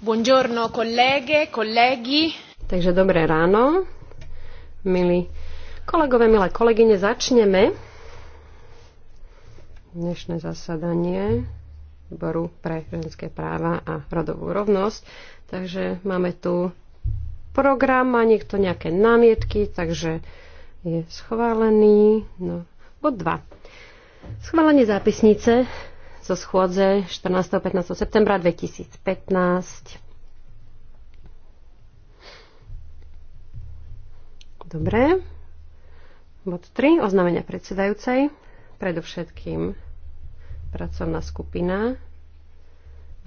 Buongiorno Takže dobré ráno, milí kolegové, milé kolegyne, začneme dnešné zasadanie výboru pre ženské práva a rodovú rovnosť. Takže máme tu program, má niekto nejaké námietky, takže je schválený. No, bod 2. Schválenie zápisnice zo schôdze 14. 15. septembra 2015. Dobre. Bod 3. Oznámenia predsedajúcej. Predovšetkým pracovná skupina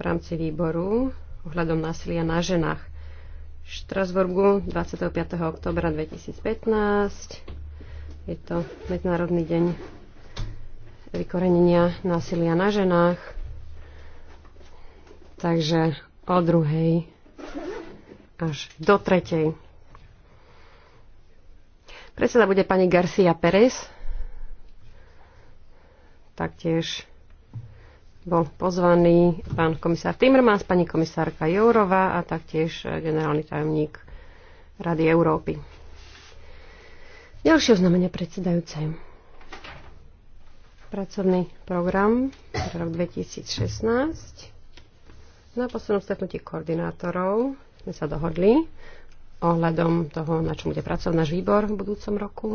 v rámci výboru ohľadom násilia na ženách. V Štrasburgu 25. oktobra 2015. Je to Medzinárodný deň vykorenenia násilia na ženách. Takže o druhej až do tretej. Predseda bude pani Garcia Pérez. Taktiež bol pozvaný pán komisár Timmermans, pani komisárka Jourova a taktiež eh, generálny tajomník Rady Európy. Ďalšie oznámenie predsedajúcej pracovný program pre rok 2016. Na poslednom stretnutí koordinátorov sme sa dohodli ohľadom toho, na čom bude pracovať náš výbor v budúcom roku.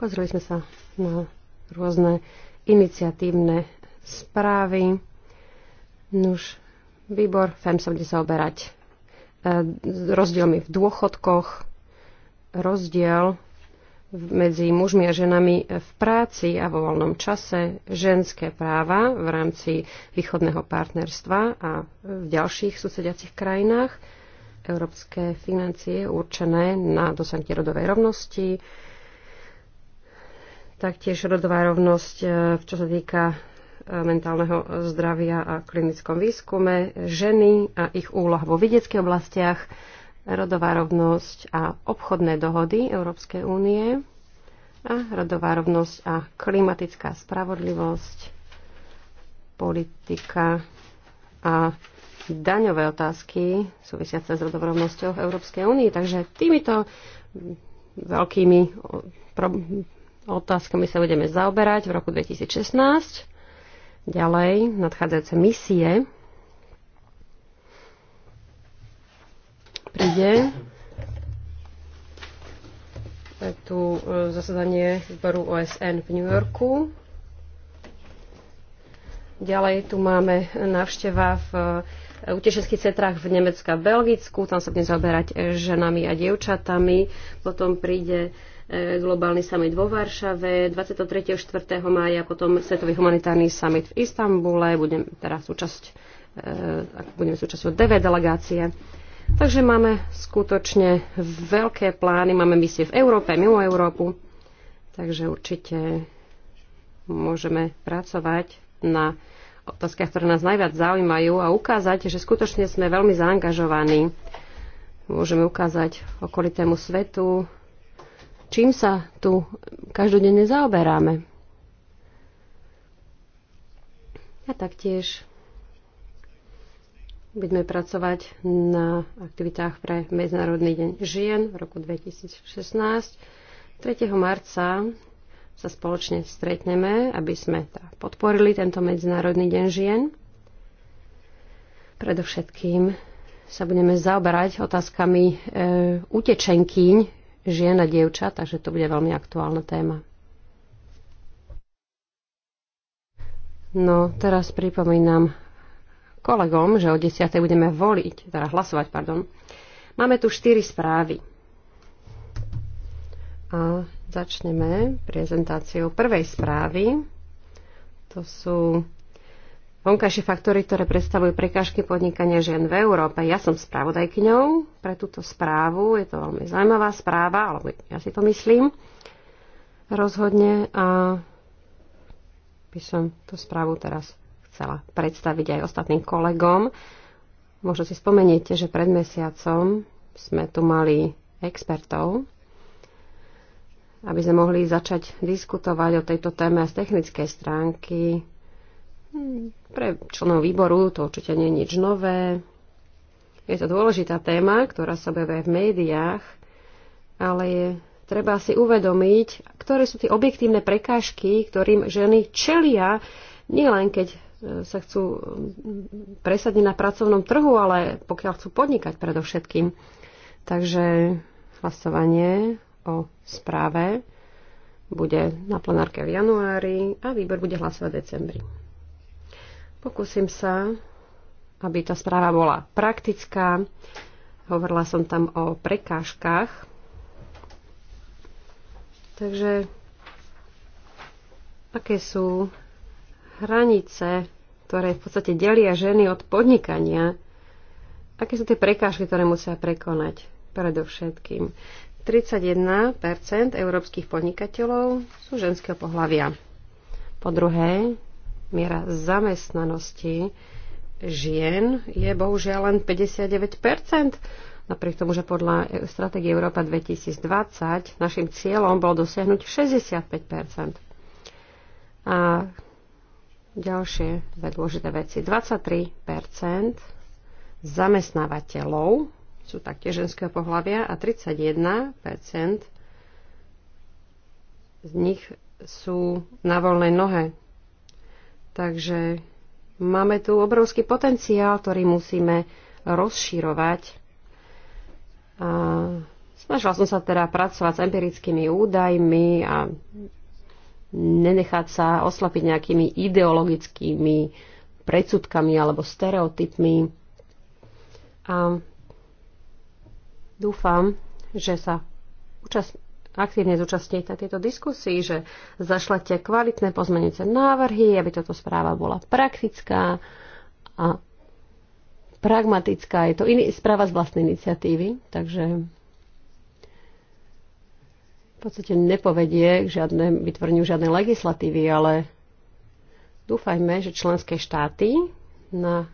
Pozreli sme sa na rôzne iniciatívne správy. Nuž, výbor FEM sa bude zaoberať eh, rozdielmi v dôchodkoch, rozdiel medzi mužmi a ženami v práci a vo voľnom čase, ženské práva v rámci východného partnerstva a v ďalších susediacich krajinách, európske financie určené na dosahnutie rodovej rovnosti, taktiež rodová rovnosť, e, čo sa týka e, mentálneho zdravia a klinickom výskume, ženy a ich úloh vo vedeckých oblastiach, rodová rovnosť a obchodné dohody Európskej únie a rodová rovnosť a klimatická spravodlivosť, politika a daňové otázky súvisiace s rodovou rovnosťou Európskej únie, Takže týmito veľkými otázkami sa budeme zaoberať v roku 2016. Ďalej, nadchádzajúce misie príde. Je tu e, zasadanie výboru OSN v New Yorku. Ďalej tu máme návšteva v e, utešenských centrách v Nemecku a Belgicku. Tam sa budeme zaoberať e, ženami a dievčatami. Potom príde globálny summit vo Varšave, 23. 4. mája, potom Svetový humanitárny summit v Istambule, budem teraz súčasť, budeme súčasťou DV delegácie. Takže máme skutočne veľké plány, máme misie v Európe, mimo Európu, takže určite môžeme pracovať na otázkach, ktoré nás najviac zaujímajú a ukázať, že skutočne sme veľmi zaangažovaní. Môžeme ukázať okolitému svetu, čím sa tu každodenne zaoberáme. A taktiež budeme pracovať na aktivitách pre Medzinárodný deň žien v roku 2016. 3. marca sa spoločne stretneme, aby sme podporili tento Medzinárodný deň žien. Predovšetkým sa budeme zaoberať otázkami e, utečenkyň žien a dievčat, takže to bude veľmi aktuálna téma. No, teraz pripomínam kolegom, že o 10. budeme voliť, teda hlasovať, pardon. Máme tu 4 správy. A začneme prezentáciou prvej správy. To sú vonkajšie faktory, ktoré predstavujú prekážky podnikania žien v Európe. Ja som spravodajkňou pre túto správu. Je to veľmi zaujímavá správa, alebo ja si to myslím rozhodne. A by som tú správu teraz chcela predstaviť aj ostatným kolegom. Možno si spomeniete, že pred mesiacom sme tu mali expertov, aby sme mohli začať diskutovať o tejto téme z technickej stránky. Pre členov výboru to určite nie je nič nové. Je to dôležitá téma, ktorá sa objavuje v médiách, ale je treba si uvedomiť, ktoré sú tie objektívne prekážky, ktorým ženy čelia, nielen keď sa chcú mm, presadiť na pracovnom trhu, ale pokiaľ chcú podnikať predovšetkým. Takže hlasovanie o správe bude na plenárke v januári a výbor bude hlasovať v decembri. Pokúsim sa, aby tá správa bola praktická. Hovorila som tam o prekážkach. Takže aké sú hranice, ktoré v podstate delia ženy od podnikania, aké sú tie prekážky, ktoré musia prekonať predovšetkým. 31 európskych podnikateľov sú ženského pohľavia. Po druhé, miera zamestnanosti žien je bohužiaľ len 59 Napriek tomu, že podľa stratégie Európa 2020 našim cieľom bolo dosiahnuť 65 A Ďalšie dve dôležité veci. 23 zamestnávateľov sú taktiež ženského pohľavia a 31 z nich sú na voľnej nohe. Takže máme tu obrovský potenciál, ktorý musíme rozširovať. A snažila som sa teda pracovať s empirickými údajmi a nenechať sa oslapiť nejakými ideologickými predsudkami alebo stereotypmi. A dúfam, že sa účast, aktívne zúčastníte na tieto diskusii, že zašlete kvalitné pozmenujúce návrhy, aby toto správa bola praktická a pragmatická. Je to iný, správa z vlastnej iniciatívy, takže v podstate nepovedie k žiadne, vytvoreniu žiadnej legislatívy, ale dúfajme, že členské štáty na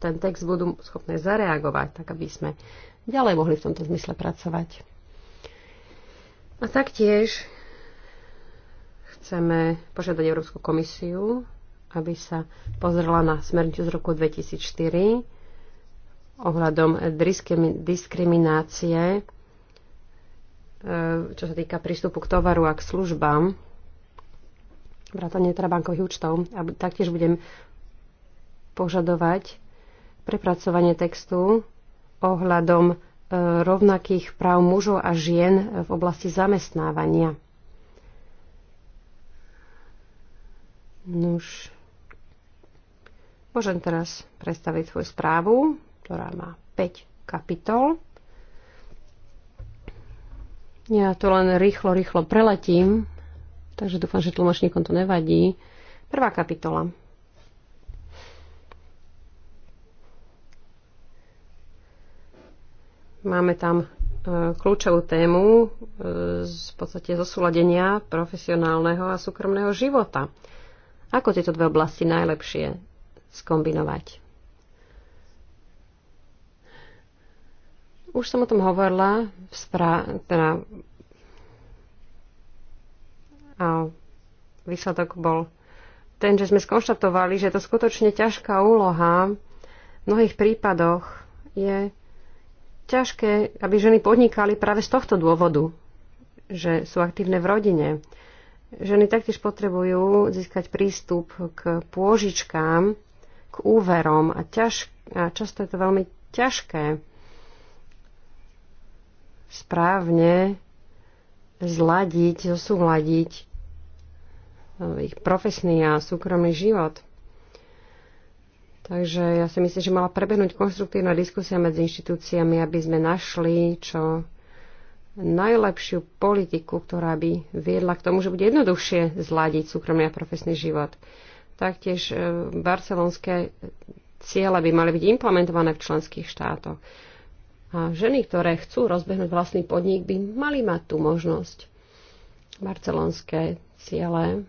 ten text budú schopné zareagovať, tak aby sme ďalej mohli v tomto zmysle pracovať. A taktiež chceme požiadať Európsku komisiu, aby sa pozrela na smernicu z roku 2004 ohľadom diskriminácie E, čo sa týka prístupu k tovaru a k službám, vrátane teda bankových účtov. A taktiež budem požadovať prepracovanie textu ohľadom e, rovnakých práv mužov a žien v oblasti zamestnávania. Nuž. Môžem teraz predstaviť svoju správu, ktorá má 5 kapitol. Ja to len rýchlo, rýchlo preletím, takže dúfam, že tlmočníkom to nevadí. Prvá kapitola. Máme tam e, kľúčovú tému v e, podstate zosúladenia profesionálneho a súkromného života. Ako tieto dve oblasti najlepšie skombinovať? Už som o tom hovorila, spra- teda, a výsledok bol ten, že sme skonštatovali, že to skutočne ťažká úloha v mnohých prípadoch je ťažké, aby ženy podnikali práve z tohto dôvodu, že sú aktívne v rodine. Ženy taktiež potrebujú získať prístup k pôžičkám, k úverom a, ťaž, a často je to veľmi ťažké správne zladiť, zosúladiť eh, ich profesný a súkromný život. Takže ja si myslím, že mala prebehnúť konstruktívna diskusia medzi inštitúciami, aby sme našli čo najlepšiu politiku, ktorá by viedla k tomu, že bude jednoduchšie zladiť súkromný a profesný život. Taktiež eh, barcelonské ciele by mali byť implementované v členských štátoch. A ženy, ktoré chcú rozbehnúť vlastný podnik, by mali mať tú možnosť. Barcelonské ciele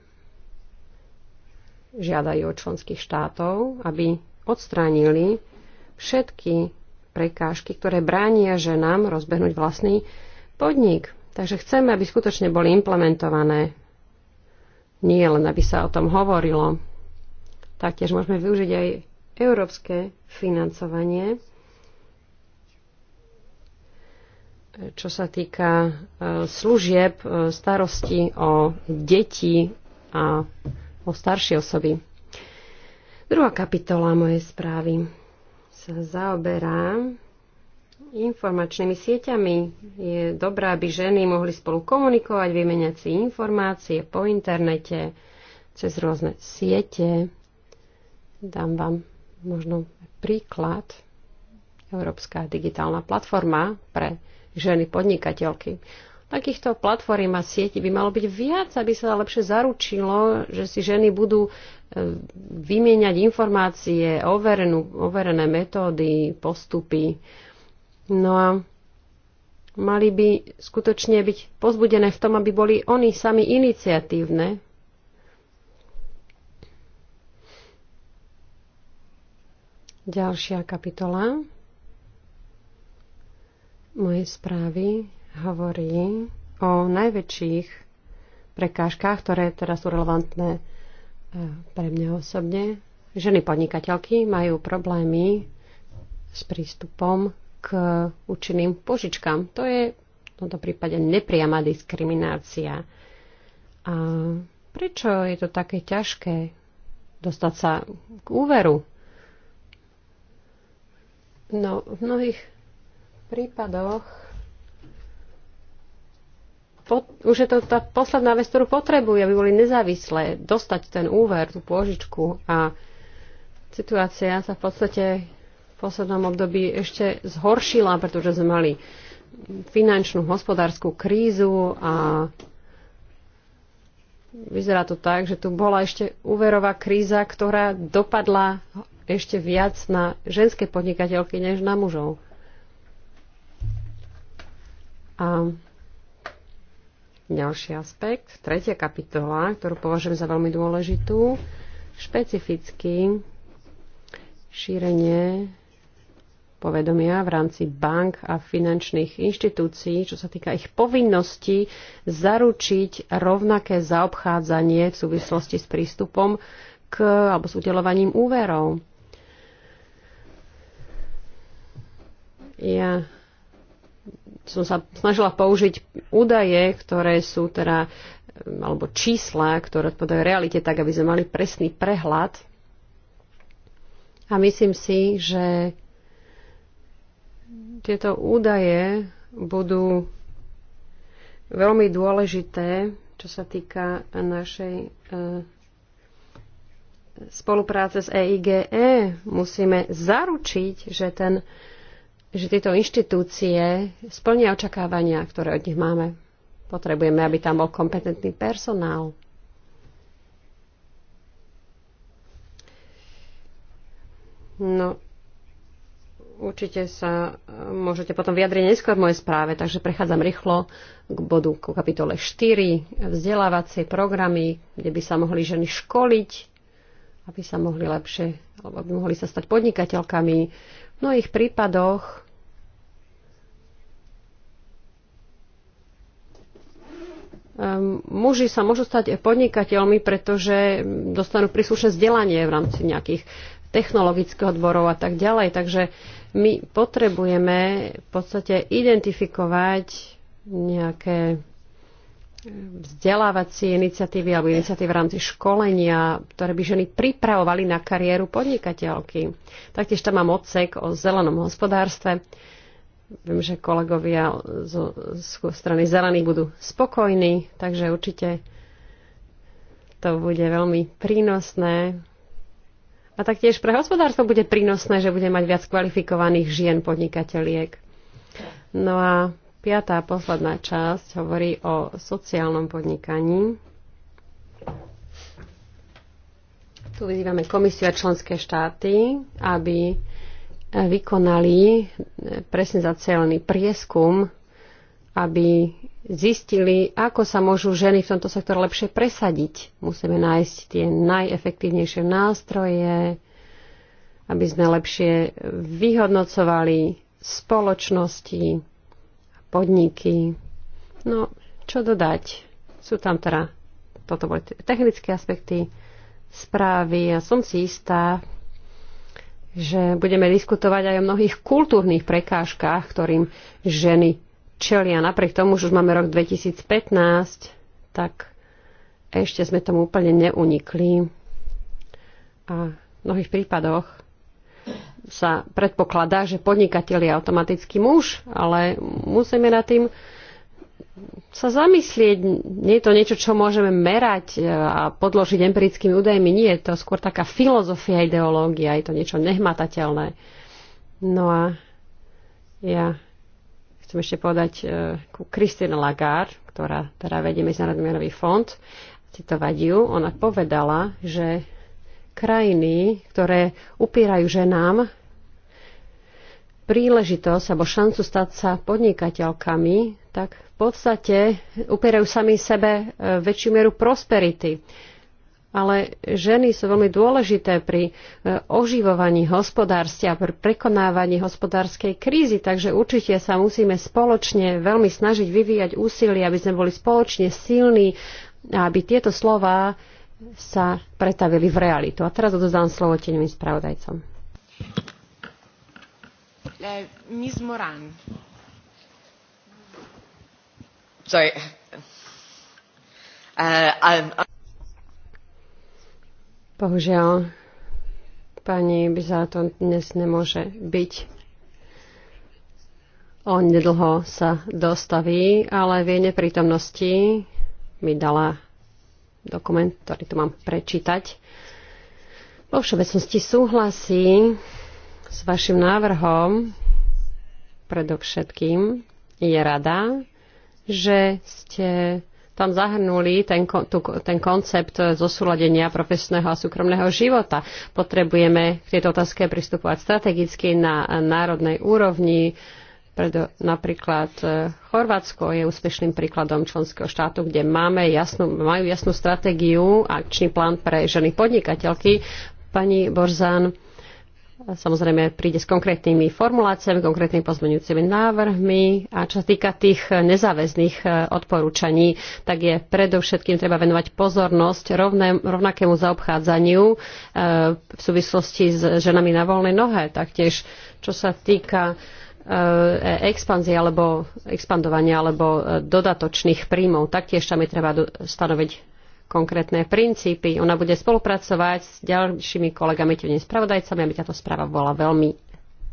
žiadajú od členských štátov, aby odstránili všetky prekážky, ktoré bránia ženám rozbehnúť vlastný podnik. Takže chceme, aby skutočne boli implementované. Nie len, aby sa o tom hovorilo. Taktiež môžeme využiť aj európske financovanie čo sa týka e, služieb, e, starosti o deti a o staršie osoby. Druhá kapitola mojej správy sa zaoberá informačnými sieťami. Je dobré, aby ženy mohli spolu komunikovať, vymeniať si informácie po internete, cez rôzne siete. Dám vám možno príklad. Európska digitálna platforma pre ženy podnikateľky. Takýchto platform a sieti by malo byť viac, aby sa lepšie zaručilo, že si ženy budú e, vymieňať informácie, overenú, overené metódy, postupy. No a mali by skutočne byť pozbudené v tom, aby boli oni sami iniciatívne. Ďalšia kapitola mojej správy hovorí o najväčších prekážkách, ktoré teda sú relevantné e, pre mňa osobne. Ženy podnikateľky majú problémy s prístupom k účinným požičkám. To je v tomto prípade nepriama diskriminácia. A prečo je to také ťažké dostať sa k úveru? No, v mnohých prípadoch po, už je to tá posledná vec, ktorú potrebujú, aby boli nezávislé, dostať ten úver, tú pôžičku a situácia sa v podstate v poslednom období ešte zhoršila, pretože sme mali finančnú, hospodárskú krízu a vyzerá to tak, že tu bola ešte úverová kríza, ktorá dopadla ešte viac na ženské podnikateľky než na mužov. A ďalší aspekt, tretia kapitola, ktorú považujem za veľmi dôležitú, špecificky šírenie povedomia v rámci bank a finančných inštitúcií, čo sa týka ich povinnosti zaručiť rovnaké zaobchádzanie v súvislosti s prístupom k, alebo s udelovaním úverov. Ja som sa snažila použiť údaje, ktoré sú teda, eh, alebo čísla, ktoré odpovedajú realite, tak aby sme mali presný prehľad. A myslím si, že tieto údaje budú veľmi dôležité, čo sa týka našej eh, spolupráce s EIGE. E. Musíme zaručiť, že ten že tieto inštitúcie splnia očakávania, ktoré od nich máme. Potrebujeme, aby tam bol kompetentný personál. No, určite sa eh, môžete potom vyjadriť neskôr v mojej správe, takže prechádzam rýchlo k bodu ku kapitole 4, vzdelávacie programy, kde by sa mohli ženy školiť, aby sa mohli lepšie, alebo by mohli sa stať podnikateľkami. V mnohých prípadoch Ehm, muži sa môžu stať podnikateľmi, pretože dostanú príslušné vzdelanie v rámci nejakých technologických odborov a tak ďalej. Takže my potrebujeme v podstate identifikovať nejaké vzdelávacie iniciatívy alebo iniciatívy v rámci školenia, ktoré by ženy pripravovali na kariéru podnikateľky. Taktiež tam mám odsek o zelenom hospodárstve. Viem, že kolegovia zo, zo strany zelených budú spokojní, takže určite to bude veľmi prínosné. A taktiež pre hospodárstvo bude prínosné, že bude mať viac kvalifikovaných žien podnikateliek. No a piatá posledná časť hovorí o sociálnom podnikaní. Tu vyzývame komisiu a členské štáty, aby vykonali eh, presne zacielený prieskum, aby zistili, ako sa môžu ženy v tomto sektore lepšie presadiť. Musíme nájsť tie najefektívnejšie nástroje, aby sme lepšie vyhodnocovali spoločnosti, podniky. No, čo dodať? Sú tam teda, toto boli technické aspekty správy a ja som si istá, že budeme diskutovať aj o mnohých kultúrnych prekážkach, ktorým ženy čelia. Napriek tomu, že už máme rok 2015, tak ešte sme tomu úplne neunikli. A v mnohých prípadoch sa predpokladá, že podnikateľ je automaticky muž, ale musíme nad tým sa zamyslieť. Nie je to niečo, čo môžeme merať e, a podložiť empirickými údajmi. Nie, je to skôr taká filozofia, ideológia. Je to niečo nehmatateľné. No a ja chcem ešte povedať e, ku Christine Lagarde, ktorá teda vedie Medzinárodný menový fond, citovať ju, ona povedala, že krajiny, ktoré upírajú ženám príležitosť alebo šancu stať sa podnikateľkami, tak podstate upierajú sami sebe e, väčšiu mieru prosperity. Ale ženy sú veľmi dôležité pri e, oživovaní hospodárstva, pri prekonávaní hospodárskej krízy, takže určite sa musíme spoločne veľmi snažiť vyvíjať úsilie, aby sme boli spoločne silní a aby tieto slova sa pretavili v realitu. A teraz odozdám slovo teňovým spravodajcom. Eh, Ms. Moran. Uh, Bohužiaľ, pani by za to dnes nemôže byť. On nedlho sa dostaví, ale v jej neprítomnosti mi dala dokument, ktorý tu mám prečítať. Vo všeobecnosti súhlasí s vašim návrhom, predovšetkým je rada, že ste tam zahrnuli ten, tu, ten koncept zosúladenia profesného a súkromného života. Potrebujeme k tejto otázke pristupovať strategicky na národnej úrovni. Preto napríklad e, Chorvátsko je úspešným príkladom členského štátu, kde máme jasnú, majú jasnú stratégiu, akčný plán pre ženy podnikateľky. Pani Borzán, samozrejme príde s konkrétnymi formuláciami, konkrétnymi pozmeňujúcimi návrhmi a čo sa týka tých nezáväzných e, odporúčaní, tak je predovšetkým treba venovať pozornosť rovné, rovnakému zaobchádzaniu e, v súvislosti s ženami na voľnej nohe. Taktiež, čo sa týka e, expanzie alebo expandovania alebo dodatočných príjmov. Taktiež tam je treba stanoviť konkrétne princípy. Ona bude spolupracovať s ďalšími kolegami, tým spravodajcami, aby táto správa bola veľmi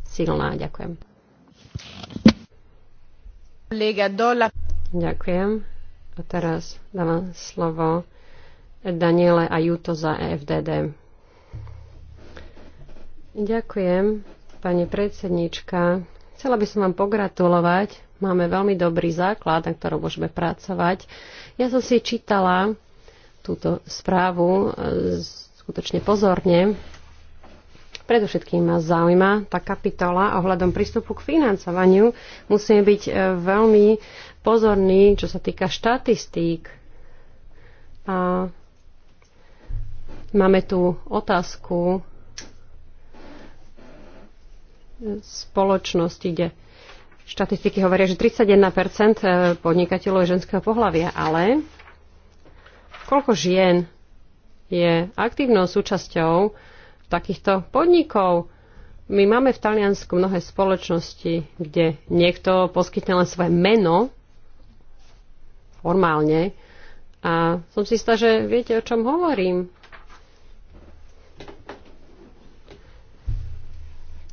silná. Ďakujem. Ďakujem. A teraz dávam slovo Daniele a Juto za EFDD. Ďakujem, pani predsednička. Chcela by som vám pogratulovať. Máme veľmi dobrý základ, na ktorom môžeme pracovať. Ja som si čítala túto správu e, skutočne pozorne. Predovšetkým ma zaujíma tá kapitola ohľadom prístupu k financovaniu. Musíme byť e, veľmi pozorní, čo sa týka štatistík. A máme tu otázku spoločnosti, kde štatistiky hovoria, že 31% e, podnikateľov je ženského pohľavia, ale Koľko žien je aktívnou súčasťou takýchto podnikov? My máme v Taliansku mnohé spoločnosti, kde niekto poskytne len svoje meno formálne a som si istá, že viete, o čom hovorím.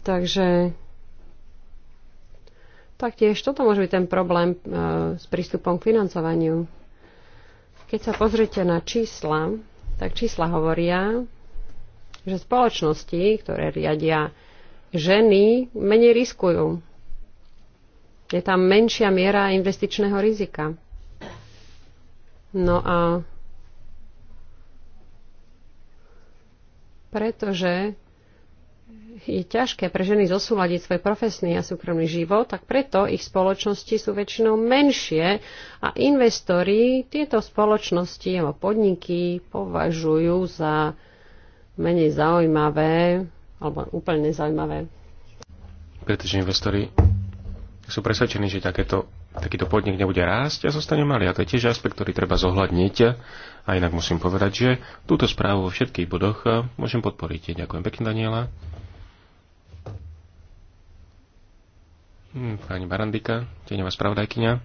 Takže taktiež toto môže byť ten problém e, s prístupom k financovaniu. Keď sa pozrite na čísla, tak čísla hovoria, že spoločnosti, ktoré riadia ženy, menej riskujú. Je tam menšia miera investičného rizika. No a pretože je ťažké pre ženy zosúľadiť svoj profesný a súkromný život, tak preto ich spoločnosti sú väčšinou menšie a investori tieto spoločnosti alebo podniky považujú za menej zaujímavé alebo úplne nezaujímavé. Pretože investori sú presvedčení, že takéto takýto podnik nebude rásť a zostane malý. A to je tiež aspekt, ktorý treba zohľadniť. A inak musím povedať, že túto správu vo všetkých bodoch e, môžem podporiť. Ďakujem pekne, Daniela. Hm, pani Barandika, tieňová spravodajkynia.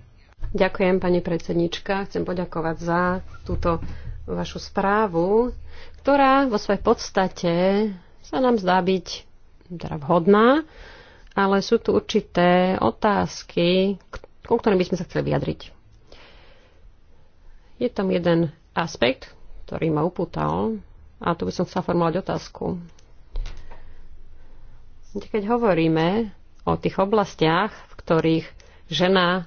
Ďakujem, pani predsednička. Chcem poďakovať za túto vašu správu, ktorá vo svojej podstate sa nám zdá byť teda vhodná, ale sú tu určité otázky, ku ktorým by sme sa chceli vyjadriť. Je tam jeden aspekt, ktorý ma upútal a tu by som chcela formulovať otázku. Keď hovoríme o tých oblastiach, v ktorých žena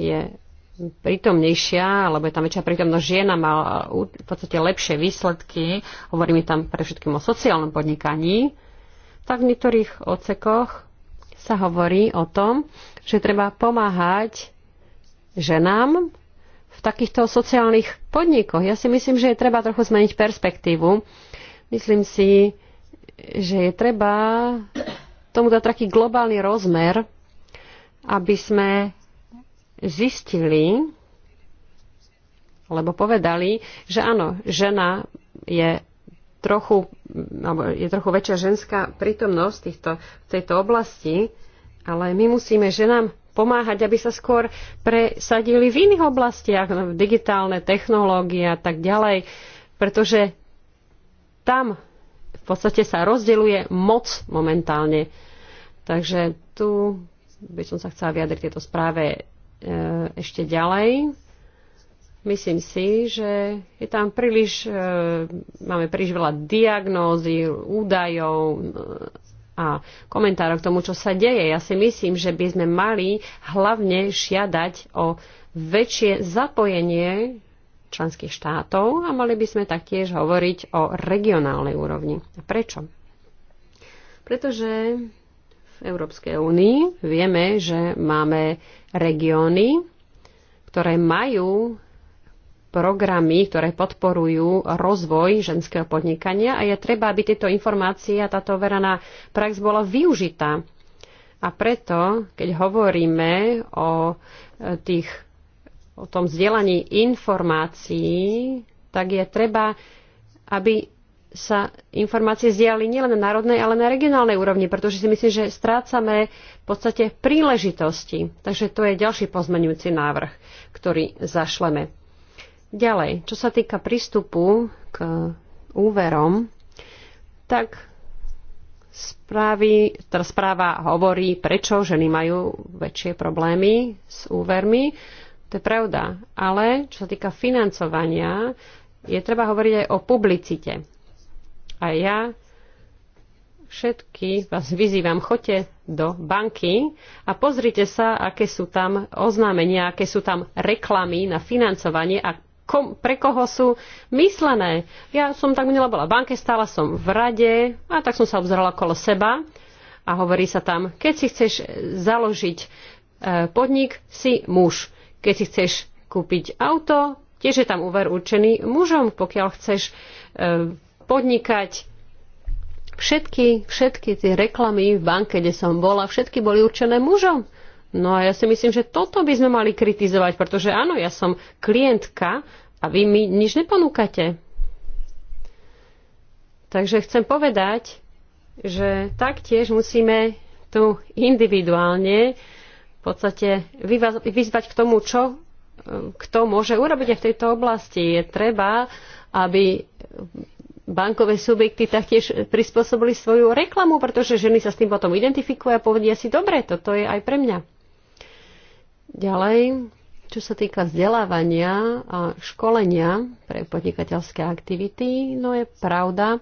je prítomnejšia, alebo je tam väčšia prítomnosť žena má v podstate lepšie výsledky, hovoríme tam pre všetkým o sociálnom podnikaní, tak v niektorých ocekoch sa hovorí o tom, že treba pomáhať ženám v takýchto sociálnych podnikoch. Ja si myslím, že je treba trochu zmeniť perspektívu. Myslím si, že je treba tomu dať taký globálny rozmer, aby sme zistili, lebo povedali, že áno, žena je trochu, alebo je trochu väčšia ženská prítomnosť týchto, v tejto oblasti, ale my musíme ženám pomáhať, aby sa skôr presadili v iných oblastiach, v digitálne technológie a tak ďalej, pretože tam v podstate sa rozdeľuje moc momentálne. Takže tu by som sa chcela vyjadriť tieto správe e, ešte ďalej. Myslím si, že je tam príliš, e, máme príliš veľa diagnózy, údajov e, a komentárov k tomu, čo sa deje. Ja si myslím, že by sme mali hlavne žiadať o väčšie zapojenie členských štátov a mali by sme taktiež hovoriť o regionálnej úrovni. A prečo? Pretože v Európskej únii vieme, že máme regióny, ktoré majú programy, ktoré podporujú rozvoj ženského podnikania a je treba, aby tieto informácie a táto overaná prax bola využitá. A preto, keď hovoríme o, e, tých, o tom vzdelaní informácií, tak je treba, aby sa informácie zdieľali nielen na národnej, ale na regionálnej úrovni, pretože si myslím, že strácame v podstate príležitosti. Takže to je ďalší pozmenujúci návrh, ktorý zašleme. Ďalej, čo sa týka prístupu k úverom, tak správy, teda správa hovorí, prečo ženy majú väčšie problémy s úvermi. To je pravda. Ale čo sa týka financovania, je treba hovoriť aj o publicite. A ja všetky vás vyzývam, choďte do banky a pozrite sa, aké sú tam oznámenia, aké sú tam reklamy na financovanie a kom, pre koho sú myslené. Ja som tak minula bola v banke, stála som v rade a tak som sa obzerala okolo seba a hovorí sa tam, keď si chceš e, založiť e, podnik, si muž. Keď si chceš kúpiť auto, tiež je tam úver určený mužom, pokiaľ chceš e, podnikať. Všetky, všetky tie reklamy v banke, kde som bola, všetky boli určené mužom. No a ja si myslím, že toto by sme mali kritizovať, pretože áno, ja som klientka a vy mi nič neponúkate. Takže chcem povedať, že taktiež musíme tu individuálne v podstate vyzvať k tomu, čo kto môže urobiť aj v tejto oblasti. Je treba, aby bankové subjekty taktiež prispôsobili svoju reklamu, pretože ženy sa s tým potom identifikujú a povedia si, dobre, toto je aj pre mňa. Ďalej, čo sa týka vzdelávania a školenia pre podnikateľské aktivity, no je pravda,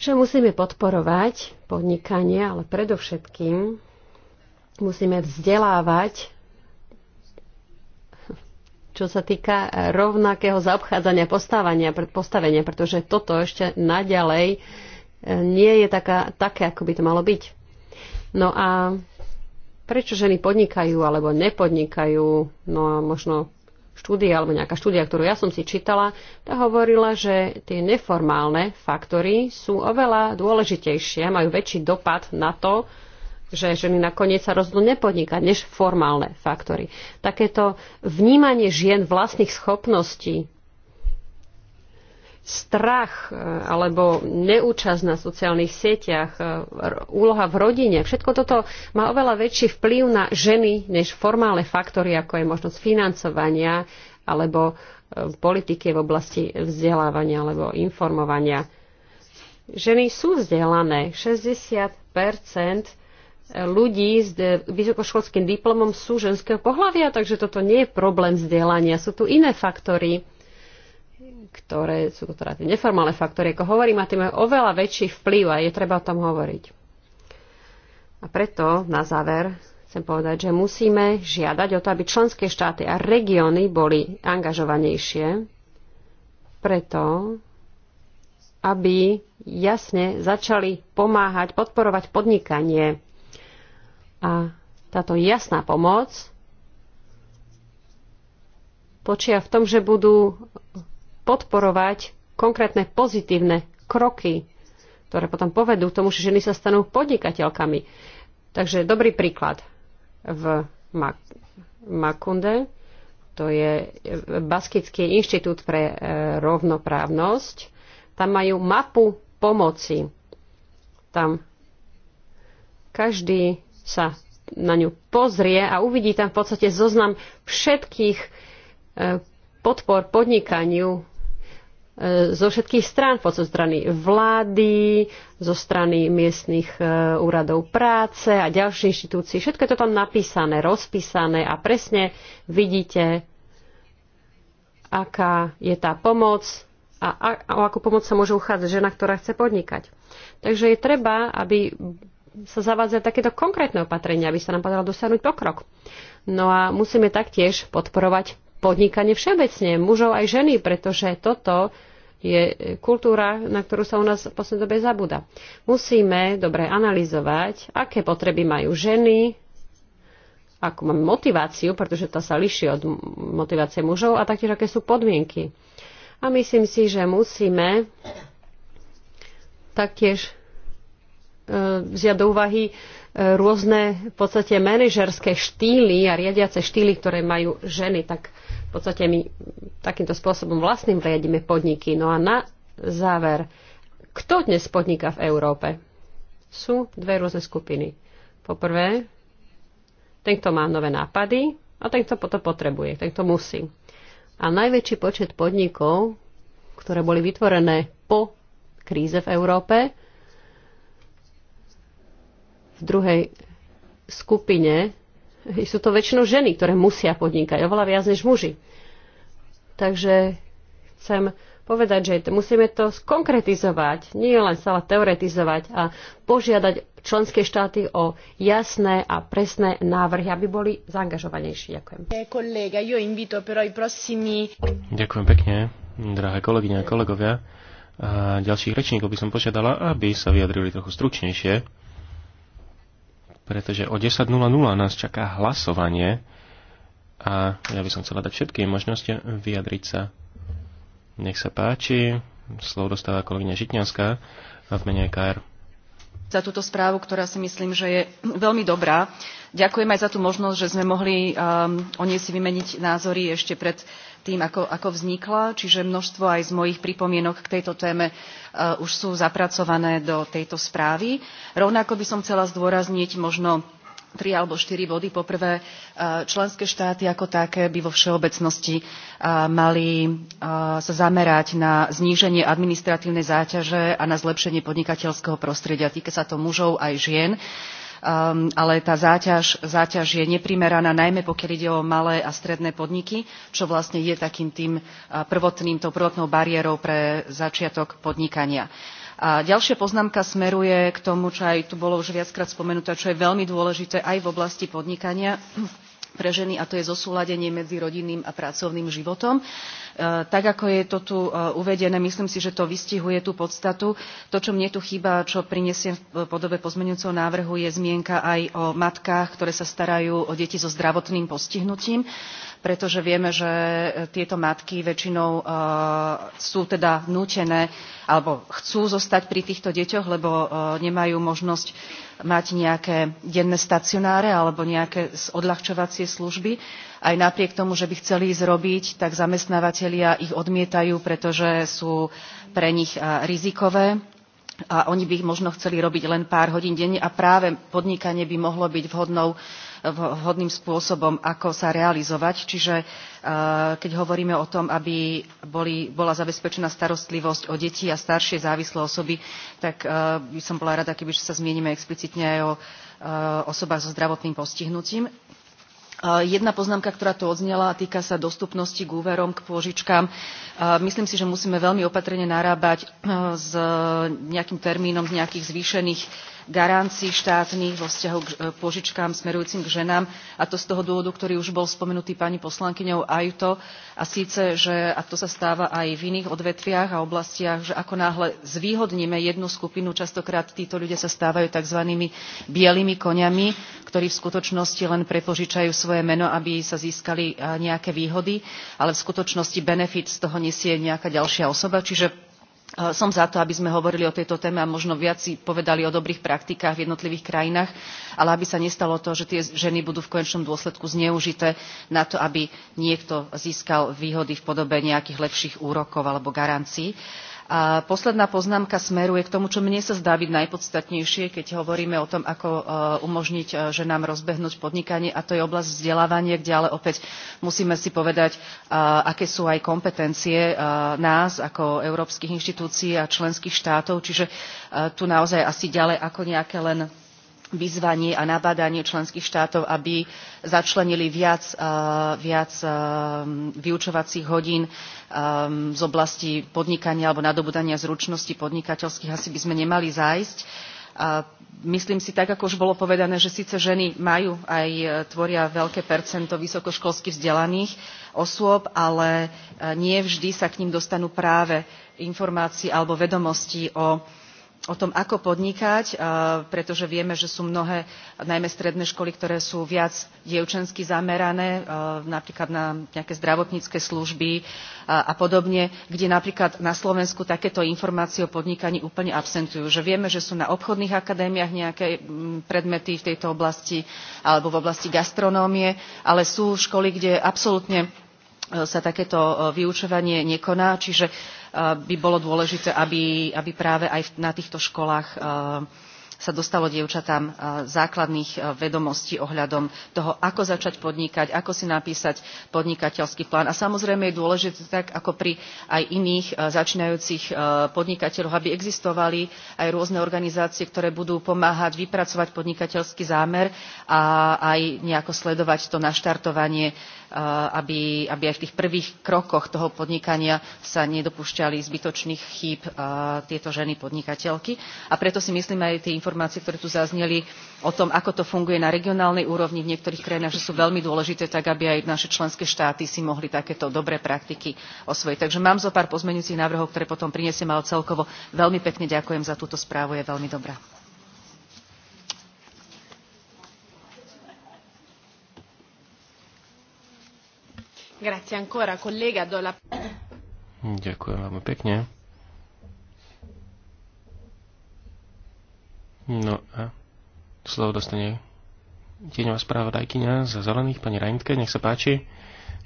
že musíme podporovať podnikanie, ale predovšetkým musíme vzdelávať, čo sa týka rovnakého zaobchádzania postavenia, postavenia pretože toto ešte naďalej eh, nie je taká, také, ako by to malo byť. No a prečo ženy podnikajú alebo nepodnikajú, no možno štúdia alebo nejaká štúdia, ktorú ja som si čítala, tá hovorila, že tie neformálne faktory sú oveľa dôležitejšie, majú väčší dopad na to, že ženy nakoniec sa rozhodnú nepodnikať, než formálne faktory. Takéto vnímanie žien vlastných schopností strach e, alebo neúčasť na sociálnych sieťach, e, úloha v rodine. Všetko toto má oveľa väčší vplyv na ženy než formálne faktory, ako je možnosť financovania alebo e, politiky v oblasti vzdelávania alebo informovania. Ženy sú vzdelané. 60 ľudí s vysokoškolským diplomom sú ženského pohľavia, takže toto nie je problém vzdelania. Sú tu iné faktory ktoré sú to teda tie neformálne faktory, ako hovorím, a tie majú oveľa väčší vplyv a je treba o tom hovoriť. A preto na záver chcem povedať, že musíme žiadať o to, aby členské štáty a regióny boli angažovanejšie, preto aby jasne začali pomáhať, podporovať podnikanie. A táto jasná pomoc počia v tom, že budú podporovať konkrétne pozitívne kroky, ktoré potom povedú k tomu, že ženy sa stanú podnikateľkami. Takže dobrý príklad v Makunde, to je Baskický inštitút pre e, rovnoprávnosť. Tam majú mapu pomoci. Tam každý sa na ňu pozrie a uvidí tam v podstate zoznam všetkých e, podpor podnikaniu E, zo všetkých strán, po zo strany vlády, zo strany miestnych e, úradov práce a ďalších inštitúcií. Všetko je to tam napísané, rozpísané a presne vidíte, aká je tá pomoc a, a o akú pomoc sa môže uchádzať žena, ktorá chce podnikať. Takže je treba, aby sa zavádzali takéto konkrétne opatrenia, aby sa nám podarilo dosiahnuť pokrok. No a musíme taktiež podporovať podnikanie všeobecne, mužov aj ženy, pretože toto je kultúra, na ktorú sa u nás v poslednej dobe zabúda. Musíme dobre analyzovať, aké potreby majú ženy, ako máme motiváciu, pretože to sa liší od motivácie mužov a taktiež aké sú podmienky. A myslím si, že musíme taktiež e, vziať do úvahy rôzne v podstate manažerské štýly a riadiace štýly, ktoré majú ženy, tak v podstate my takýmto spôsobom vlastným riadíme podniky. No a na záver, kto dnes podniká v Európe? Sú dve rôzne skupiny. Poprvé, ten, kto má nové nápady a ten, kto to potrebuje, ten, kto musí. A najväčší počet podnikov, ktoré boli vytvorené po kríze v Európe, v druhej skupine sú to väčšinou ženy, ktoré musia podnikať oveľa viac než muži. Takže chcem povedať, že musíme to skonkretizovať, nie len stále teoretizovať a požiadať členské štáty o jasné a presné návrhy, aby boli zaangažovanejší. Ďakujem. Eh, Ďakujem pekne, drahé kolegyne a kolegovia. A ďalších rečníkov by som požiadala, aby sa vyjadrili trochu stručnejšie pretože o 10.00 nás čaká hlasovanie a ja by som chcela dať všetky možnosti vyjadriť sa. Nech sa páči, Slovo dostáva kolegyňa Žitňanská v mene e KR za túto správu, ktorá si myslím, že je veľmi dobrá. Ďakujem aj za tú možnosť, že sme mohli um, o nej si vymeniť názory ešte pred tým, ako, ako vznikla, čiže množstvo aj z mojich pripomienok k tejto téme uh, už sú zapracované do tejto správy. Rovnako by som chcela zdôrazniť možno tri alebo štyri body. Poprvé, e, členské štáty ako také by vo všeobecnosti e, mali sa zamerať na zníženie administratívnej záťaže a na zlepšenie podnikateľského prostredia. Týka sa to mužov aj žien um, ale tá záťaž, záťaž je neprimeraná, najmä pokiaľ ide o malé a stredné podniky, čo vlastne je takým tým uh, prvotným, tou prvotnou bariérou pre začiatok podnikania. A ďalšia poznámka smeruje k tomu, čo aj tu bolo už viackrát spomenuté, čo je veľmi dôležité aj v oblasti podnikania pre ženy a to je zosúladenie medzi rodinným a pracovným životom E, tak ako je to tu e, uvedené myslím si že to vystihuje tú podstatu. to čo mne tu chýba čo prinesiem v e, podobe pozmeňujúceho návrhu je zmienka aj o matkách ktoré sa starajú o deti so zdravotným postihnutím pretože vieme že tieto matky väčšinou sú teda nútené alebo chcú zostať pri týchto deťoch lebo nemajú možnosť mať nejaké denné stacionáre alebo nejaké odľahčovacie služby aj napriek tomu, že by chceli ísť robiť, tak zamestnávateľia ich odmietajú, pretože sú pre nich rizikové a oni by ich možno chceli robiť len pár hodín denne a práve podnikanie by mohlo byť vhodnou, vhodným spôsobom, ako sa realizovať. Čiže keď hovoríme o tom, aby boli, bola zabezpečená starostlivosť o deti a staršie závislé osoby, tak by som bola rada, keby sa zmienime explicitne aj o osobách so zdravotným postihnutím. Eh, jedna poznámka, ktorá tu odznela, týka sa dostupnosti k úverom, k pôžičkám. Eh, myslím si, že musíme veľmi opatrne narábať eh, s nejakým termínom z nejakých zvýšených garancií štátnych vo vzťahu k e, pôžičkám smerujúcim k ženám a to z toho dôvodu, ktorý už bol spomenutý pani poslankyňou Ajuto a síce, že a to sa stáva aj v iných odvetviach a oblastiach, že ako náhle zvýhodníme jednu skupinu, častokrát títo ľudia sa stávajú tzv. bielými koniami, ktorí v skutočnosti len prepožičajú svoje meno, aby sa získali nejaké výhody, ale v skutočnosti benefit z toho nesie nejaká ďalšia osoba. Čiže Eh, som za to aby sme hovorili o tejto téme a možno viac si povedali o dobrých praktikách v jednotlivých krajinách ale aby sa nestalo to že tie ženy budú v konečnom dôsledku zneužité na to aby niekto získal výhody v podobe nejakých lepších úrokov alebo garancií. A posledná poznámka smeruje k tomu, čo mne sa zdá byť najpodstatnejšie, keď hovoríme o tom, ako e, umožniť e, ženám rozbehnúť podnikanie, a to je oblasť vzdelávania, kde ale opäť musíme si povedať, e, aké sú aj kompetencie nás ako európskych inštitúcií a členských štátov, čiže tu naozaj asi ďalej ako nejaké len vyzvanie a nabádanie členských štátov, aby začlenili viac, eh, viac eh, vyučovacích hodín eh, z oblasti podnikania alebo nadobudania zručnosti podnikateľských, asi by sme nemali zájsť. myslím si, tak ako už bolo povedané, že síce ženy majú aj tvoria veľké percento vysokoškolských vzdelaných osôb, ale nie vždy sa k ním dostanú práve informácie alebo vedomosti o o tom, ako podnikať, pretože vieme, že sú mnohé, najmä stredné školy, ktoré sú viac dievčensky zamerané, napríklad na nejaké zdravotnícke služby a podobne, kde napríklad na Slovensku takéto informácie o podnikaní úplne absentujú. Že vieme, že sú na obchodných akadémiách nejaké predmety v tejto oblasti alebo v oblasti gastronómie, ale sú školy, kde absolútne E, sa takéto e, vyučovanie nekoná, čiže e, by bolo dôležité, aby, aby práve aj na týchto školách sa dostalo dievčatám základných vedomostí ohľadom toho, ako začať podnikať, ako si napísať podnikateľský plán. A samozrejme je dôležité tak, ako pri aj iných začínajúcich podnikateľov, aby existovali aj rôzne organizácie, ktoré budú pomáhať vypracovať podnikateľský zámer a aj nejako sledovať to naštartovanie Eh, aby, aby aj v tých prvých krokoch toho podnikania sa nedopúšťali zbytočných chýb eh, tieto ženy podnikateľky. A preto si myslím aj tie informácie, ktoré tu zazneli o tom, ako to funguje na regionálnej úrovni v niektorých krajinách, že sú veľmi dôležité, tak aby aj naše členské štáty si mohli takéto dobré praktiky osvojiť. Takže mám zo pár pozmeňujúcich návrhov, ktoré potom prinesiem, ale celkovo veľmi pekne ďakujem za túto správu, je veľmi dobrá. Grazie ancora, collega, do la... Ďakujem veľmi pekne. No a slovo dostane tieňová spravodajkyňa za zelených, pani Rajntke, nech sa páči.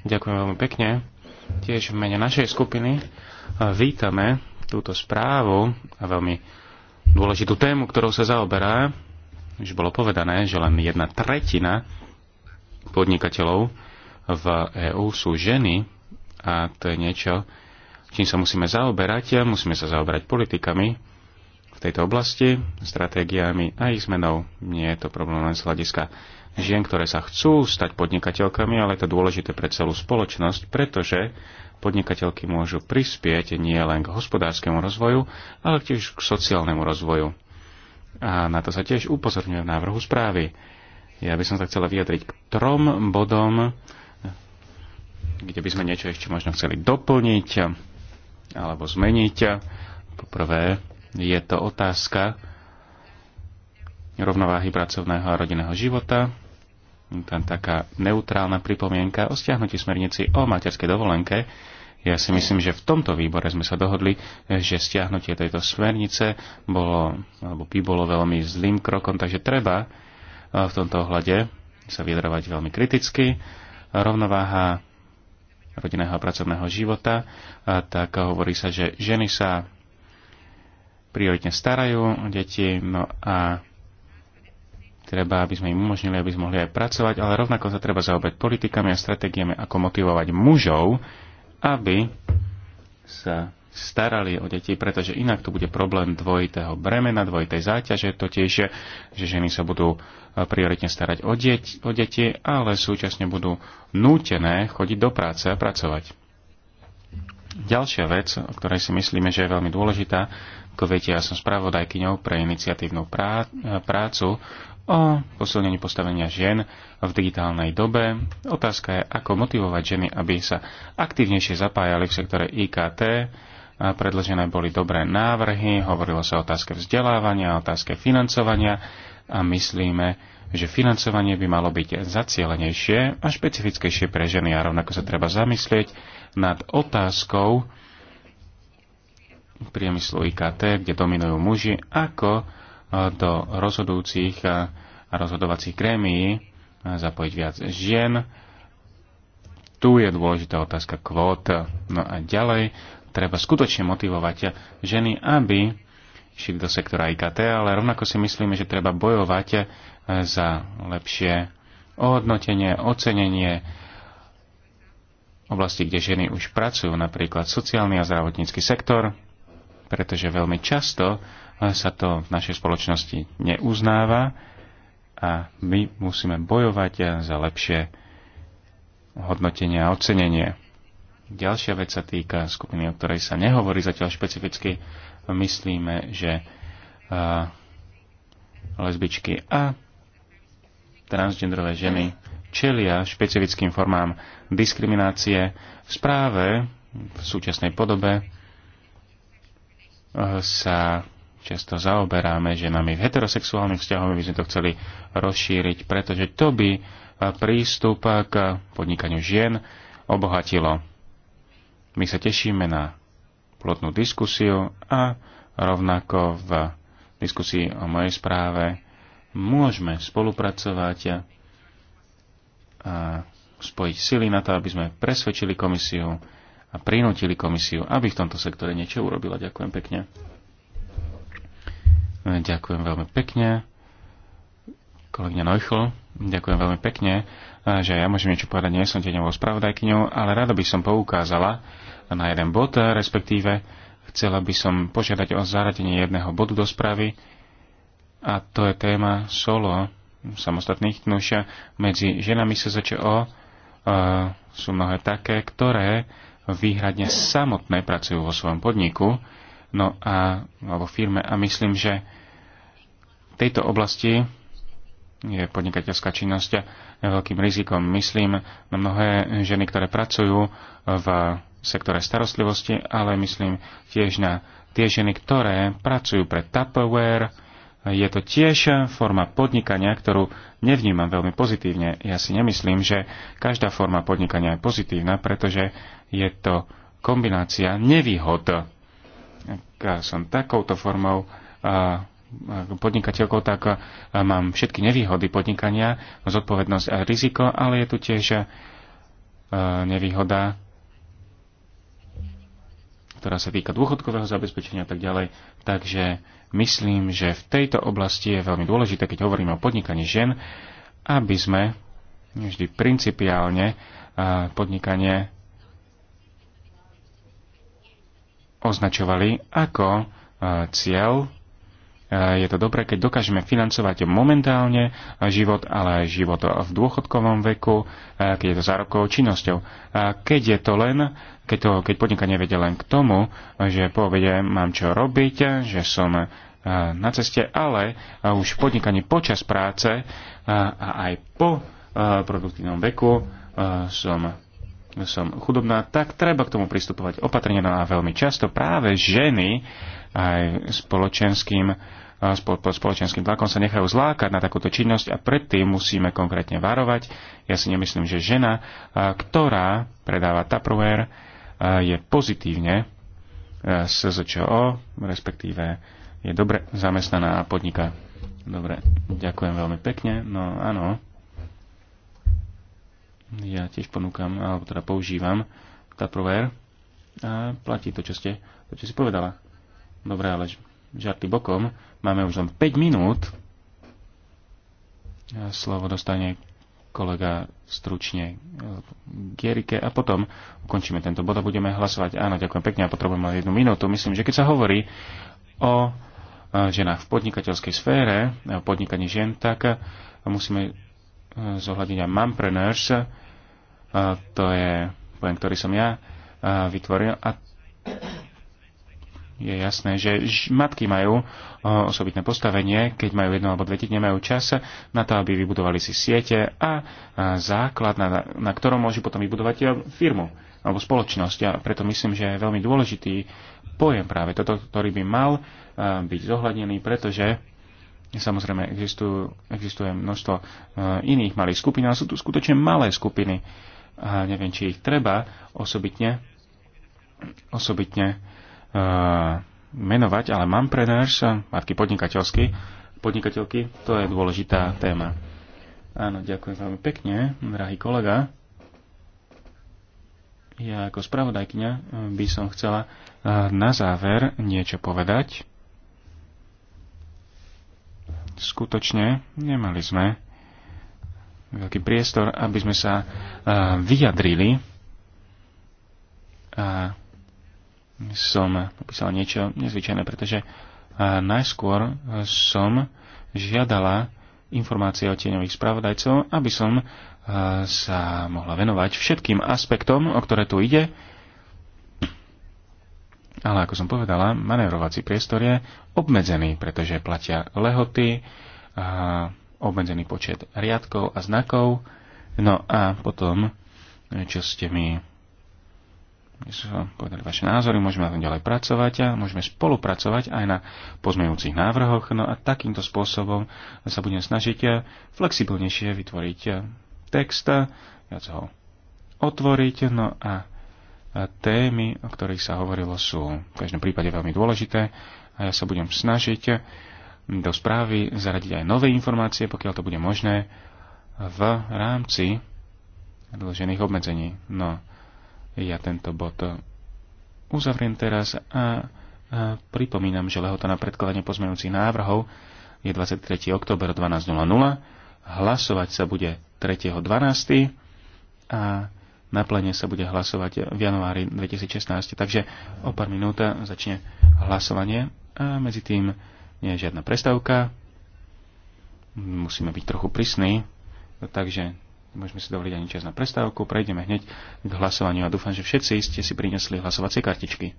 Ďakujem veľmi pekne. Tiež v mene našej skupiny vítame túto správu a veľmi dôležitú tému, ktorou sa zaoberá. Už bolo povedané, že len jedna tretina podnikateľov v EÚ sú ženy a to je niečo, čím sa musíme zaoberať. Musíme sa zaoberať politikami v tejto oblasti, stratégiami a ich zmenou. Nie je to problém len z hľadiska žien, ktoré sa chcú stať podnikateľkami, ale je to dôležité pre celú spoločnosť, pretože podnikateľky môžu prispieť nie len k hospodárskému rozvoju, ale tiež k sociálnemu rozvoju. A na to sa tiež upozorňuje v návrhu správy. Ja by som sa chcela vyjadriť k trom bodom, kde by sme niečo ešte možno chceli doplniť alebo zmeniť. Poprvé je to otázka rovnováhy pracovného a rodinného života. Tam taká neutrálna pripomienka o stiahnutí smernici o materskej dovolenke. Ja si myslím, že v tomto výbore sme sa dohodli, že stiahnutie tejto smernice bolo, alebo by bolo veľmi zlým krokom, takže treba eh, v tomto ohľade sa vyjadrovať veľmi kriticky. Rovnováha rodinného a pracovného života, a tak hovorí sa, že ženy sa prioritne starajú o deti, no a treba, aby sme im umožnili, aby sme mohli aj pracovať, ale rovnako sa treba zaobať politikami a stratégiami, ako motivovať mužov, aby sa starali o deti, pretože inak tu bude problém dvojitého bremena, dvojitej záťaže, totiž, že ženy sa budú e, prioritne starať o, dieť, o deti, ale súčasne budú nútené chodiť do práce a pracovať. Ďalšia vec, o ktorej si myslíme, že je veľmi dôležitá, ako viete, ja som spravodajkyňou pre iniciatívnu prácu o posilnení postavenia žien v digitálnej dobe. Otázka je, ako motivovať ženy, aby sa aktívnejšie zapájali v sektore IKT, Predložené boli dobré návrhy, hovorilo sa o otázke vzdelávania, o otázke financovania a myslíme, že financovanie by malo byť zacielenejšie a špecifickejšie pre ženy a rovnako sa treba zamyslieť nad otázkou priemyslu IKT, kde dominujú muži, ako e, do rozhodujúcich a rozhodovacích grémií e, zapojiť viac žien. Tu je dôležitá otázka kvót. No a ďalej treba skutočne motivovať ženy, aby išli do sektora IKT, ale rovnako si myslíme, že treba bojovať eh, za lepšie ohodnotenie, ocenenie oblasti, kde ženy už pracujú, napríklad sociálny a zdravotnícky sektor, pretože veľmi často eh, sa to v našej spoločnosti neuznáva a my musíme bojovať eh, za lepšie hodnotenie a ocenenie. Ďalšia vec sa týka skupiny, o ktorej sa nehovorí zatiaľ špecificky. Myslíme, že a, lesbičky a transgenderové ženy čelia špecifickým formám diskriminácie v správe v súčasnej podobe sa často zaoberáme ženami v heterosexuálnych vzťahoch, by sme to chceli rozšíriť, pretože to by prístup k podnikaniu žien obohatilo. My sa tešíme na plodnú diskusiu a rovnako v diskusii o mojej správe môžeme spolupracovať a spojiť sily na to, aby sme presvedčili komisiu a prinútili komisiu, aby v tomto sektore niečo urobila. Ďakujem pekne. Ďakujem veľmi pekne. Kolegyňa Neuchl, ďakujem veľmi pekne že ja môžem niečo povedať, nie som tieňovou spravodajkyňou, ale rada by som poukázala na jeden bod, respektíve chcela by som požiadať o zaradenie jedného bodu do správy a to je téma solo samostatných tnúša. Medzi ženami SZČO e, sú mnohé také, ktoré výhradne samotné pracujú vo svojom podniku no a, alebo firme a myslím, že v tejto oblasti je podnikateľská činnosť veľkým rizikom. Myslím na mnohé ženy, ktoré pracujú v sektore starostlivosti, ale myslím tiež na tie ženy, ktoré pracujú pre Tupperware. Je to tiež forma podnikania, ktorú nevnímam veľmi pozitívne. Ja si nemyslím, že každá forma podnikania je pozitívna, pretože je to kombinácia nevýhod. Ja som takouto formou podnikateľkou, tak eh, mám všetky nevýhody podnikania, zodpovednosť a riziko, ale je tu tiež eh, nevýhoda, ktorá sa týka dôchodkového zabezpečenia a tak ďalej. Takže myslím, že v tejto oblasti je veľmi dôležité, keď hovoríme o podnikaní žien, aby sme vždy principiálne eh, podnikanie označovali ako cieľ Eh, je to dobré, keď dokážeme financovať momentálne život, ale aj život v dôchodkovom veku, eh, keď je to zárokovou činnosťou. Keď je to len, keď, to, keď podnikanie vedie len k tomu, že povede, mám čo robiť, že som eh, na ceste, ale už podnikanie počas práce a aj po produktívnom veku som som chudobná, tak treba k tomu pristupovať opatrne. No a veľmi často práve ženy aj spoločenským, pod spoločenským tlakom sa nechajú zlákať na takúto činnosť a predtým musíme konkrétne varovať. Ja si nemyslím, že žena, ktorá predáva Tupperware, je pozitívne SZČO, respektíve je dobre zamestnaná a podniká. Dobre, ďakujem veľmi pekne. No áno, ja tiež ponúkam, alebo teda používam Tupperware a platí to, čo ste, to, čo si povedala. Dobre, ale žarty bokom. Máme už len 5 minút. Slovo dostane kolega stručne e, Gierike a potom ukončíme tento bod a budeme hlasovať. Áno, ďakujem pekne a potrebujem len jednu minútu. Myslím, že keď sa hovorí o e, ženách v podnikateľskej sfére, e, o podnikaní žien, tak musíme zohľadniť aj mompreneurs, to je pojem, ktorý som ja vytvoril a je jasné, že matky majú osobitné postavenie, keď majú jedno alebo dve deti, nemajú čas na to, aby vybudovali si siete a základ, na, na ktorom môžu potom vybudovať e, firmu alebo spoločnosť. A preto myslím, že je veľmi dôležitý pojem práve toto, ktorý by mal e, byť zohľadnený, pretože samozrejme existujú, existuje množstvo e, iných malých skupín, ale sú tu skutočne malé skupiny. A neviem, či ich treba osobitne, osobitne E, menovať, ale mompreneurs, matky podnikateľsky, podnikateľky, to je dôležitá téma. Áno, ďakujem veľmi pekne, drahý kolega. Ja ako spravodajkňa e, by som chcela e, na záver niečo povedať. Skutočne nemali sme veľký priestor, aby sme sa vyjadrili a som popísal niečo nezvyčajné, pretože najskôr som žiadala informácie o tieňových spravodajcov, aby som sa mohla venovať všetkým aspektom, o ktoré tu ide. Ale ako som povedala, manévrovací priestor je obmedzený, pretože platia lehoty, obmedzený počet riadkov a znakov. No a potom, čo ste mi povedali vaše názory, môžeme na tom ďalej pracovať a môžeme spolupracovať aj na pozmejúcich návrhoch. No a takýmto spôsobom sa budem snažiť flexibilnejšie vytvoriť text, viac ho otvoriť. No a témy, o ktorých sa hovorilo, sú v každom prípade veľmi dôležité a ja sa budem snažiť do správy zaradiť aj nové informácie, pokiaľ to bude možné, v rámci dĺžených obmedzení. No, ja tento bod uzavriem teraz a, a pripomínam, že lehota na predkladanie pozmenujúcich návrhov je 23. október 12.00. Hlasovať sa bude 3.12. a na plene sa bude hlasovať v januári 2016. Takže o pár minút začne hlasovanie a medzi tým nie je žiadna prestávka. Musíme byť trochu prísni, takže Môžeme si dovoliť ani čas na prestávku. Prejdeme hneď k hlasovaniu a dúfam, že všetci ste si prinesli hlasovacie kartičky.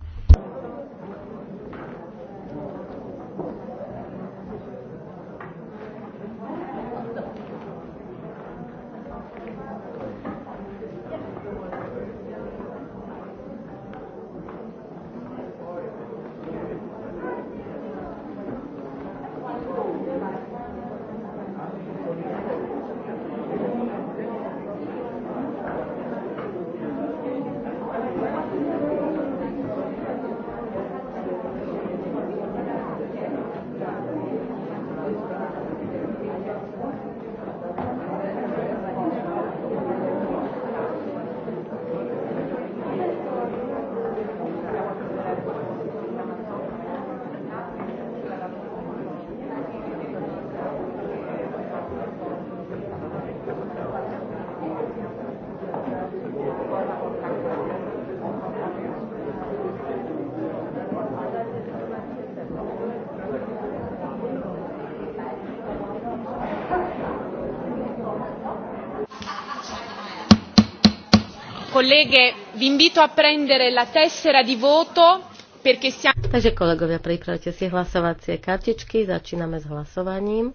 colleghe vi invito a prendere la tessera di voto perché siamo... Takže kolegovia, pripravte si hlasovacie kartičky. Začíname s hlasovaním.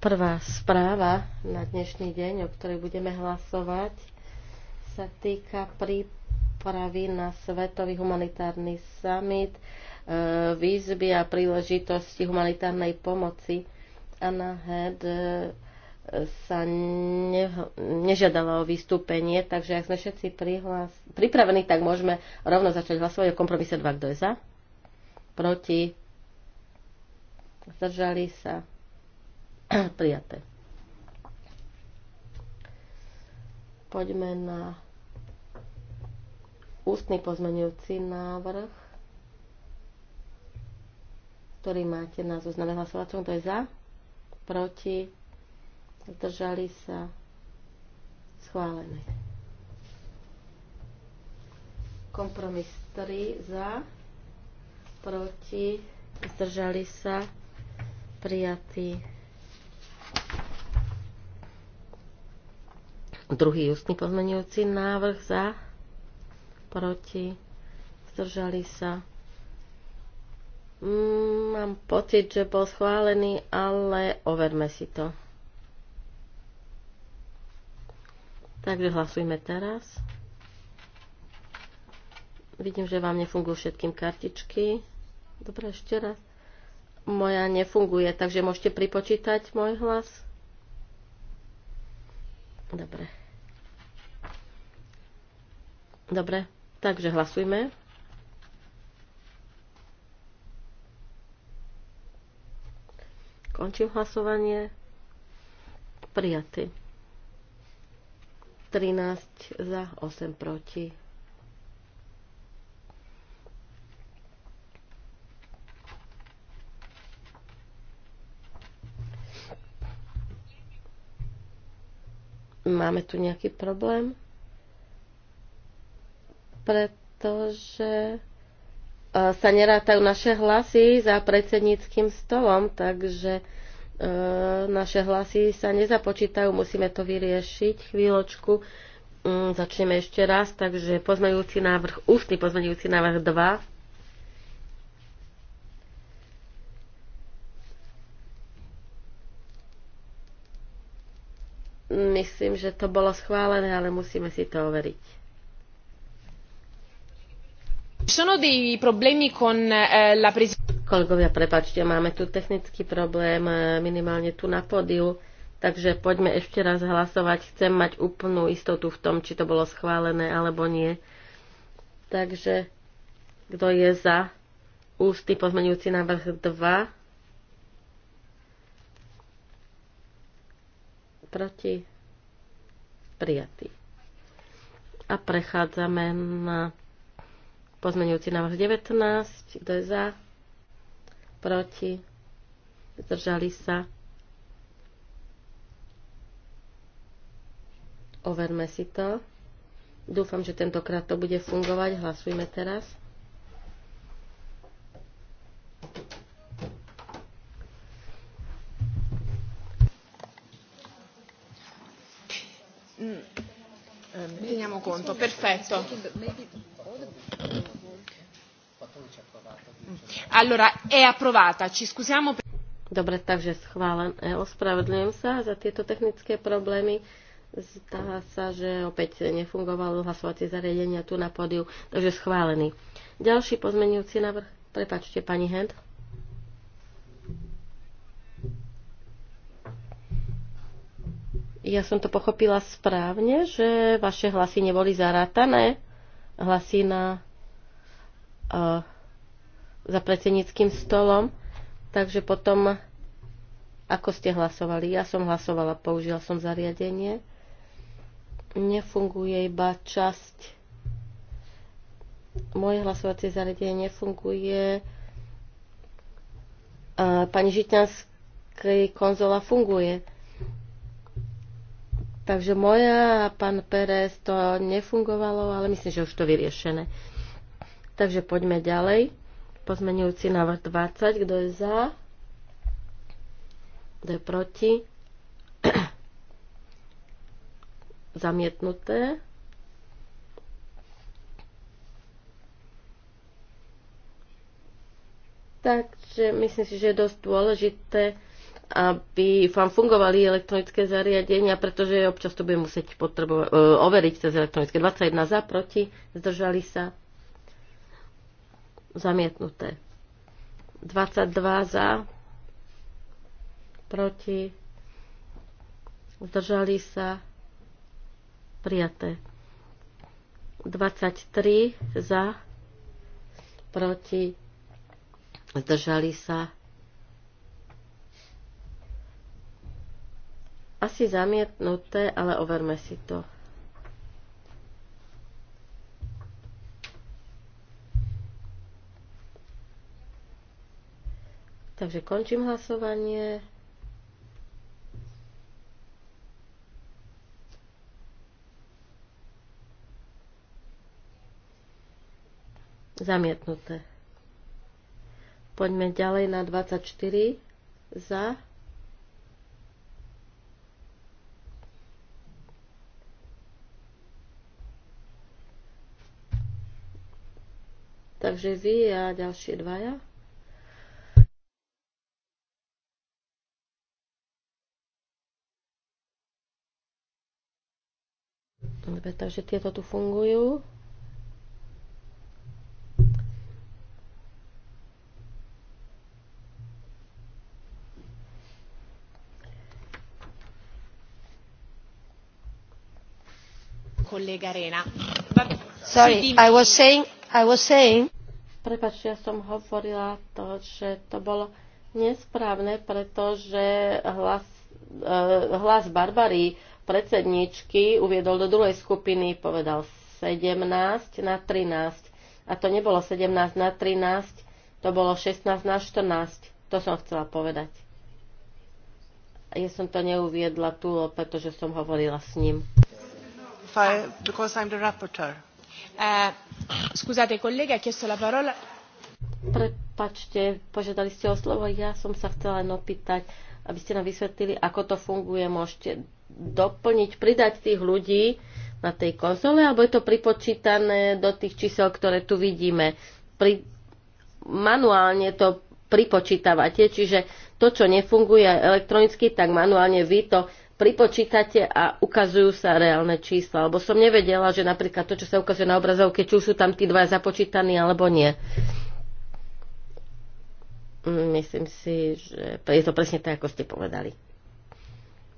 Prvá správa na dnešný deň, o ktorej budeme hlasovať, sa týka prípravy na Svetový humanitárny summit, e, výzby a príležitosti humanitárnej pomoci. Anna Head e, sa ne, nežiadala o vystúpenie, takže ak sme všetci prihlas, pripravení, tak môžeme rovno začať hlasovať o kompromise 2. Kto je za? Proti? Zdržali sa? Prijaté. Poďme na ústny pozmenujúci návrh, ktorý máte na zozname hlasovacom. Kto je za? Proti? zdržali sa schválené. Kompromis 3 za, proti, zdržali sa prijatý. Druhý ústny pozmenujúci návrh za, proti, zdržali sa mm, Mám pocit, že bol schválený, ale overme si to. Takže hlasujme teraz. Vidím, že vám nefungujú všetkým kartičky. Dobre, ešte raz. Moja nefunguje, takže môžete pripočítať môj hlas. Dobre. Dobre, takže hlasujme. Končím hlasovanie. Prijatý. 13 za, 8 proti. Máme tu nejaký problém? Pretože eh, sa nerátajú naše hlasy za predsedníckým stolom, takže E, naše hlasy sa nezapočítajú, musíme to vyriešiť chvíľočku. Mm, začneme ešte raz, takže pozmeňujúci návrh, ústny pozmeňujúci návrh 2. Myslím, že to bolo schválené, ale musíme si to overiť. Sono dei problemi con eh, la presenza. Kolegovia, prepačte, máme tu technický problém e, minimálne tu na pódiu, takže poďme ešte raz hlasovať. Chcem mať úplnú istotu v tom, či to bolo schválené alebo nie. Takže kto je za ústy pozmenujúci návrh 2? Proti? Prijatý. A prechádzame na pozmeňujúci návrh 19. Kto je za? proti, zdržali sa. Overme si to. Dúfam, že tentokrát to bude fungovať. Hlasujme teraz. Veniamo conto, perfetto. Allora, è approvata. Ci scusiamo per... Dobre, takže schválen. E, ospravedlňujem sa za tieto technické problémy. Zdá sa, že opäť nefungovalo hlasovacie zariadenia tu na pódiu, takže schválený. Ďalší pozmenujúci návrh. Prepačte, pani Hent. Ja som to pochopila správne, že vaše hlasy neboli zaratané. Hlasy na E, za predsedníckým stolom, takže potom, ako ste hlasovali? Ja som hlasovala, použila som zariadenie. Nefunguje iba časť. Moje hlasovacie zariadenie nefunguje. E, pani Žitňanskej konzola funguje. Takže moja a pán Pérez to nefungovalo, ale myslím, že už to vyriešené. Takže poďme ďalej. Pozmenujúci návrh 20. Kto je za? Kto je proti? Zamietnuté. Takže myslím si, že je dosť dôležité, aby vám fungovali elektronické zariadenia, pretože občas to budem musieť potrebovať, eh, overiť cez elektronické. 21 za, proti, zdržali sa, Zamietnuté. 22 za, proti, zdržali sa, prijaté. 23 za, proti, zdržali sa. Asi zamietnuté, ale overme si to. Takže končím hlasovanie. Zamietnuté. Poďme ďalej na 24 za. Takže vy a ďalšie dvaja. Dobre, takže tieto tu fungujú. kolega Rena. Sorry, I was saying, I was saying. Prepač, ja som hovorila to, že to bolo nesprávne, pretože hlas, eh, hlas Barbary predsedničky uviedol do druhej skupiny, povedal 17 na 13. A to nebolo 17 na 13, to bolo 16 na 14. To som chcela povedať. Ja som to neuviedla tu, pretože som hovorila s ním. I, because I'm the rapporteur. Uh, scusate, la parola. Prepačte, požiadali ste o slovo. Ja som sa chcela len opýtať, aby ste nám vysvetlili, ako to funguje. Môžete doplniť, pridať tých ľudí na tej konzole, alebo je to pripočítané do tých čísel, ktoré tu vidíme. Pri, manuálne to pripočítavate, čiže to, čo nefunguje elektronicky, tak manuálne vy to pripočítate a ukazujú sa reálne čísla. Lebo som nevedela, že napríklad to, čo sa ukazuje na obrazovke, či už sú tam tí dva započítaní alebo nie. Mm, myslím si, že je to presne tak, ako ste povedali.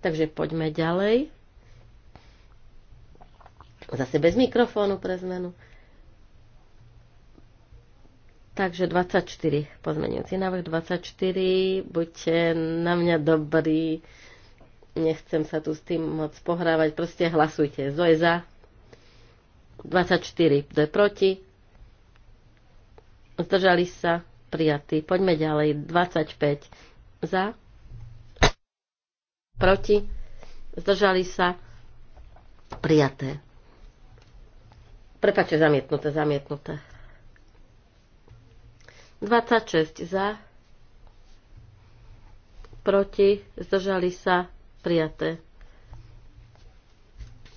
Takže poďme ďalej. Zase bez mikrofónu pre zmenu. Takže 24, pozmeňujúci návrh 24, buďte na mňa dobrý, nechcem sa tu s tým moc pohrávať, proste hlasujte, Zoe je za, 24, kto je proti, zdržali sa, prijatí. Poďme ďalej, 25, za, proti, zdržali sa, prijaté. Prepačte, zamietnuté, zamietnuté. 26 za, proti, zdržali sa, prijaté.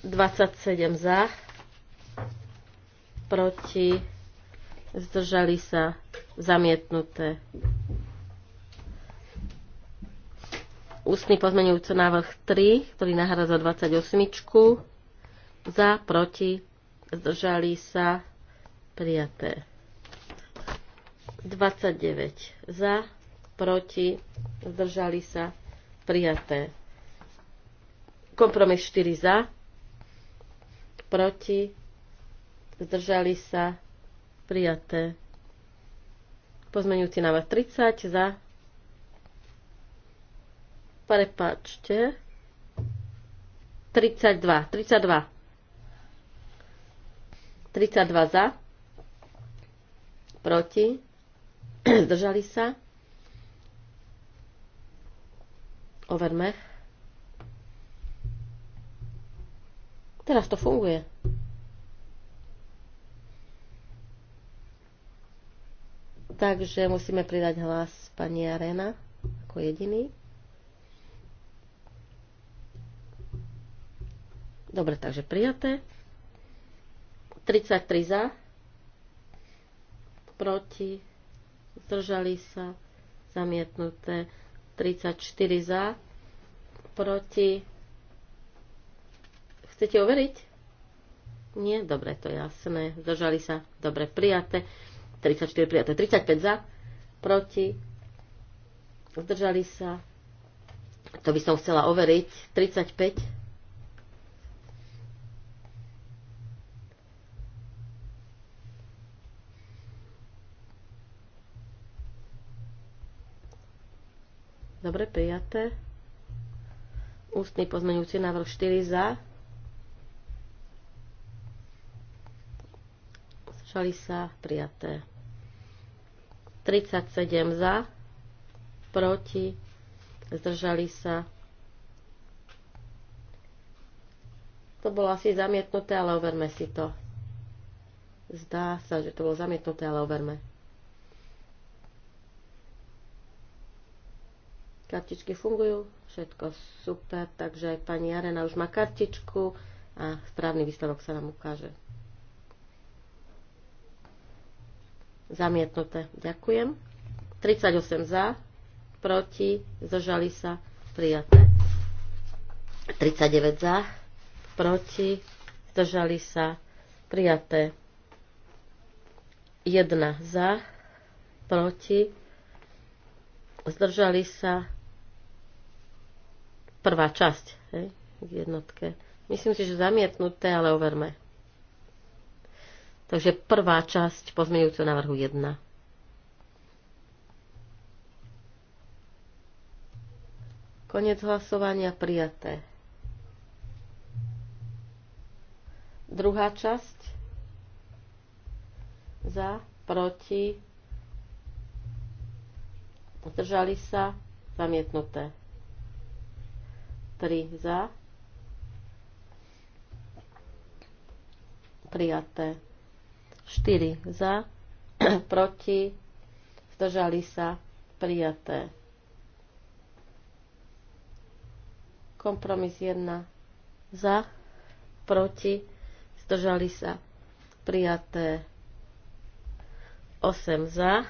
27 za, proti, zdržali sa, zamietnuté. Ústny pozmenujúci návrh 3, ktorý za 28. Za, proti, zdržali sa, prijaté. 29 za, proti, zdržali sa, prijaté. Kompromis 4 za, proti, zdržali sa, prijaté. Pozmenujúci návrh 30 za, Prepačte. 32. 32. 32 za. Proti. Zdržali sa. Overme. Teraz to funguje. Takže musíme pridať hlas pani Arena ako jediný. Dobre, takže prijaté. 33 za. Proti. Zdržali sa. Zamietnuté. 34 za. Proti. Chcete overiť? Nie? Dobre, to je jasné. Zdržali sa. Dobre, prijaté. 34 prijaté. 35 za. Proti. Zdržali sa. To by som chcela overiť. 35 Dobre, prijaté. Ústny pozmeňujúci návrh 4 za. Zdržali sa prijaté. 37 za. Proti. Zdržali sa. To bolo asi zamietnuté, ale overme si to. Zdá sa, že to bolo zamietnuté, ale overme. Kartičky fungujú, všetko super, takže aj pani Jarena už má kartičku a správny výsledok sa nám ukáže. Zamietnuté. Ďakujem. 38 za, proti, zdržali sa, prijaté. 39 za, proti, zdržali sa, prijaté. 1 za, proti, zdržali sa, Prvá časť hej, v jednotke. Myslím si, že zamietnuté, ale overme. Takže prvá časť pozmeňujúceho návrhu 1. Konec hlasovania prijaté. Druhá časť. Za, proti, zdržali sa, zamietnuté. 3 za. Prijaté. 4 za. Proti. Zdržali sa. Prijaté. Kompromis 1 za. Proti. Zdržali sa. Prijaté. 8 za.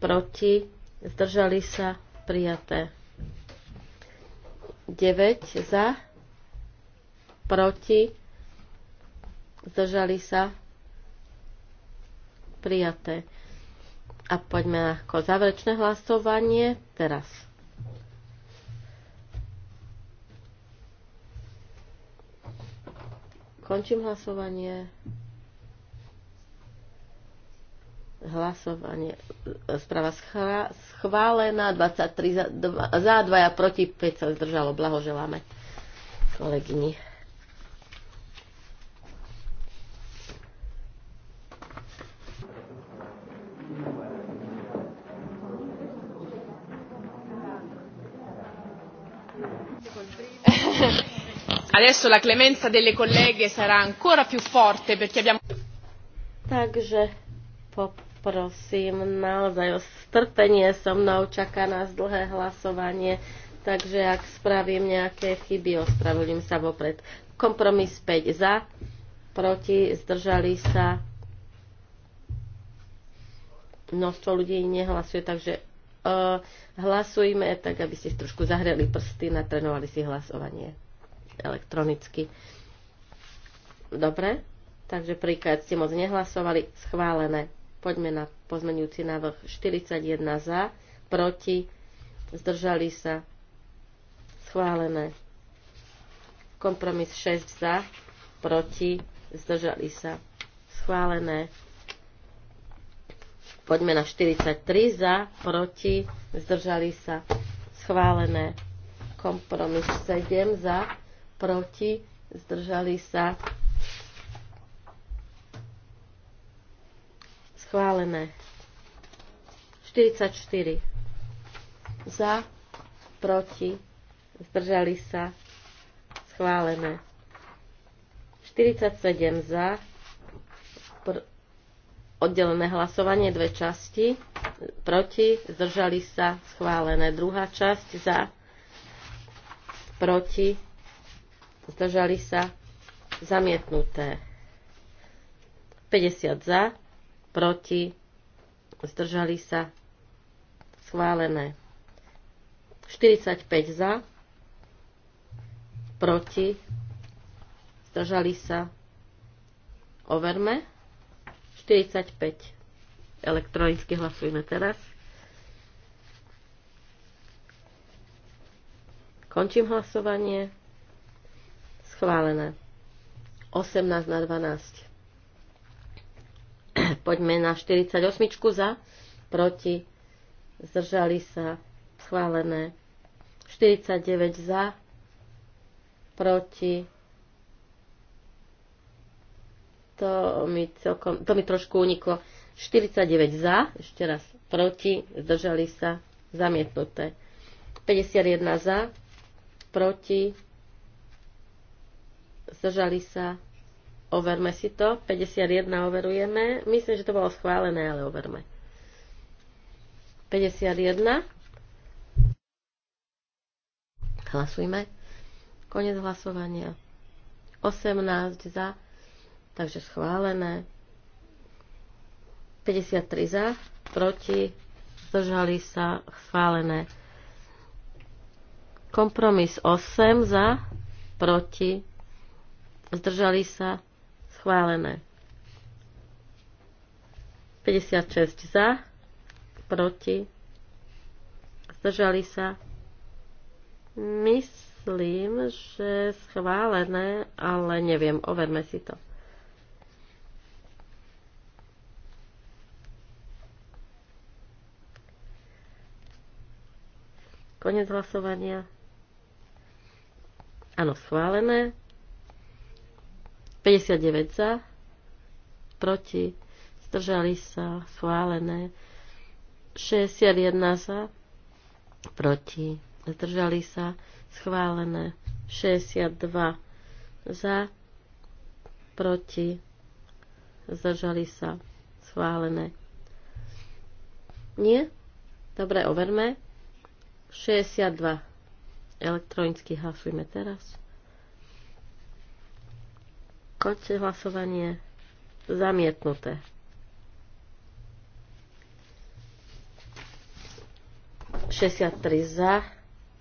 Proti. Zdržali sa. Prijaté. 9 za, proti, zdržali sa, prijaté. A poďme na záverečné hlasovanie teraz. Končím hlasovanie hlasovanie, správa schválená, 23 za, 2, za 2 proti 5 sa zdržalo. Blahoželáme kolegyni. Adesso la clemenza delle colleghe sarà ancora più forte perché abbiamo... Takže po prosím naozaj o strpenie so mnou, čaká nás dlhé hlasovanie, takže ak spravím nejaké chyby, ospravedlím sa vopred. Kompromis 5 za, proti, zdržali sa. Množstvo ľudí nehlasuje, takže uh, hlasujme tak, aby ste trošku zahreli prsty, natrenovali si hlasovanie elektronicky. Dobre? Takže príklad ste moc nehlasovali, schválené. Poďme na pozmenujúci návrh 41 za, proti, zdržali sa, schválené. Kompromis 6 za, proti, zdržali sa, schválené. Poďme na 43 za, proti, zdržali sa, schválené. Kompromis 7 za, proti, zdržali sa, Schválené. 44. Za, proti, zdržali sa. Schválené. 47 za. Pr- oddelené hlasovanie, dve časti. Proti, zdržali sa. Schválené. Druhá časť za. Proti, zdržali sa. Zamietnuté. 50 za proti, zdržali sa, schválené. 45 za, proti, zdržali sa, overme. 45 elektronicky hlasujeme teraz. Končím hlasovanie. Schválené. 18 na 12. Poďme na 48 za, proti, zdržali sa, schválené. 49 za, proti, to mi, celkom, to mi trošku uniklo. 49 za, ešte raz proti, zdržali sa, zamietnuté. 51 za, proti, zdržali sa, Overme si to. 51 overujeme. Myslím, že to bolo schválené, ale overme. 51. Hlasujme. Konec hlasovania. 18 za. Takže schválené. 53 za. Proti. Zdržali sa. Schválené. Kompromis 8 za. Proti. Zdržali sa Schválené. 56 za, proti, zdržali sa. Myslím, že schválené, ale neviem, overme si to. Konec hlasovania. Áno, schválené. 59 za, proti, zdržali sa, schválené. 61 za, proti, zdržali sa, schválené. 62 za, proti, zdržali sa, schválené. Nie? Dobre, overme. 62. Elektronicky hlasujme teraz. Končím hlasovanie. Zamietnuté. Šesťdesiat tri za,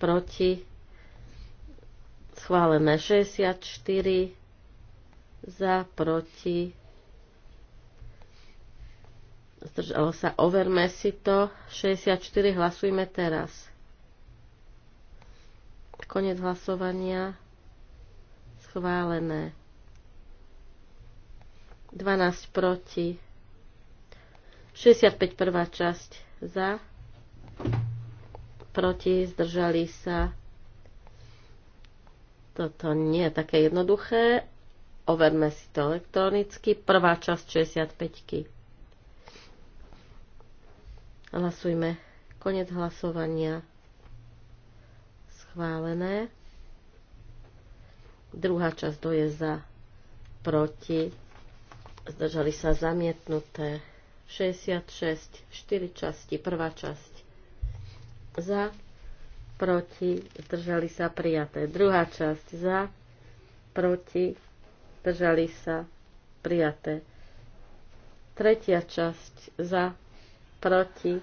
proti, schválené 64, za, proti, zdržalo sa, overme si to, 64, hlasujme teraz. Konec hlasovania, schválené. 12 proti. 65 prvá časť za. Proti zdržali sa. Toto nie je také jednoduché. Overme si to elektronicky. Prvá časť 65. -ky. Hlasujme. Konec hlasovania. Schválené. Druhá časť, to je za, proti zdržali sa zamietnuté 66, 4 časti, prvá časť za, proti, zdržali sa prijaté, druhá časť za, proti, zdržali sa prijaté, tretia časť za, proti,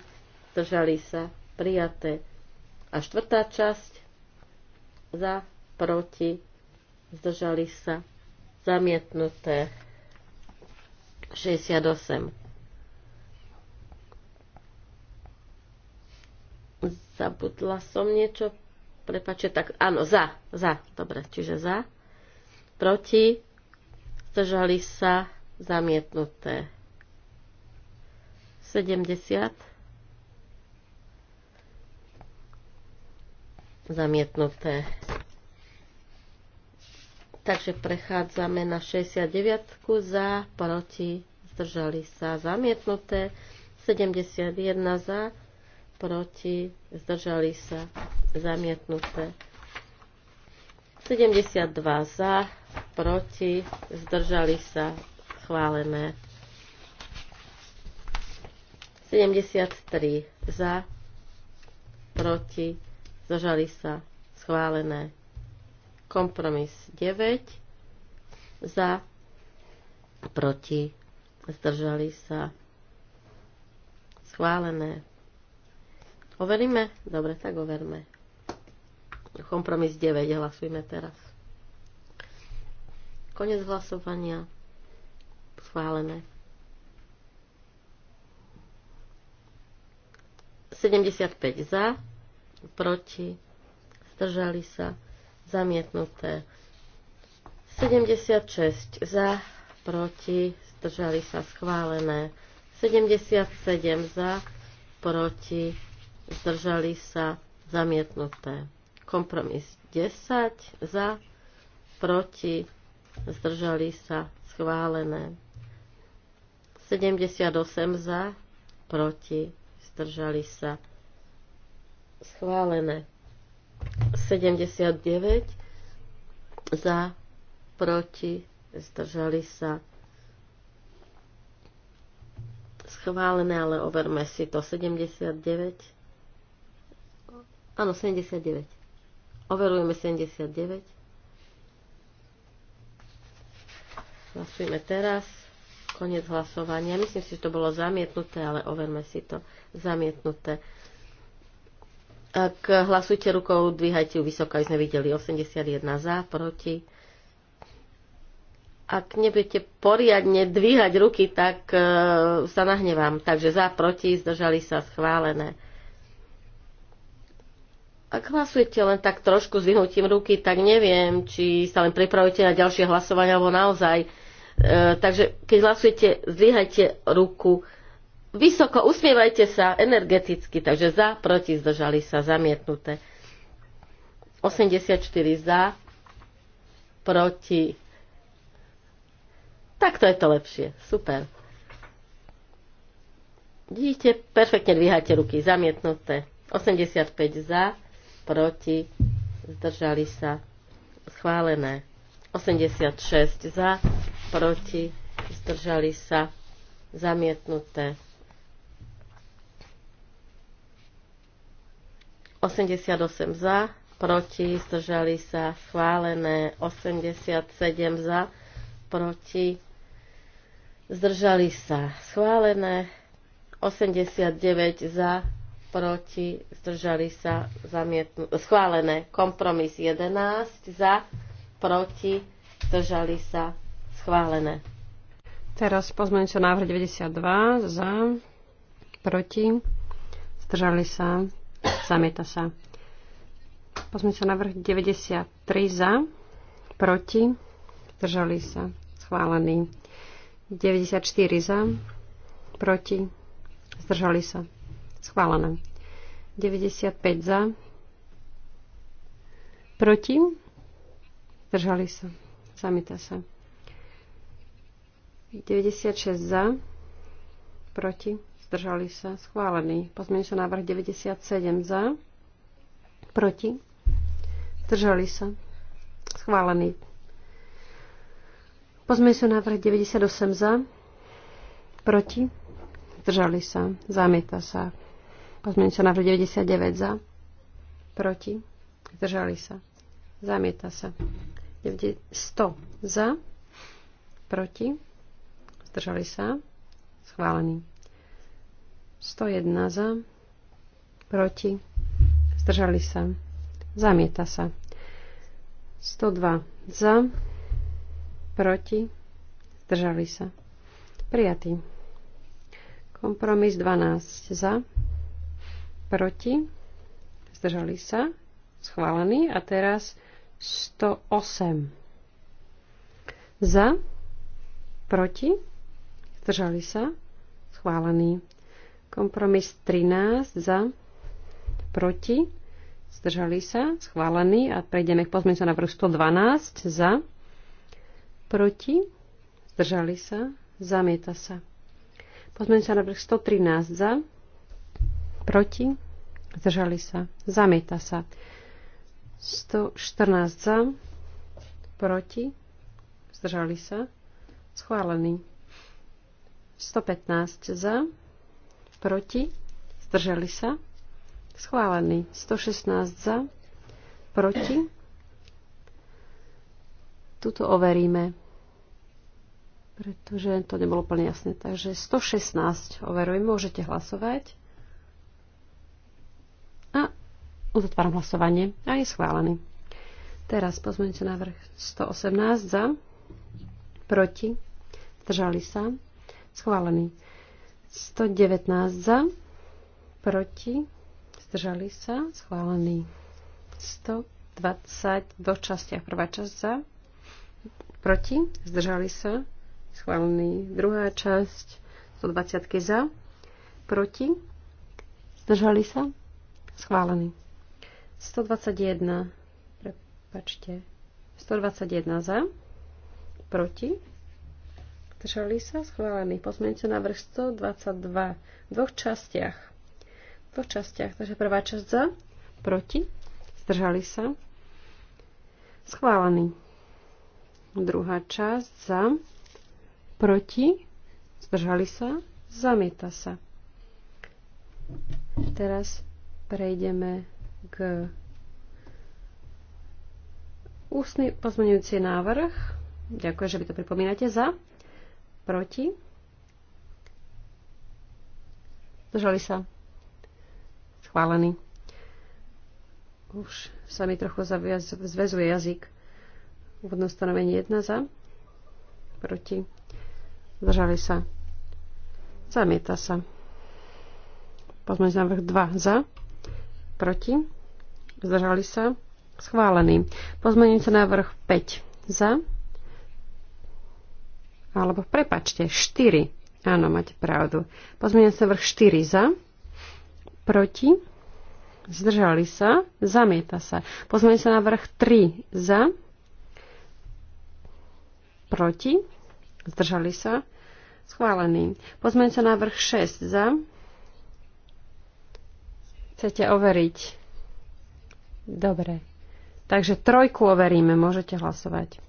zdržali sa prijaté a štvrtá časť za, proti, zdržali sa zamietnuté. 68. Zabudla som niečo. Prepačte, tak áno, za, za. Dobre, čiže za. Proti. Zdržali sa zamietnuté. 70. Zamietnuté. Takže prechádzame na 69 za, proti, zdržali sa zamietnuté, 71 za, proti, zdržali sa zamietnuté. 72 za, proti, zdržali sa schválené. 73 za, proti, zdržali sa schválené. Kompromis 9 za, proti, zdržali sa, schválené. Overíme? Dobre, tak overme. Kompromis 9, hlasujme teraz. Konec hlasovania. Schválené. 75 za, proti, zdržali sa, zamietnuté. 76 za, proti, zdržali sa schválené. 77 za, proti, zdržali sa zamietnuté. Kompromis 10 za, proti, zdržali sa schválené. 78 za, proti, zdržali sa schválené. 79 za, proti, zdržali sa. Schválené, ale overme si to. 79. Áno, 79. Overujeme 79. Hlasujeme teraz. koniec hlasovania. Myslím si, že to bolo zamietnuté, ale overme si to. Zamietnuté. Ak hlasujte rukou, dvíhajte ju vysoko, aby sme videli 81 za, proti. Ak nebudete poriadne dvíhať ruky, tak uh, sa nahnevám. Takže za, proti, zdržali sa, schválené. Ak hlasujete len tak trošku vyhnutím ruky, tak neviem, či sa len pripravujete na ďalšie hlasovanie, alebo naozaj. E, takže keď hlasujete, zdvíhajte ruku vysoko, usmievajte sa energeticky, takže za, proti, zdržali sa, zamietnuté. 84 za, proti. Takto je to lepšie, super. Vidíte, perfektne dvíhate ruky, zamietnuté. 85 za, proti, zdržali sa, schválené. 86 za, proti, zdržali sa, zamietnuté. 88 za, proti, zdržali sa schválené 87 za, proti, zdržali sa schválené 89 za, proti, zdržali sa zamietnu- schválené kompromis 11 za, proti, zdržali sa schválené. Teraz sa návrh 92 za, proti, zdržali sa Zamieta sa. Pozme sa na vrch 93 za, proti, držali sa, schválený. 94 za, proti, zdržali sa, schválené. 95 za, proti, zdržali sa, zamieta sa. 96 za, proti, zdržali sa, schválený. sa návrh 97 za, proti, zdržali sa, schválený. sa návrh 98 za, proti, zdržali sa, zamieta sa. sa návrh 99 za, proti, zdržali sa, zamieta sa. 100 za, proti, zdržali sa, schválený. 101 za, proti, zdržali sa, zamieta sa. 102 za, proti, zdržali sa, prijatý. Kompromis 12 za, proti, zdržali sa, schválený. A teraz 108 za, proti, zdržali sa, schválený. Kompromis 13 za, proti, zdržali sa, schválený. A prejdeme k pozmeňujúcemu návrhu 112 za, proti, zdržali sa, zamieta sa. Pozmeňujúci návrh 113 za, proti, zdržali sa, zamieta sa. 114 za, proti, zdržali sa, schválený. 115 za, proti, zdržali sa, schválený. 116 za, proti. Tuto overíme, pretože to nebolo úplne jasné. Takže 116 overujem, môžete hlasovať. A uzatváram hlasovanie a je schválený. Teraz pozmeňte návrh 118 za, proti, zdržali sa, schválený. 119 za, proti, zdržali sa, schválený. 120 v dvoch častiach. Prvá časť za, proti, zdržali sa, schválený. Druhá časť 120 za, proti, zdržali sa, schválený. 121, prepačte, 121 za, proti, Zdržali sa? Schválený. Pozmeňte návrh 122 v dvoch častiach. V dvoch častiach. Takže prvá časť za, proti, zdržali sa. Schválený. Druhá časť za, proti, zdržali sa, zamieta sa. Teraz prejdeme k ústny pozmeňujúci návrh. Ďakujem, že by to pripomínate za. Proti? Zdržali sa? Schválený. Už sa mi trochu zaviaz, zväzuje jazyk. Úvodné stanovenie 1 za. Proti. Zdržali sa. Zamieta sa. Pozmeň návrh 2 za. Proti. Zdržali sa. Schválený. Pozmeňujúci návrh 5 za alebo prepačte, 4. Áno, máte pravdu. Pozmeňujem sa vrch 4 za, proti, zdržali sa, zamieta sa. Pozmeňujem sa na vrch 3 za, proti, zdržali sa, schválený. Pozmeňujem sa na vrch 6 za, chcete overiť. Dobre. Takže trojku overíme, môžete hlasovať.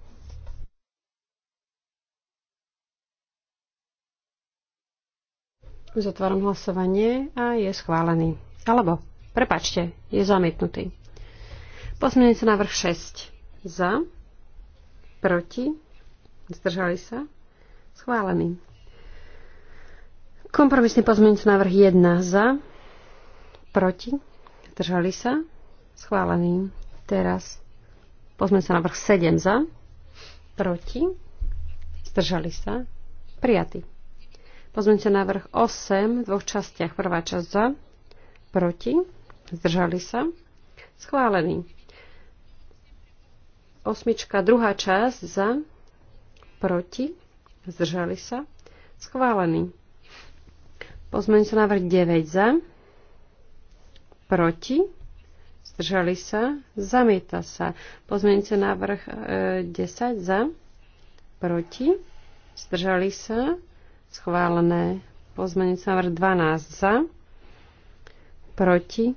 Uzatváram hlasovanie a je schválený. Alebo, prepačte, je zamietnutý. Pozmeňujúci návrh 6. Za, proti, zdržali sa, schválený. Kompromisný pozmeňujúci návrh 1. Za, proti, zdržali sa, schválený. Teraz pozmeňujúci návrh 7. Za, proti, zdržali sa, prijatý. Pozmeňte návrh 8 v dvoch častiach. Prvá časť za, proti, zdržali sa, schválený. Osmička, druhá časť za, proti, zdržali sa, schválený. Pozmeňte návrh 9 za, proti, zdržali sa, zamieta sa. Pozmeňte návrh 10 e, za, proti, zdržali sa, schválené. Pozmeniť sa návrh 12 za, proti,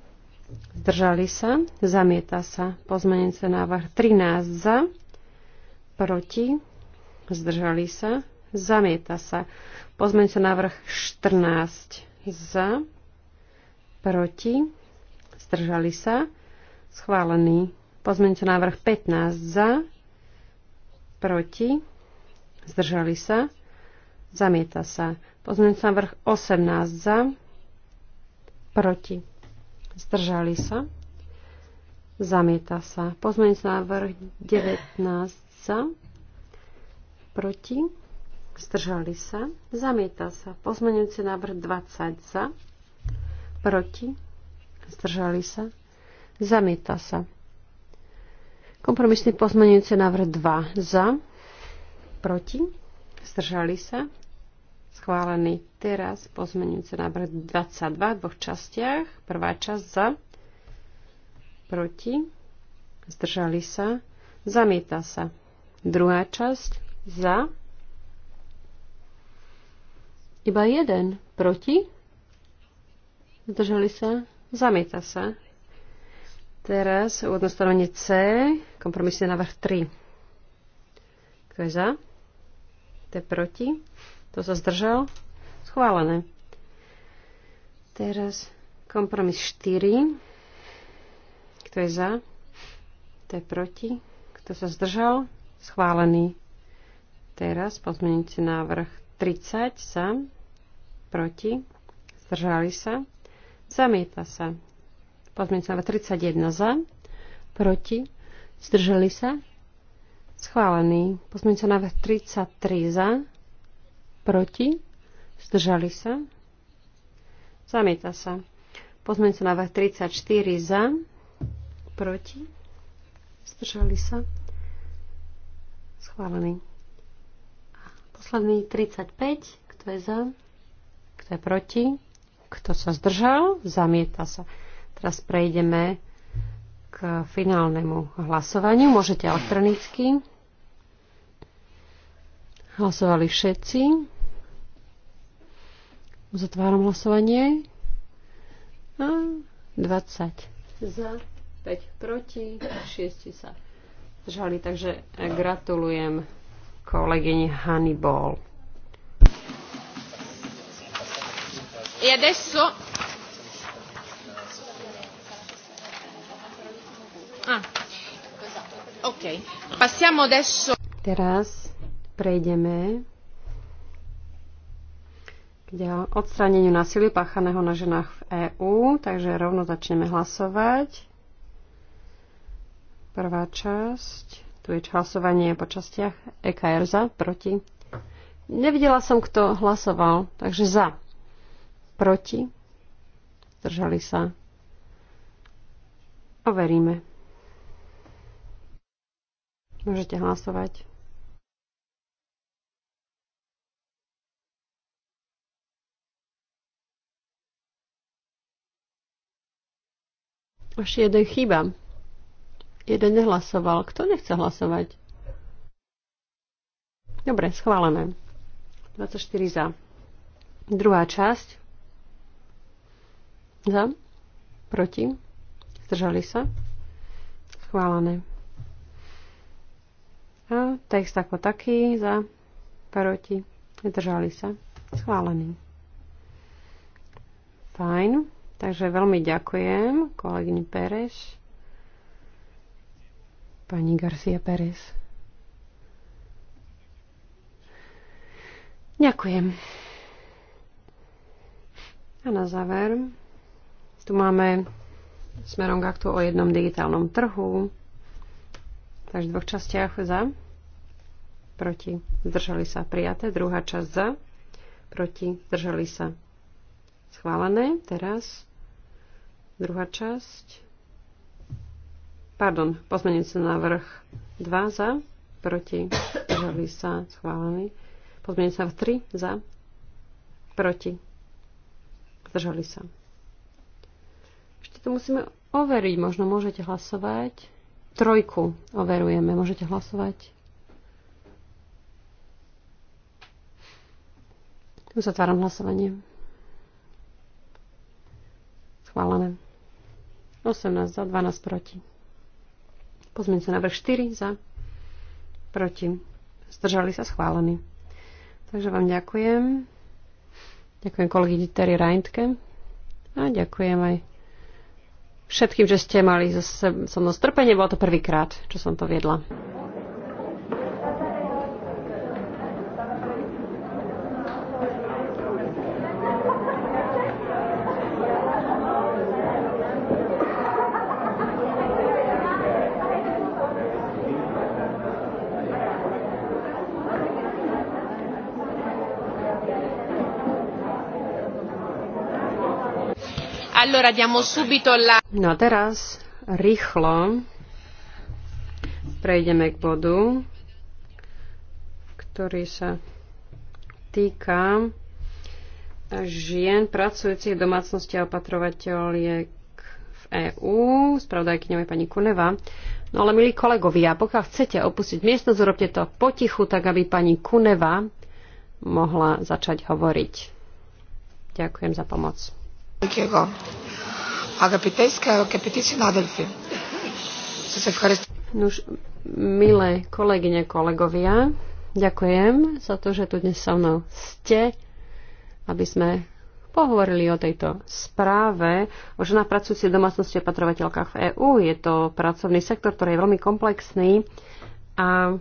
zdržali sa, zamieta sa. Pozmeniť sa návrh 13 za, proti, zdržali sa, zamieta sa. Pozmeniť sa návrh 14 za, proti, zdržali sa, schválený. sa návrh 15 za, proti, zdržali sa, Zamieta sa. Pozmeňujúci návrh 18 za. Proti. Zdržali sa. Zamieta sa. Pozmeňujúci návrh 19 za. Proti. Zdržali sa. Zamieta sa. Pozmeňujúci návrh 20 za. Proti. Zdržali sa. Zamieta sa. Kompromisný pozmeňujúci návrh 2 za. Proti. Zdržali sa schválený. Teraz pozmeňujúce návrh 22 v dvoch častiach. Prvá časť za, proti, zdržali sa, zamieta sa. Druhá časť za, iba jeden proti, zdržali sa, zamieta sa. Teraz odnostanovanie C, kompromisný návrh 3. Kto je za? Kto je proti? Kto sa zdržal? Schválené. Teraz kompromis 4. Kto je za? Kto je proti? Kto sa zdržal? Schválený. Teraz pozmeníte návrh 30 za, proti, zdržali sa, zamieta sa. Pozmeníte návrh 31 za, proti, zdržali sa, schválený. Pozmeníte návrh 33 za, proti, zdržali sa, zamieta sa. na návrh 34 za, proti, zdržali sa, schválený. Posledný 35, kto je za, kto je proti, kto sa zdržal, zamieta sa. Teraz prejdeme k finálnemu hlasovaniu. Môžete elektronicky. Hlasovali všetci. Uzatváram hlasovanie. A 20 za, 5 proti, 6 sa žali. Takže gratulujem kolegyni Hannibal. E adesso... Ah. Ok. Passiamo adesso... Teraz prejdeme ja, odstráneniu násilia páchaného na ženách v EÚ, takže rovno začneme hlasovať. Prvá časť. Tu je hlasovanie po častiach. EKR za, proti. Nevidela som, kto hlasoval, takže za. Proti. zdržali sa. Overíme. Môžete hlasovať. Až jeden chýba. Jeden nehlasoval. Kto nechce hlasovať? Dobre, schválené. 24 za. Druhá časť. Za. Proti. Zdržali sa. Schválené. A text ako taký. Za. Proti. Zdržali sa. Schválený. Fajn. Takže veľmi ďakujem kolegyni Pereš, Pani Garcia Pérez. Ďakujem. A na záver, tu máme smerom k aktu o jednom digitálnom trhu, takže v dvoch častiach za, proti, zdržali sa prijaté, druhá časť za, proti, zdržali sa schválené. Teraz Druhá časť. Pardon, pozmenujúci návrh 2 za, proti, zdržali sa, schválený. Pozmenujúci návrh 3 za, proti, zdržali sa. Ešte to musíme overiť, možno môžete hlasovať. Trojku overujeme, môžete hlasovať. Zatváram hlasovanie. Schválené. 18 za, 12 proti. Pozmeň sa návrh 4 za, proti. Zdržali sa schválení. Takže vám ďakujem. Ďakujem kolegy Terry Reintke. A ďakujem aj všetkým, že ste mali so mnou strpenie. Bolo to prvýkrát, čo som to viedla. Allora diamo subito la... No a teraz rýchlo prejdeme k bodu, ktorý sa týka žien pracujúcich v domácnosti a opatrovateľiek v EÚ. Spravodajkyňou je pani Kuneva. No ale milí kolegovia, pokiaľ chcete opustiť miestnosť, urobte to potichu, tak aby pani Kuneva mohla začať hovoriť. Ďakujem za pomoc. Ďakujem. Αγαπητές και αγαπητοί συνάδελφοι, σας ευχαριστώ. Nuž, milé kolegyne, kolegovia, ďakujem za to, že tu dnes so mnou ste, aby sme pohovorili o tejto správe o ženách pracujúcich v domácnosti a patrovateľkách v EÚ. Je to pracovný sektor, ktorý je veľmi komplexný a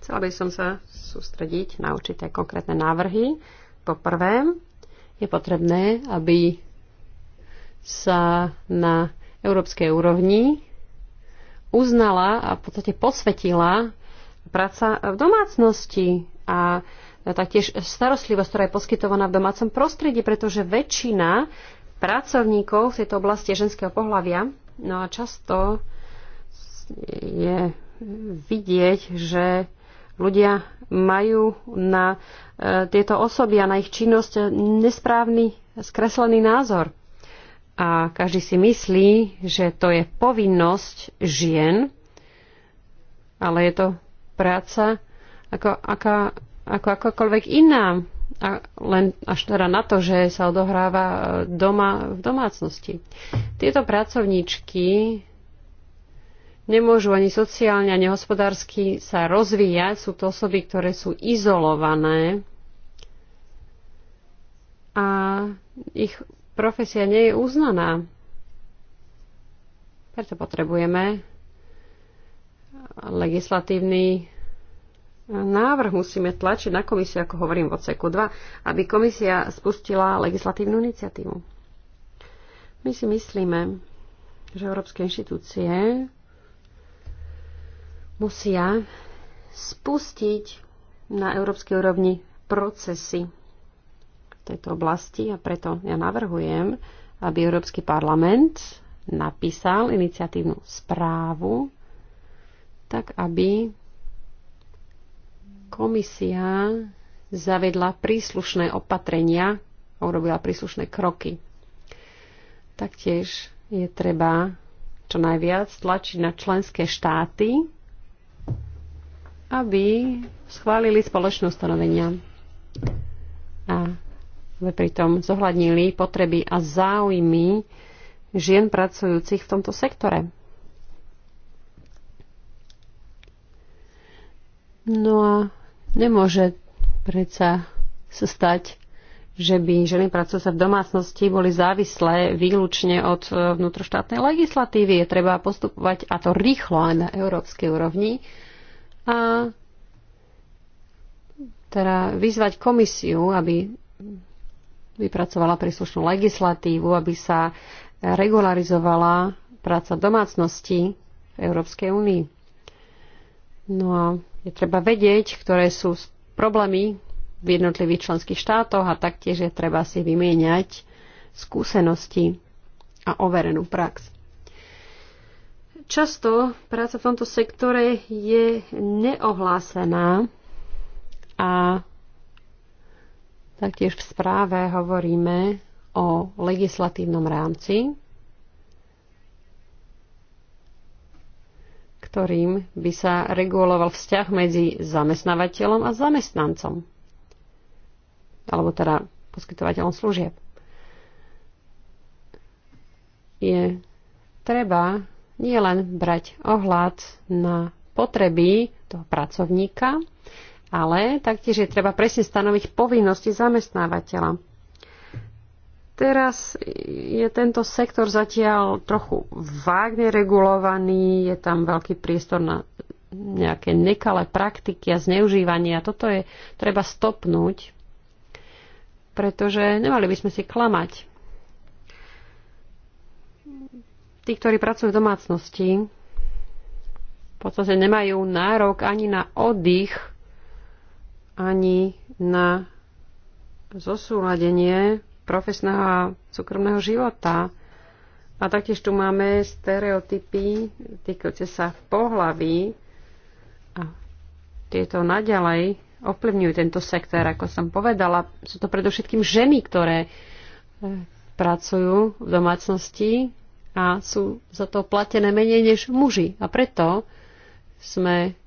chcela by som sa sústrediť na určité konkrétne návrhy. Po prvé, je potrebné, aby sa na európskej úrovni uznala a v podstate posvetila práca v domácnosti a taktiež starostlivosť, ktorá je poskytovaná v domácom prostredí, pretože väčšina pracovníkov v tejto oblasti ženského pohľavia, no a často je vidieť, že ľudia majú na e, tieto osoby a na ich činnosť nesprávny, skreslený názor a každý si myslí, že to je povinnosť žien, ale je to práca ako, ako, ako akokoľvek iná, a len až teda na to, že sa odohráva doma v domácnosti. Tieto pracovníčky nemôžu ani sociálne, ani hospodársky sa rozvíjať. Sú to osoby, ktoré sú izolované a ich profesia nie je uznaná. Preto potrebujeme legislatívny návrh. Musíme tlačiť na komisiu, ako hovorím v odseku 2, aby komisia spustila legislatívnu iniciatívu. My si myslíme, že európske inštitúcie musia spustiť na európskej úrovni procesy tejto oblasti a preto ja navrhujem, aby Európsky parlament napísal iniciatívnu správu, tak aby komisia zavedla príslušné opatrenia a urobila príslušné kroky. Taktiež je treba čo najviac tlačiť na členské štáty, aby schválili spoločné ustanovenia. A sme pritom zohľadnili potreby a záujmy žien pracujúcich v tomto sektore. No a nemôže predsa sa stať, že by ženy pracujúce v domácnosti boli závislé výlučne od e, vnútroštátnej legislatívy. Je treba postupovať, a to rýchlo aj na európskej úrovni, a teda vyzvať komisiu, aby vypracovala príslušnú legislatívu, aby sa regularizovala práca domácnosti v Európskej únii. No a je treba vedieť, ktoré sú problémy v jednotlivých členských štátoch a taktiež je treba si vymieňať skúsenosti a overenú prax. Často práca v tomto sektore je neohlásená a Taktiež v správe hovoríme o legislatívnom rámci, ktorým by sa reguloval vzťah medzi zamestnávateľom a zamestnancom. Alebo teda poskytovateľom služieb. Je treba nielen brať ohľad na potreby toho pracovníka, ale taktiež je treba presne stanoviť povinnosti zamestnávateľa. Teraz je tento sektor zatiaľ trochu vágne regulovaný, je tam veľký priestor na nejaké nekalé praktiky a zneužívania. Toto je treba stopnúť, pretože nemali by sme si klamať. Tí, ktorí pracujú v domácnosti, v podstate nemajú nárok ani na oddych ani na zosúladenie profesného a súkromného života. A taktiež tu máme stereotypy týkajúce sa v pohlaví a tieto naďalej ovplyvňujú tento sektor. Ako som povedala, sú to predovšetkým ženy, ktoré eh, pracujú v domácnosti a sú za to platené menej než muži. A preto sme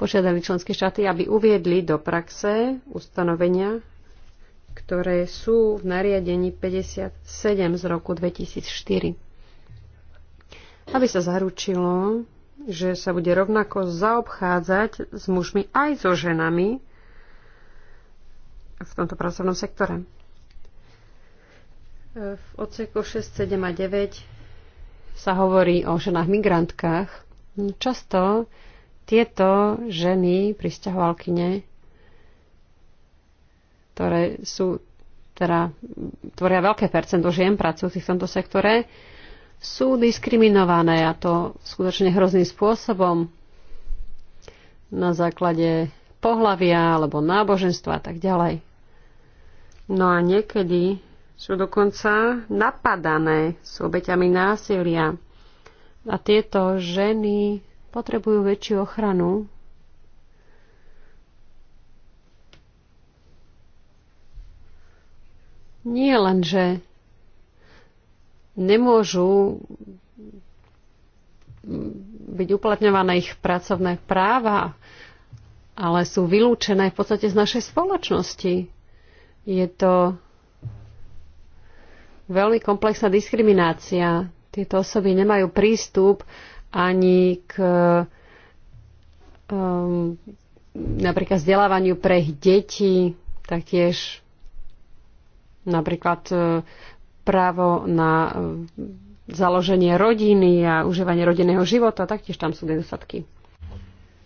požiadali členské štáty, aby uviedli do praxe ustanovenia, ktoré sú v nariadení 57 z roku 2004. Aby sa zaručilo, že sa bude rovnako zaobchádzať s mužmi aj so ženami v tomto pracovnom sektore. V odseku 6, 7 a 9 sa hovorí o ženách migrantkách. Často tieto ženy, pristahovalkyne, ktoré sú, teda tvoria veľké percento žien pracujúcich v tomto sektore, sú diskriminované a to skutočne hrozným spôsobom na základe pohlavia alebo náboženstva a tak ďalej. No a niekedy sú dokonca napadané, sú obeťami násilia. A tieto ženy potrebujú väčšiu ochranu. Nie len, že nemôžu byť uplatňované ich pracovné práva, ale sú vylúčené v podstate z našej spoločnosti. Je to veľmi komplexná diskriminácia. Tieto osoby nemajú prístup ani k um, napríklad vzdelávaniu pre ich deti, taktiež napríklad uh, právo na uh, založenie rodiny a užívanie rodinného života, taktiež tam sú nedostatky.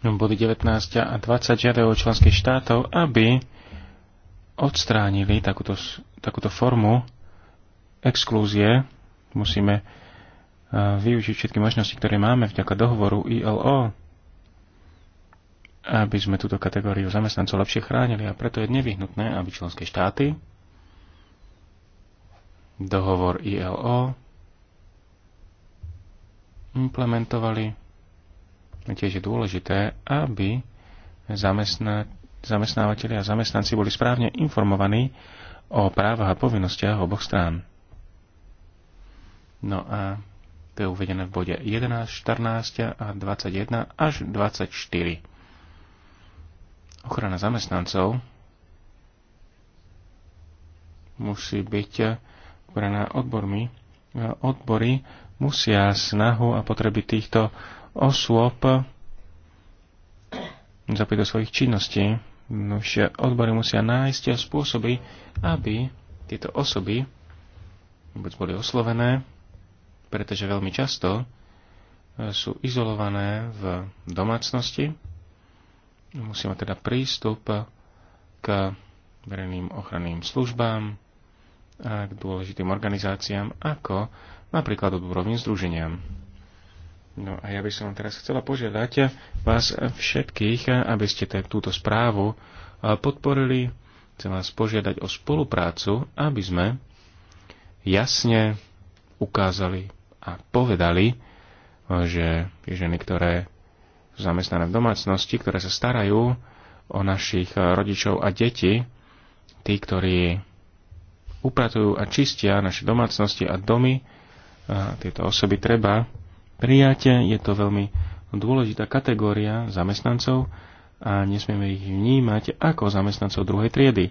Body 19 a 20 žiadajú členských štátov, aby odstránili takúto, takúto formu exklúzie. Musíme využiť všetky možnosti, ktoré máme vďaka dohovoru ILO, aby sme túto kategóriu zamestnancov lepšie chránili a preto je nevyhnutné, aby členské štáty dohovor ILO implementovali. Tiež je dôležité, aby zamestnávateľi a zamestnanci boli správne informovaní o právach a povinnostiach oboch strán. No a to je uvedené v bode 11, 14 a 21 až 24. Ochrana zamestnancov musí byť ochrana odbormi. Odbory musia snahu a potreby týchto osôb zapojiť do svojich činností. odbory musia nájsť spôsoby, aby tieto osoby boli oslovené, pretože veľmi často e, sú izolované v domácnosti. musíme mať teda prístup k verejným ochranným službám a k dôležitým organizáciám, ako napríklad odborovým združeniam. No a ja by som teraz chcela požiadať vás všetkých, aby ste túto správu e, podporili. Chcem vás požiadať o spoluprácu, aby sme jasne ukázali a povedali, že ženy, ktoré sú zamestnané v domácnosti, ktoré sa starajú o našich rodičov a deti, tí, ktorí upratujú a čistia naše domácnosti a domy, a tieto osoby treba prijať. Je to veľmi dôležitá kategória zamestnancov a nesmieme ich vnímať ako zamestnancov druhej triedy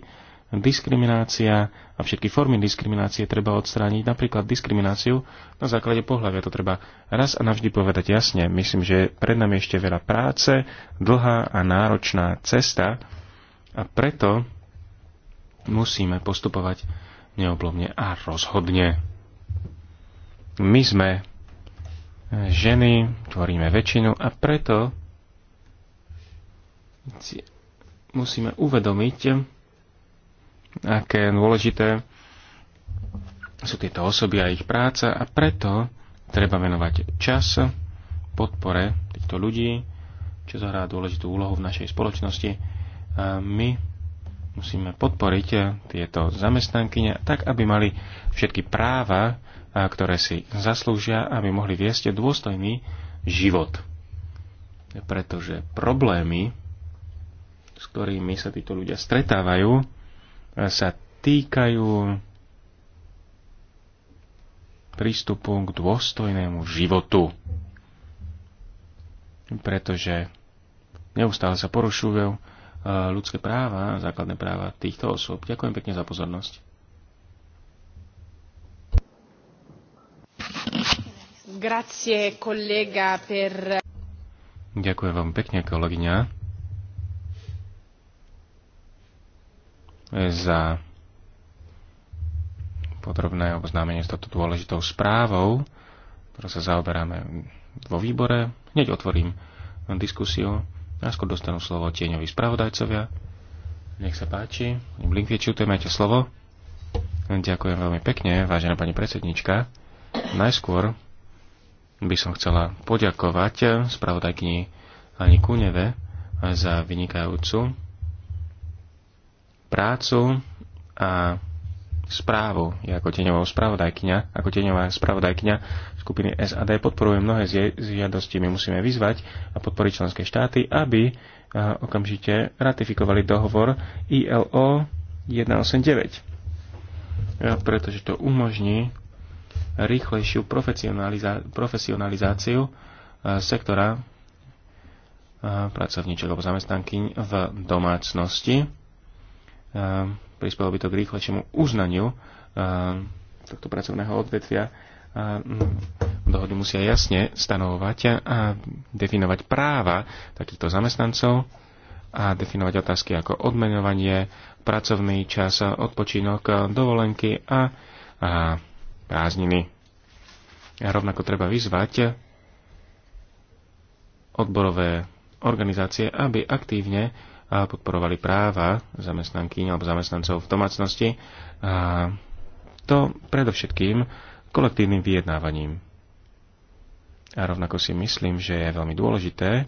diskriminácia a všetky formy diskriminácie treba odstrániť, napríklad diskrimináciu na základe pohľavia. To treba raz a navždy povedať jasne. Myslím, že pred nami ešte veľa práce, dlhá a náročná cesta a preto musíme postupovať neoblomne a rozhodne. My sme ženy, tvoríme väčšinu a preto musíme uvedomiť, aké dôležité sú tieto osoby a ich práca a preto treba venovať čas podpore týchto ľudí, čo zahrá dôležitú úlohu v našej spoločnosti. A my musíme podporiť tieto zamestnankyne tak, aby mali všetky práva, ktoré si zaslúžia, aby mohli viesť dôstojný život. Pretože problémy, s ktorými sa títo ľudia stretávajú, sa týkajú prístupu k dôstojnému životu. Pretože neustále sa porušujú eh, ľudské práva, základné práva týchto osôb. Ďakujem pekne za pozornosť. Grazie, kolega, per... Ďakujem vám pekne, kolegyňa. za podrobné oboznámenie s touto dôležitou správou, ktorou sa zaoberáme vo výbore. Hneď otvorím diskusiu. Najskôr dostanú slovo tieňoví spravodajcovia. Nech sa páči. tu máte slovo. Ďakujem veľmi pekne, vážená pani predsednička. Najskôr by som chcela poďakovať spravodajkyni Ani Kuneve za vynikajúcu prácu a správu. je ako teňová spravodajkňa, ako teňová spravodajkňa skupiny SAD podporuje mnohé z žiadostí. My musíme vyzvať a podporiť členské štáty, aby okamžite ratifikovali dohovor ILO 189. Pretože to umožní rýchlejšiu profesionalizá profesionalizáciu sektora pracovníčok alebo zamestnankyň v domácnosti Eh, prispelo by to k rýchlejšiemu uznaniu eh, tohto pracovného odvetvia. Eh, mm, dohody musia jasne stanovovať a definovať práva takýchto zamestnancov a definovať otázky ako odmenovanie, pracovný čas, odpočinok, dovolenky a, prázdniny. A rovnako treba vyzvať odborové organizácie, aby aktívne a podporovali práva zamestnanky alebo zamestnancov v domácnosti. A to predovšetkým kolektívnym vyjednávaním. A rovnako si myslím, že je veľmi dôležité,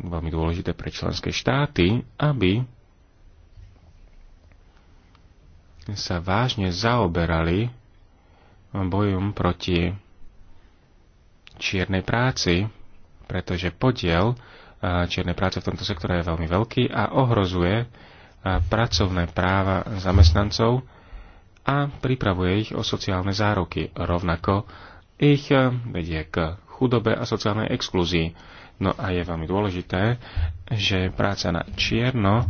veľmi dôležité pre členské štáty, aby sa vážne zaoberali bojom proti čiernej práci, pretože podiel čiernej práce v tomto sektore je veľmi veľký a ohrozuje pracovné práva zamestnancov a pripravuje ich o sociálne zároky. Rovnako ich vedie k chudobe a sociálnej exklúzii. No a je veľmi dôležité, že práca na čierno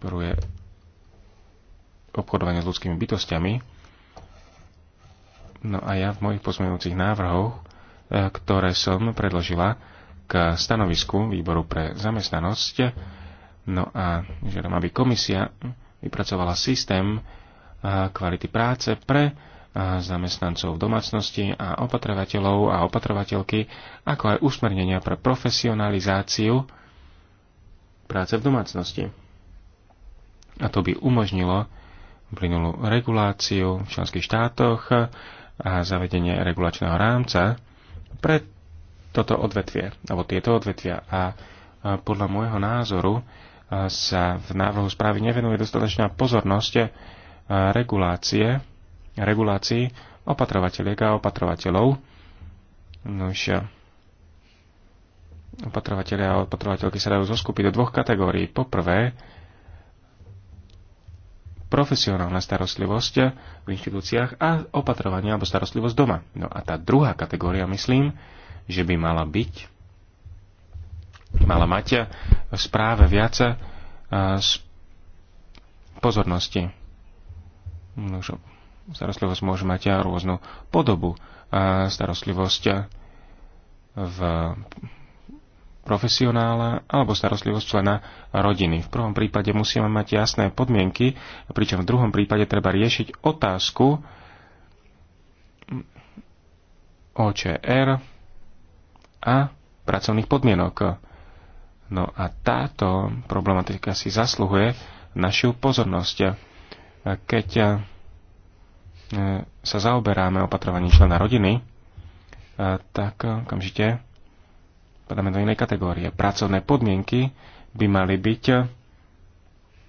poruje obchodovanie s ľudskými bytostiami. No a ja v mojich pozmeňujúcich návrhoch ktoré som predložila k stanovisku výboru pre zamestnanosť. No a žiadam, aby komisia vypracovala systém kvality práce pre zamestnancov v domácnosti a opatrovateľov a opatrovateľky, ako aj usmernenia pre profesionalizáciu práce v domácnosti. A to by umožnilo plynulú reguláciu v členských štátoch a zavedenie regulačného rámca, pre toto odvetvie, alebo tieto odvetvia. A podľa môjho názoru sa v návrhu správy nevenuje dostatočná pozornosť regulácie, regulácii opatrovateľiek a opatrovateľov. Nož, opatrovateľia a opatrovateľky sa dajú zoskupiť do dvoch kategórií. Poprvé, profesionálna starostlivosť v inštitúciách a opatrovanie alebo starostlivosť doma. No a tá druhá kategória, myslím, že by mala byť, mala mať eh, v správe viac eh, pozornosti. No, starostlivosť môže mať rôznu podobu. Eh, starostlivosť v profesionála alebo starostlivosť člena rodiny. V prvom prípade musíme mať jasné podmienky, pričom v druhom prípade treba riešiť otázku OČR a pracovných podmienok. No a táto problematika si zasluhuje našu pozornosť. Keď e, sa zaoberáme opatrovaním člena rodiny, e, tak okamžite Podáme do inej kategórie. Pracovné podmienky by mali byť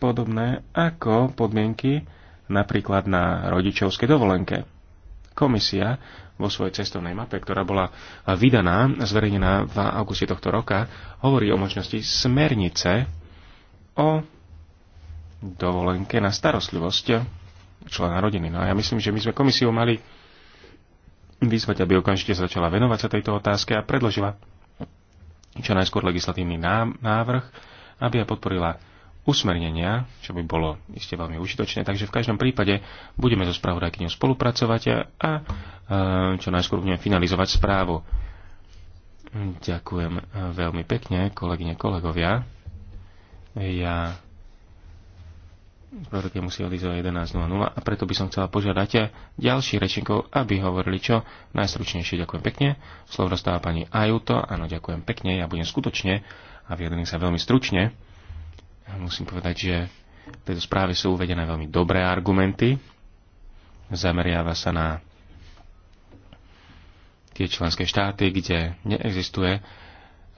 podobné ako podmienky napríklad na rodičovskej dovolenke. Komisia vo svojej cestovnej mape, ktorá bola vydaná, zverejnená v auguste tohto roka, hovorí o možnosti smernice o dovolenke na starostlivosť člena rodiny. No a ja myslím, že my sme komisiu mali vyzvať, aby okamžite začala venovať sa tejto otázke a predložila čo najskôr legislatívny návrh, aby ja podporila usmernenia, čo by bolo iste veľmi užitočné. Takže v každom prípade budeme so spravodajkyňou spolupracovať a, e, čo najskôr budeme finalizovať správu. Ďakujem e, veľmi pekne, kolegyne, kolegovia. Ja prorokia musí odísť o 11.00 a preto by som chcela požiadať ďalších rečníkov, aby hovorili čo najstručnejšie. Ďakujem pekne. Slovo dostáva pani Ajuto. Áno, ďakujem pekne. Ja budem skutočne a vyjadrím sa veľmi stručne. Musím povedať, že v tejto správe sú uvedené veľmi dobré argumenty. Zameriava sa na tie členské štáty, kde neexistuje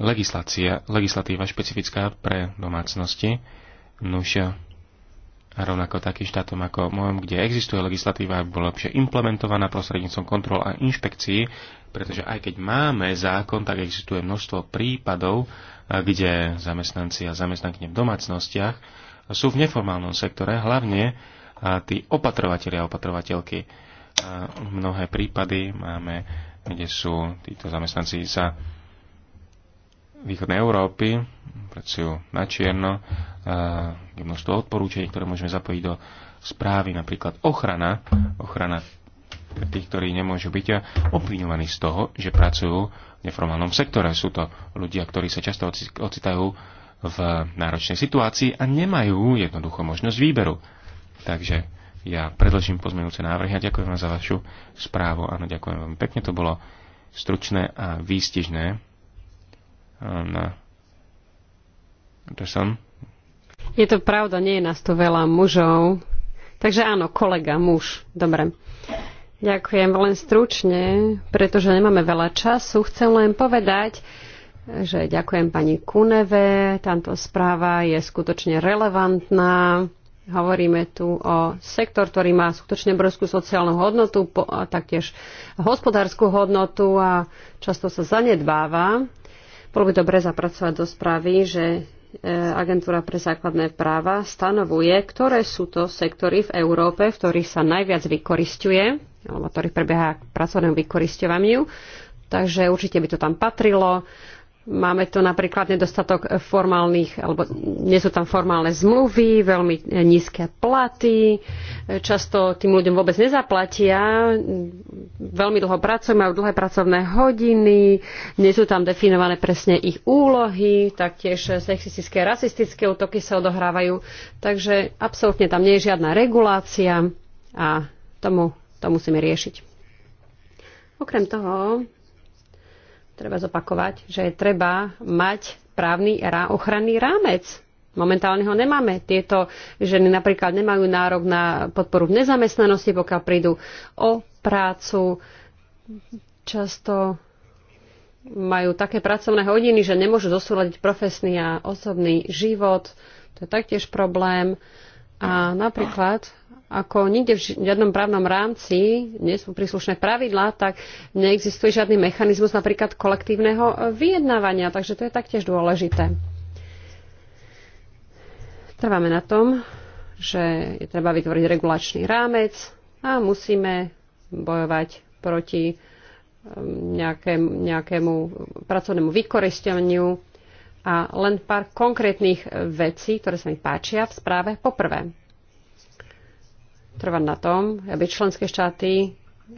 legislácia, legislatíva špecifická pre domácnosti. Nuž a rovnako takým štátom ako môjom, kde existuje legislatíva, aby bola lepšie implementovaná prostredníctvom kontrol a inšpekcií, pretože aj keď máme zákon, tak existuje množstvo prípadov, kde zamestnanci a zamestnankyne v domácnostiach sú v neformálnom sektore, hlavne tí opatrovateľi a opatrovateľky. Mnohé prípady máme, kde sú títo zamestnanci sa východnej Európy, pracujú na čierno, e, je množstvo odporúčení, ktoré môžeme zapojiť do správy, napríklad ochrana, ochrana tých, ktorí nemôžu byť obviňovaní z toho, že pracujú v neformálnom sektore. Sú to ľudia, ktorí sa často ocitajú v náročnej situácii a nemajú jednoducho možnosť výberu. Takže ja predložím pozmenúce návrhy a ďakujem vám za vašu správu. Áno, ďakujem vám pekne, to bolo stručné a výstižné na... To som. Je to pravda, nie je nás tu veľa mužov. Takže áno, kolega, muž. Dobre. Ďakujem len stručne, pretože nemáme veľa času. Chcem len povedať, že ďakujem pani Kuneve. Táto správa je skutočne relevantná. Hovoríme tu o sektor, ktorý má skutočne brzkú sociálnu hodnotu a taktiež hospodárskú hodnotu a často sa zanedbáva. Bolo by dobre zapracovať do správy, že e, Agentúra pre základné práva stanovuje, ktoré sú to sektory v Európe, v ktorých sa najviac vykoristuje, alebo ktorých prebieha k pracovnému vykoristovaniu. Takže určite by to tam patrilo Máme tu napríklad nedostatok formálnych, alebo nie sú tam formálne zmluvy, veľmi nízke platy, často tým ľuďom vôbec nezaplatia, veľmi dlho pracujú, majú dlhé pracovné hodiny, nie sú tam definované presne ich úlohy, taktiež sexistické, rasistické útoky sa odohrávajú, takže absolútne tam nie je žiadna regulácia a tomu to musíme riešiť. Okrem toho, treba zopakovať, že je treba mať právny rá, ochranný rámec. Momentálne ho nemáme. Tieto ženy napríklad nemajú nárok na podporu v nezamestnanosti, pokiaľ prídu o prácu. Často majú také pracovné hodiny, že nemôžu zosúľadiť profesný a osobný život. To je taktiež problém. A napríklad ako nikde v žiadnom právnom rámci nie sú príslušné pravidlá, tak neexistuje žiadny mechanizmus napríklad kolektívneho e, vyjednávania, takže to je taktiež dôležité. Trváme na tom, že je treba vytvoriť regulačný rámec a musíme bojovať proti e, nejakému, nejakému pracovnému vykoristovaniu a len pár konkrétnych vecí, ktoré sa mi páčia v správe. Poprvé, trvať na tom, aby členské štáty eh,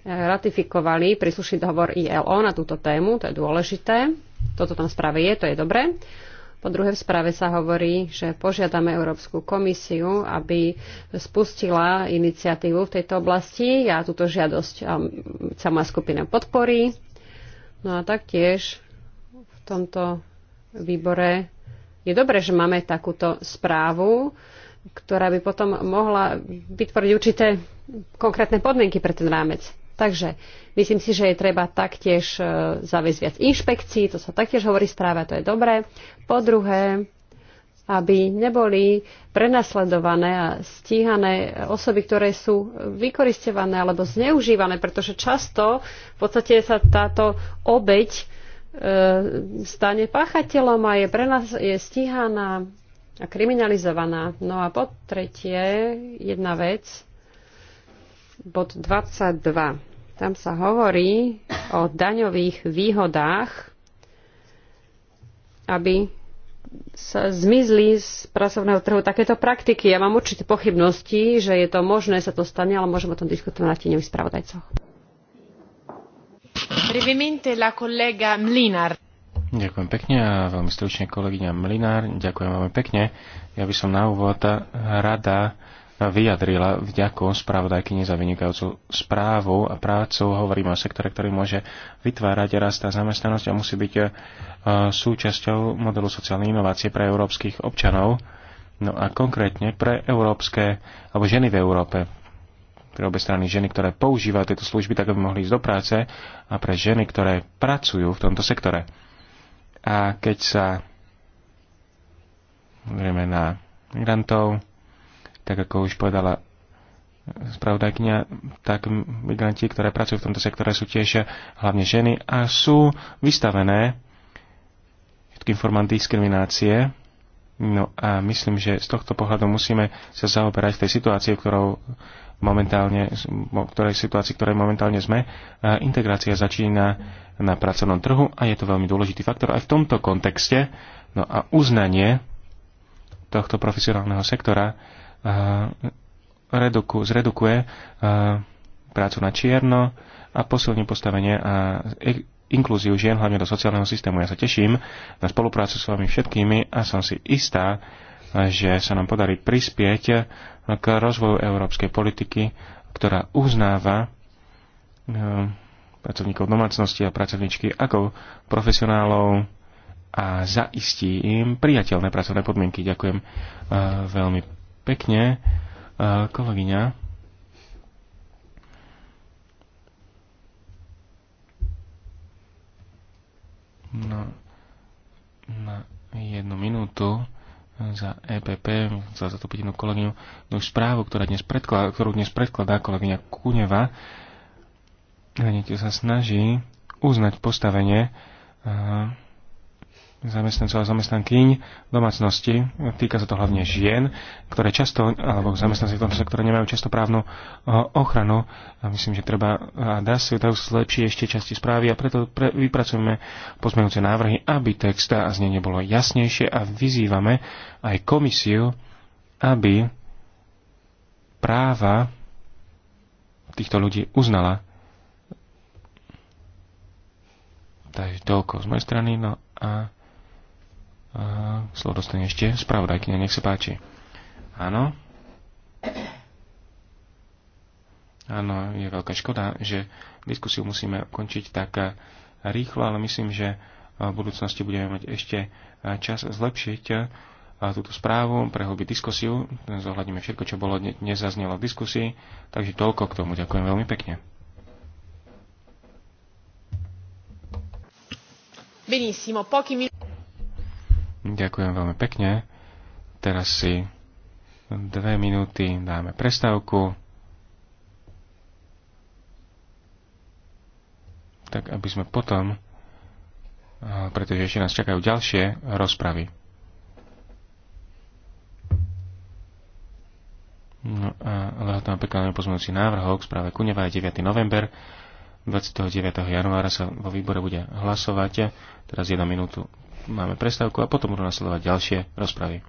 ratifikovali príslušný dohovor ILO na túto tému, to je dôležité. Toto tam v správe je, to je dobré. Po druhé, v správe sa hovorí, že požiadame Európsku komisiu, aby spustila iniciatívu v tejto oblasti. Ja túto žiadosť eh, sa moja skupina podporí. No a taktiež v tomto výbore je dobré, že máme takúto správu, ktorá by potom mohla vytvoriť určité konkrétne podmienky pre ten rámec. Takže myslím si, že je treba taktiež e, zaviesť viac inšpekcií, to sa taktiež hovorí správa, to je dobré. Po druhé, aby neboli prenasledované a stíhané osoby, ktoré sú vykoristované alebo zneužívané, pretože často v podstate sa táto obeď e, stane páchateľom a je, prenas- je stíhaná a kriminalizovaná. No a po tretie, jedna vec, bod 22. Tam sa hovorí o daňových výhodách, aby sa zmizli z pracovného trhu takéto praktiky. Ja mám určité pochybnosti, že je to možné, sa to stane, ale môžeme o tom diskutovať na tieňových spravodajcoch. Brevemente la collega Mlinar. Ďakujem pekne a veľmi stručne kolegyňa Mlinár. Ďakujem veľmi pekne. Ja by som na úvod rada vyjadrila vďaku spravodajkyni za vynikajúcu správu a prácu. Hovoríme o sektore, ktorý môže vytvárať rast a zamestnanosť a musí byť e, súčasťou modelu sociálnej inovácie pre európskych občanov. No a konkrétne pre európske, alebo ženy v Európe, pre obe strany ženy, ktoré používajú tieto služby, tak aby mohli ísť do práce a pre ženy, ktoré pracujú v tomto sektore. A keď sa pozrieme na migrantov, tak ako už povedala spravodajkňa, tak migranti, ktoré pracujú v tomto sektore, sú tiež hlavne ženy a sú vystavené všetkým formám diskriminácie. No a myslím, že z tohto pohľadu musíme sa zaoberať v tej situácii, ktorou momentálne, ktorej situácii, ktorej momentálne sme. Integrácia začína na pracovnom trhu a je to veľmi dôležitý faktor aj v tomto kontexte. No a uznanie tohto profesionálneho sektora uh, reduku, zredukuje uh, prácu na čierno a posilní postavenie a inklúziu žien hlavne do sociálneho systému. Ja sa teším na spoluprácu s vami všetkými a som si istá, že sa nám podarí prispieť k rozvoju európskej politiky, ktorá uznáva uh, pracovníkov domácnosti a pracovničky ako profesionálov a zaistí im priateľné pracovné podmienky. Ďakujem eh, veľmi pekne, eh, kolegyňa. No, na jednu minútu eh, za EPP, za zatopitinu kolegyňu, no už správu, ktorá dnes predkladá, ktorú dnes predkladá kolegyňa Kuneva, hnutie sa snaží uznať postavenie eh, zamestnancov a zamestnankyň domácnosti. Týka sa to hlavne žien, ktoré často, alebo zamestnanci v tom sektore nemajú často právnu eh, ochranu. A myslím, že treba a dá si to lepšie ešte časti správy a preto pre, vypracujeme pozmenujúce návrhy, aby text a znenie bolo jasnejšie a vyzývame aj komisiu, aby práva týchto ľudí uznala Takže toľko z mojej strany, no a, a slovo dostane ešte spravodajkyňa, nech sa páči. Áno. Áno, je veľká škoda, že diskusiu musíme ukončiť tak e, rýchlo, ale myslím, že e, v budúcnosti budeme mať ešte e, čas zlepšiť túto správu, prehlbiť diskusiu, zohľadíme všetko, čo bolo dnes zaznelo v diskusii, takže toľko k tomu. Ďakujem veľmi pekne. Benissimo, pochi Ďakujem veľmi pekne. Teraz si dve minúty dáme prestávku. Tak aby sme potom, pretože ešte nás čakajú ďalšie rozpravy. No a lehotná pekla pozmenúci návrhov k správe Kuneva je 9. november 29. januára sa vo výbore bude hlasovať. Teraz jednu minútu máme prestávku a potom budú nasledovať ďalšie rozpravy.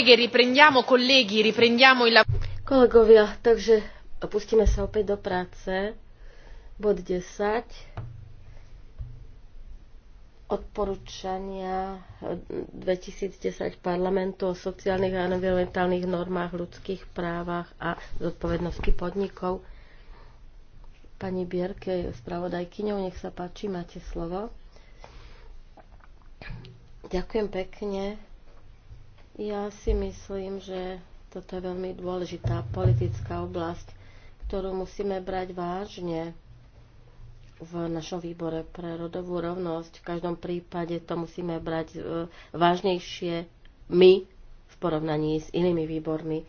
Colleghe, riprendiamo, colleghi, riprendiamo il Kolegovia, takže pustíme sa opäť do práce. Bod 10. Odporúčania 2010 parlamentu o sociálnych a environmentálnych normách, ľudských právach a zodpovednosti podnikov. Pani Bierke je spravodajkyňou, nech sa páči, máte slovo. Ďakujem pekne ja si myslím, že toto je veľmi dôležitá politická oblasť, ktorú musíme brať vážne v našom výbore pre rodovú rovnosť. V každom prípade to musíme brať e, vážnejšie my v porovnaní s inými výbormi.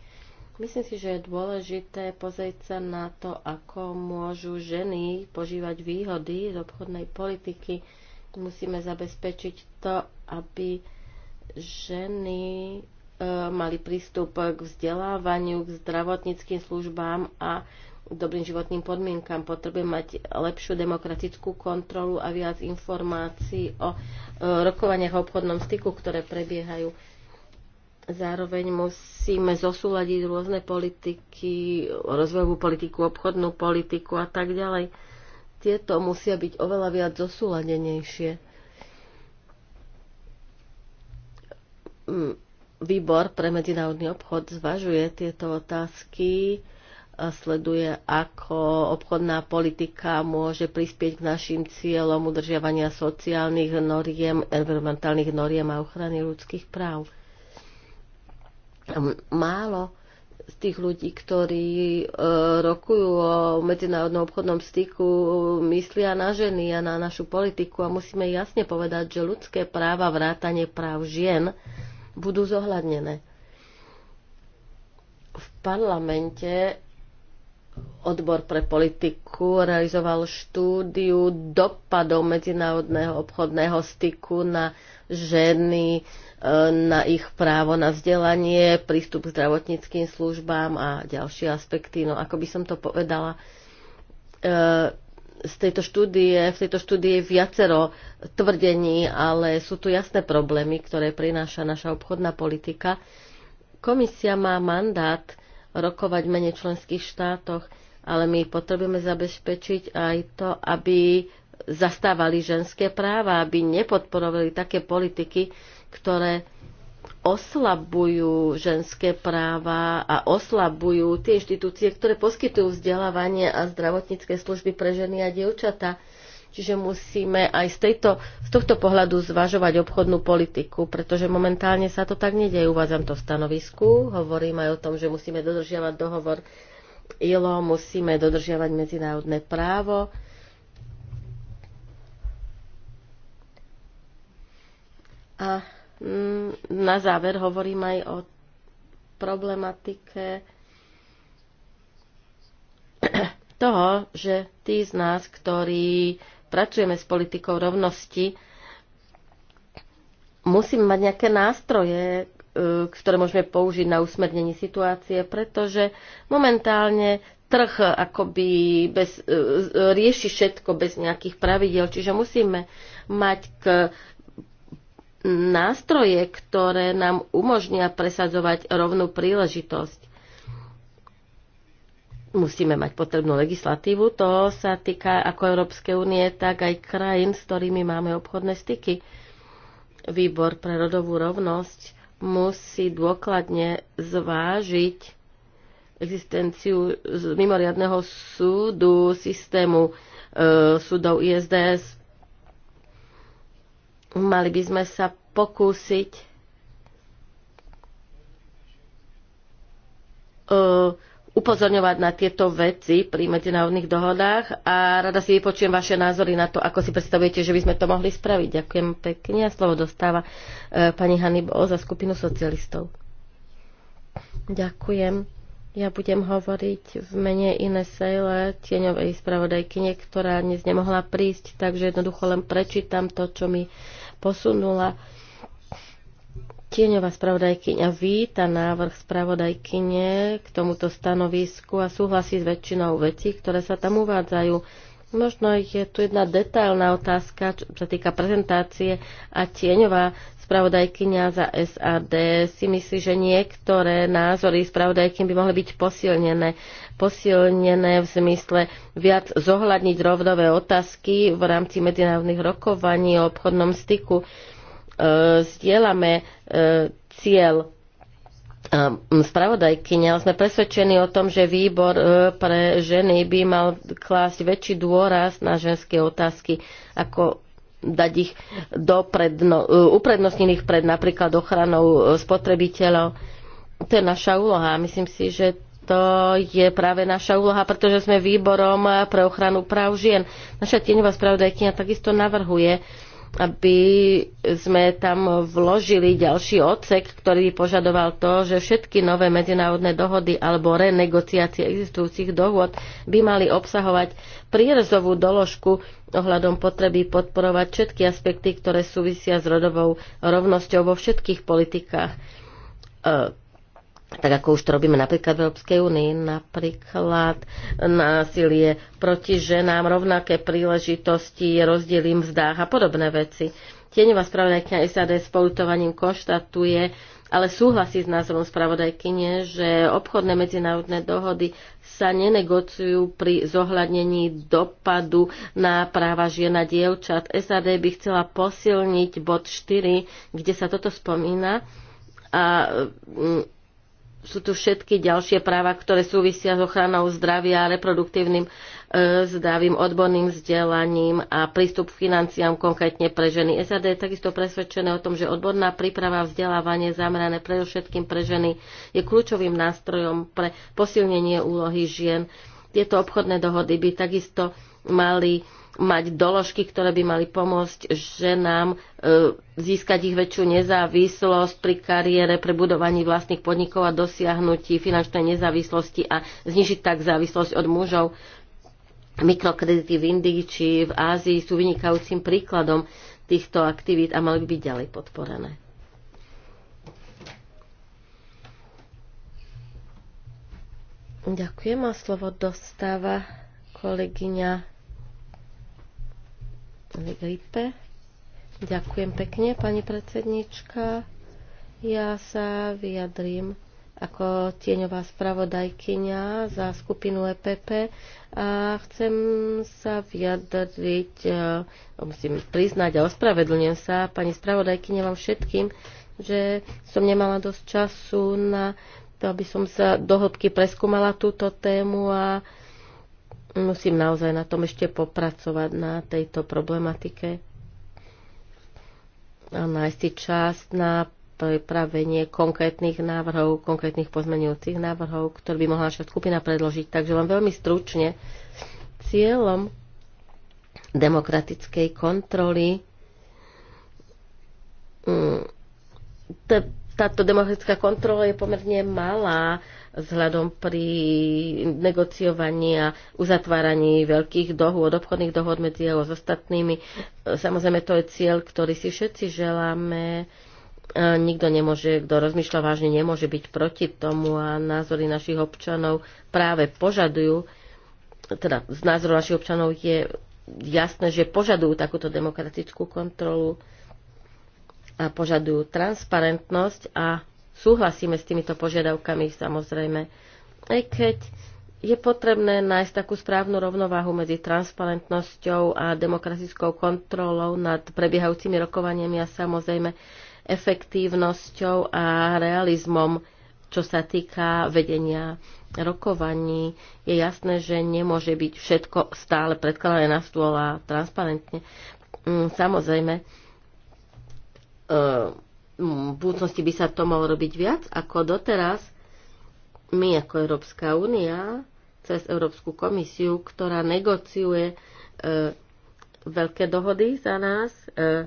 Myslím si, že je dôležité pozrieť sa na to, ako môžu ženy požívať výhody z obchodnej politiky. Musíme zabezpečiť to, aby ženy e, mali prístup k vzdelávaniu, k zdravotníckým službám a dobrým životným podmienkam. Potrebujem mať lepšiu demokratickú kontrolu a viac informácií o e, rokovaniach v obchodnom styku, ktoré prebiehajú. Zároveň musíme zosúľadiť rôzne politiky, rozvojovú politiku, obchodnú politiku a tak ďalej. Tieto musia byť oveľa viac zosúladenejšie Mm, výbor pre medzinárodný obchod zvažuje tieto otázky, sleduje, ako obchodná politika môže prispieť k našim cieľom udržiavania sociálnych noriem, environmentálnych noriem a ochrany ľudských práv. Málo z tých ľudí, ktorí e, rokujú o medzinárodnom obchodnom styku, myslia na ženy a na našu politiku a musíme jasne povedať, že ľudské práva, vrátanie práv žien, budú zohľadnené. V parlamente odbor pre politiku realizoval štúdiu dopadov medzinárodného obchodného styku na ženy, e, na ich právo na vzdelanie, prístup k zdravotníckým službám a ďalšie aspekty. No ako by som to povedala, e, z tejto štúdie, v tejto štúdii je viacero tvrdení, ale sú tu jasné problémy, ktoré prináša naša obchodná politika. Komisia má mandát rokovať v mene členských štátoch, ale my potrebujeme zabezpečiť aj to, aby zastávali ženské práva, aby nepodporovali také politiky, ktoré oslabujú ženské práva a oslabujú tie inštitúcie, ktoré poskytujú vzdelávanie a zdravotnícke služby pre ženy a dievčatá. Čiže musíme aj z, tejto, z tohto pohľadu zvažovať obchodnú politiku, pretože momentálne sa to tak nedeje. Uvádzam to v stanovisku, hovorím aj o tom, že musíme dodržiavať dohovor ILO, musíme dodržiavať medzinárodné právo. A Mm, na záver hovorím aj o problematike toho, že tí z nás, ktorí pracujeme s politikou rovnosti, musíme mať nejaké nástroje, e, ktoré môžeme použiť na usmernenie situácie, pretože momentálne trh akoby bez, e, e, rieši všetko bez nejakých pravidel, čiže musíme mať k nástroje, ktoré nám umožnia presadzovať rovnú príležitosť. Musíme mať potrebnú legislatívu, to sa týka ako Európskej únie, tak aj krajín, s ktorými máme obchodné styky. Výbor pre rodovú rovnosť musí dôkladne zvážiť existenciu mimoriadného súdu, systému e, súdov ISDS, Mali by sme sa pokúsiť uh, upozorňovať na tieto veci pri medzinárodných dohodách a rada si vypočujem vaše názory na to, ako si predstavujete, že by sme to mohli spraviť. Ďakujem pekne a slovo dostáva e, pani Hanibo za skupinu socialistov. Ďakujem. Ja budem hovoriť v mene Ines Sejle, tieňovej spravodajkyne, ktorá dnes nemohla prísť, takže jednoducho len prečítam to, čo mi posunula. Tieňová spravodajkyňa víta návrh spravodajkyne k tomuto stanovisku a súhlasí s väčšinou vecí, ktoré sa tam uvádzajú. Možno je tu jedna detailná otázka, čo sa týka prezentácie a tieňová spravodajkynia za SAD si myslí, že niektoré názory spravodajky by mohli byť posilnené. Posilnené v zmysle viac zohľadniť rovnové otázky v rámci medzinárodných rokovaní o obchodnom styku. E, zdieľame e, cieľ Ehm, spravodajkyňa, ale sme presvedčení o tom, že výbor e, pre ženy by mal klásť väčší dôraz na ženské otázky, ako dať ich do predno, e, uprednostnených pred napríklad ochranou e, spotrebiteľov. To je naša úloha. Myslím si, že to je práve naša úloha, pretože sme výborom pre ochranu práv žien. Naša tieňová spravodajkyňa takisto navrhuje, aby sme tam vložili ďalší odsek, ktorý by požadoval to, že všetky nové medzinárodné dohody alebo renegociácie existujúcich dohod by mali obsahovať prírezovú doložku ohľadom potreby podporovať všetky aspekty, ktoré súvisia s rodovou rovnosťou vo všetkých politikách e, tak ako už to robíme napríklad v Európskej únii, napríklad násilie proti ženám, rovnaké príležitosti, rozdiel im zdách a podobné veci. Tieňová spravodajkňa SAD s polutovaním konštatuje, ale súhlasí s názorom spravodajkyne, že obchodné medzinárodné dohody sa nenegociujú pri zohľadnení dopadu na práva žien a dievčat. SAD by chcela posilniť bod 4, kde sa toto spomína a mm, sú tu všetky ďalšie práva, ktoré súvisia s ochranou zdravia, reproduktívnym e, zdravím, odborným vzdelaním a prístup k financiám konkrétne pre ženy. SAD je takisto presvedčené o tom, že odborná príprava a vzdelávanie zamerané predovšetkým pre ženy je kľúčovým nástrojom pre posilnenie úlohy žien. Tieto obchodné dohody by takisto mali mať doložky, ktoré by mali pomôcť ženám e, získať ich väčšiu nezávislosť pri kariére, pre budovaní vlastných podnikov a dosiahnutí finančnej nezávislosti a znižiť tak závislosť od mužov. Mikrokredity v Indii či v Ázii sú vynikajúcim príkladom týchto aktivít a mali by byť ďalej podporené. Ďakujem a slovo dostáva kolegyňa Gripe. Ďakujem pekne, pani predsednička. Ja sa vyjadrím ako tieňová spravodajkyňa za skupinu EPP a chcem sa vyjadriť, e, musím priznať a ospravedlňujem sa, pani spravodajkyňa vám všetkým, že som nemala dosť času na to, aby som sa dohlbky preskúmala túto tému a musím naozaj na tom ešte popracovať na tejto problematike a nájsť si čas na pripravenie konkrétnych návrhov, konkrétnych pozmenujúcich návrhov, ktoré by mohla naša skupina predložiť. Takže len veľmi stručne cieľom demokratickej kontroly mm, táto demokratická kontrola je pomerne malá vzhľadom pri negociovaní a uzatváraní veľkých dohôd, obchodných dohôd medzi EU s ostatnými. Samozrejme, to je cieľ, ktorý si všetci želáme. Nikto nemôže, kto rozmýšľa vážne, nemôže byť proti tomu a názory našich občanov práve požadujú, teda z názoru našich občanov je jasné, že požadujú takúto demokratickú kontrolu a požadujú transparentnosť a súhlasíme s týmito požiadavkami samozrejme, aj keď je potrebné nájsť takú správnu rovnováhu medzi transparentnosťou a demokratickou kontrolou nad prebiehajúcimi rokovaniami a samozrejme efektívnosťou a realizmom, čo sa týka vedenia rokovaní. Je jasné, že nemôže byť všetko stále predkladané na stôl a transparentne. Mm, samozrejme, e, Mm, v budúcnosti by sa to malo robiť viac ako doteraz. My ako Európska únia cez Európsku komisiu, ktorá negociuje e, veľké dohody za nás, e,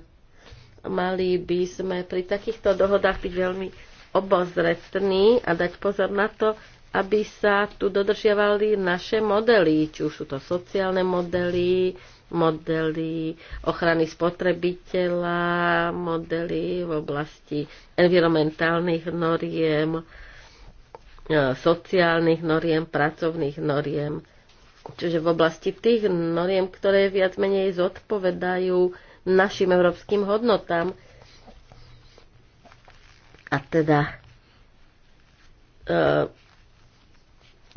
mali by sme pri takýchto dohodách byť veľmi obozretní a dať pozor na to, aby sa tu dodržiavali naše modely, či už sú to sociálne modely, modely ochrany spotrebiteľa, modely v oblasti environmentálnych noriem, e, sociálnych noriem, pracovných noriem. Čiže v oblasti tých noriem, ktoré viac menej zodpovedajú našim európskym hodnotám. A teda e,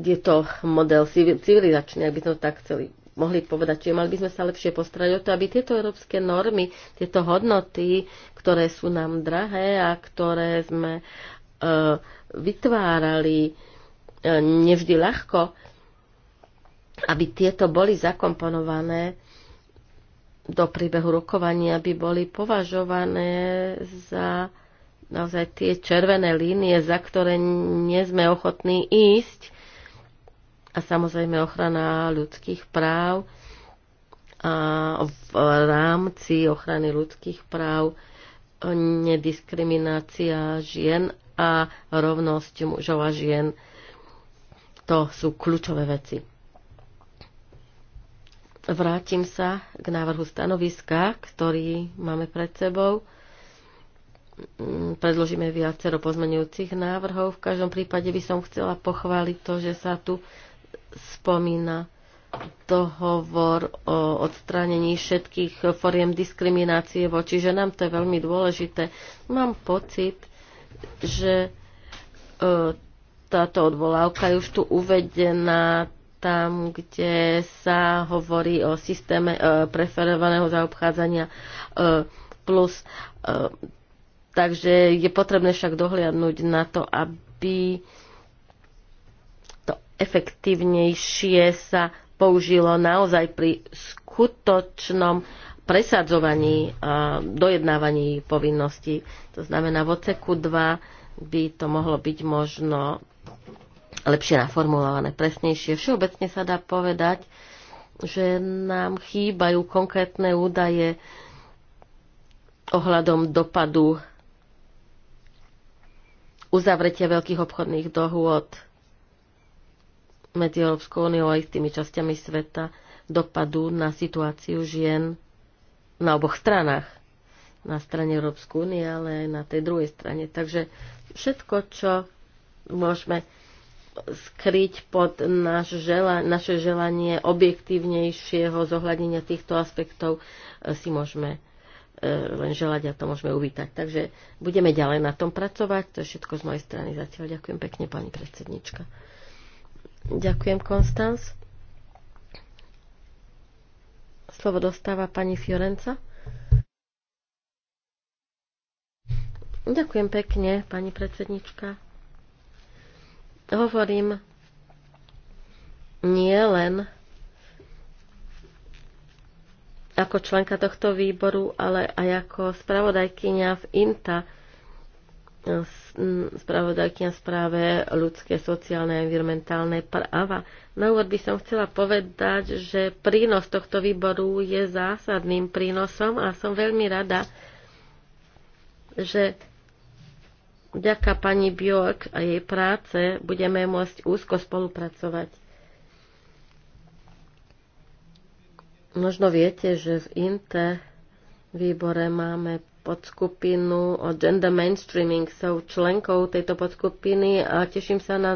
je to model civilizačný, ak by sme to tak chceli mohli povedať, čiže mali by sme sa lepšie postarať o to, aby tieto európske normy, tieto hodnoty, ktoré sú nám drahé a ktoré sme e, vytvárali e, nevždy ľahko, aby tieto boli zakomponované do príbehu rokovania, aby boli považované za naozaj tie červené línie, za ktoré nie sme ochotní ísť a samozrejme ochrana ľudských práv a v rámci ochrany ľudských práv nediskriminácia žien a rovnosť mužov a žien. To sú kľúčové veci. Vrátim sa k návrhu stanoviska, ktorý máme pred sebou. Predložíme viacero pozmenujúcich návrhov. V každom prípade by som chcela pochváliť to, že sa tu spomína dohovor o odstránení všetkých foriem diskriminácie voči ženám. To je veľmi dôležité. Mám pocit, že e, táto odvolávka je už tu uvedená tam, kde sa hovorí o systéme e, preferovaného zaobchádzania e, plus. Takže je potrebné však dohliadnúť na to, aby efektívnejšie sa použilo naozaj pri skutočnom presadzovaní a e, dojednávaní povinností. To znamená, v oceku 2 by to mohlo byť možno lepšie naformulované, presnejšie. Všeobecne sa dá povedať, že nám chýbajú konkrétne údaje ohľadom dopadu uzavretia veľkých obchodných dohôd medzi Európskou úniou a istými časťami sveta dopadú na situáciu žien na oboch stranách. Na strane Európskej únie, ale aj na tej druhej strane. Takže všetko, čo môžeme skryť pod naš žela, naše želanie objektívnejšieho zohľadnenia týchto aspektov, e, si môžeme e, len želať a to môžeme uvítať. Takže budeme ďalej na tom pracovať. To je všetko z mojej strany zatiaľ. Ďakujem pekne, pani predsednička. Ďakujem, Konstanc. Slovo dostáva pani Fiorenca. Ďakujem pekne, pani predsednička. Hovorím nie len ako členka tohto výboru, ale aj ako spravodajkyňa v INTA spravodajky na správe ľudské, sociálne a environmentálne práva. Na úvod by som chcela povedať, že prínos tohto výboru je zásadným prínosom a som veľmi rada, že vďaka pani Bjork a jej práce budeme môcť úzko spolupracovať. Možno viete, že v INTE výbore máme podskupinu o gender mainstreaming. Som členkou tejto podskupiny a teším sa na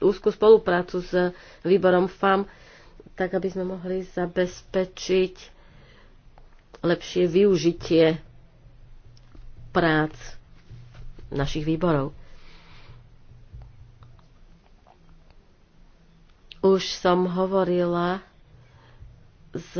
úzkú spoluprácu s výborom FAM, tak aby sme mohli zabezpečiť lepšie využitie prác našich výborov. Už som hovorila s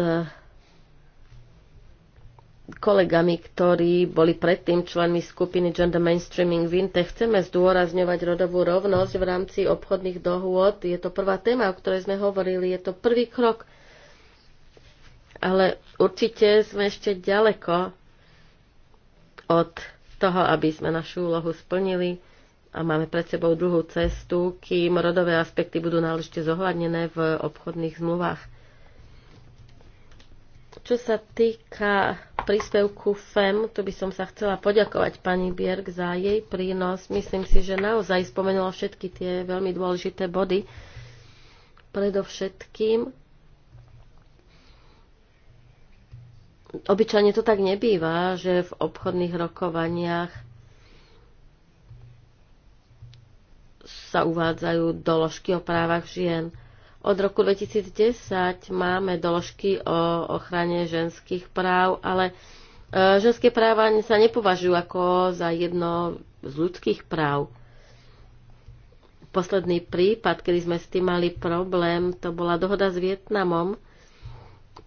kolegami, ktorí boli predtým členmi skupiny Gender Mainstreaming Vinte. Chceme zdôrazňovať rodovú rovnosť v rámci obchodných dohôd. Je to prvá téma, o ktorej sme hovorili. Je to prvý krok. Ale určite sme ešte ďaleko od toho, aby sme našu úlohu splnili a máme pred sebou druhú cestu, kým rodové aspekty budú náležite zohľadnené v obchodných zmluvách. Čo sa týka príspevku FEM, tu by som sa chcela poďakovať pani Bierk za jej prínos. Myslím si, že naozaj spomenula všetky tie veľmi dôležité body. Predovšetkým obyčajne to tak nebýva, že v obchodných rokovaniach sa uvádzajú doložky o právach žien – od roku 2010 máme doložky o ochrane ženských práv, ale e, ženské práva sa nepovažujú ako za jedno z ľudských práv. Posledný prípad, kedy sme s tým mali problém, to bola dohoda s Vietnamom.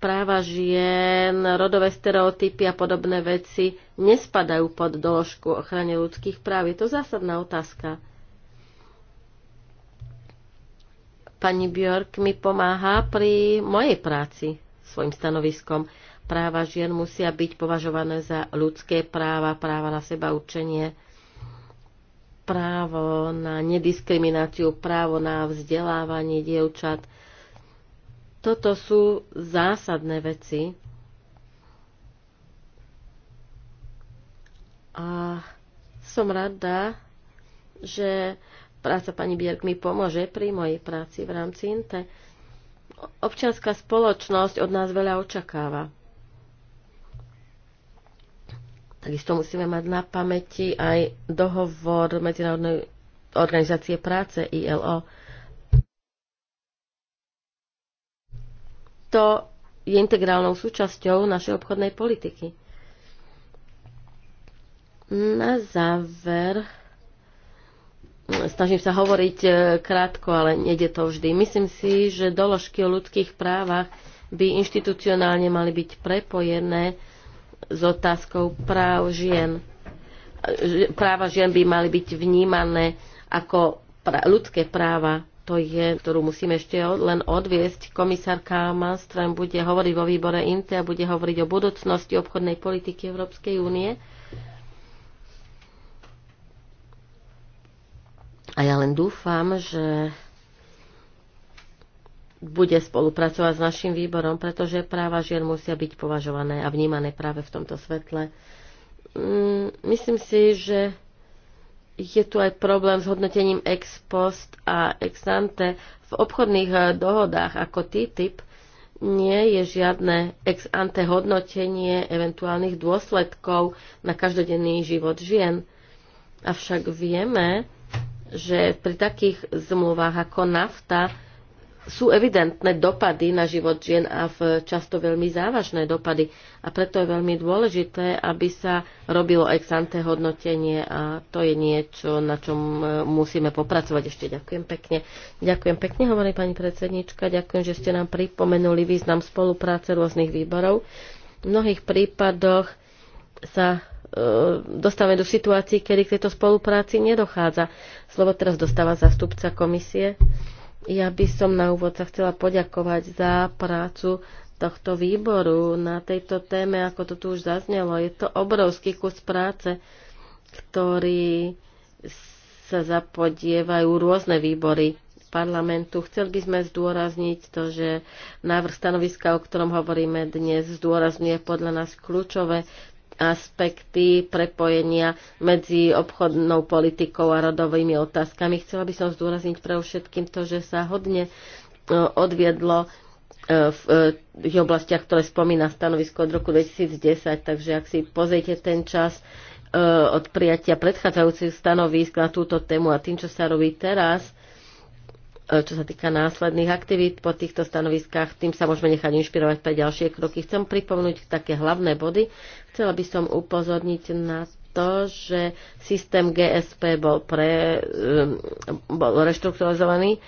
Práva žien, rodové stereotypy a podobné veci nespadajú pod doložku ochrane ľudských práv. Je to zásadná otázka. Pani Björk mi pomáha pri mojej práci svojim stanoviskom. Práva žien musia byť považované za ľudské práva, práva na seba určenie, právo na nediskrimináciu, právo na vzdelávanie dievčat. Toto sú zásadné veci. A som rada, že práca pani Bierk mi pomôže pri mojej práci v rámci INTE. Občianská spoločnosť od nás veľa očakáva. Takisto musíme mať na pamäti aj dohovor Medzinárodnej organizácie práce ILO. To je integrálnou súčasťou našej obchodnej politiky. Na záver snažím sa hovoriť e, krátko, ale nejde to vždy. Myslím si, že doložky o ľudských právach by inštitucionálne mali byť prepojené s otázkou práv žien. E, práva žien by mali byť vnímané ako pra- ľudské práva. To je, ktorú musíme ešte len odviesť. Komisárka Malmström bude hovoriť vo výbore INTE a bude hovoriť o budúcnosti obchodnej politiky Európskej únie A ja len dúfam, že bude spolupracovať s našim výborom, pretože práva žien musia byť považované a vnímané práve v tomto svetle. Mm, myslím si, že je tu aj problém s hodnotením ex post a ex ante. V obchodných eh, dohodách ako TTIP nie je žiadne ex ante hodnotenie eventuálnych dôsledkov na každodenný život žien. Avšak vieme, že pri takých zmluvách ako nafta sú evidentné dopady na život žien a v často veľmi závažné dopady. A preto je veľmi dôležité, aby sa robilo ex ante hodnotenie a to je niečo, na čom e, musíme popracovať ešte. Ďakujem pekne. Ďakujem pekne, hovorí pani predsednička. Ďakujem, že ste nám pripomenuli význam spolupráce rôznych výborov. V mnohých prípadoch sa E, dostávame do situácií, kedy k tejto spolupráci nedochádza. Slovo teraz dostáva zástupca komisie. Ja by som na úvod sa chcela poďakovať za prácu tohto výboru na tejto téme, ako to tu už zaznelo. Je to obrovský kus práce, ktorý sa zapodievajú rôzne výbory parlamentu. Chceli by sme zdôrazniť to, že návrh stanoviska, o ktorom hovoríme dnes, zdôrazňuje podľa nás kľúčové aspekty prepojenia medzi obchodnou politikou a rodovými otázkami. Chcela by som zdôrazniť pre všetkým to, že sa hodne e, odviedlo e, v tých e, oblastiach, ktoré spomína stanovisko od roku 2010, takže ak si pozrite ten čas od prijatia predchádzajúcich stanovisk na túto tému a tým, čo sa robí teraz, E, čo sa týka následných aktivít po týchto stanoviskách, tým sa môžeme nechať inšpirovať pre ďalšie kroky. Chcem pripomnúť také hlavné body. Chcela by som upozorniť na to, že systém GSP bol, pre, e, bol reštrukturalizovaný.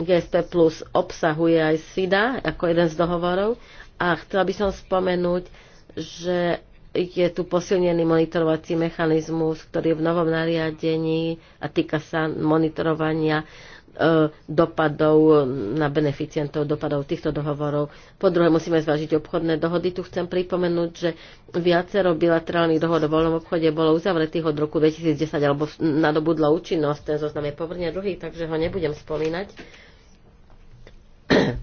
GSP Plus obsahuje aj SIDA ako jeden z dohovorov. A chcela by som spomenúť, že je tu posilnený monitorovací mechanizmus, ktorý je v novom nariadení a týka sa monitorovania Eh, dopadov eh, na beneficientov, dopadov týchto dohovorov. Po druhé, musíme zvážiť obchodné dohody. Tu chcem pripomenúť, že viacero bilaterálnych dohod o voľnom obchode bolo uzavretých od roku 2010 alebo nadobudlo účinnosť. Ten zoznam je povrne druhý, takže ho nebudem spomínať.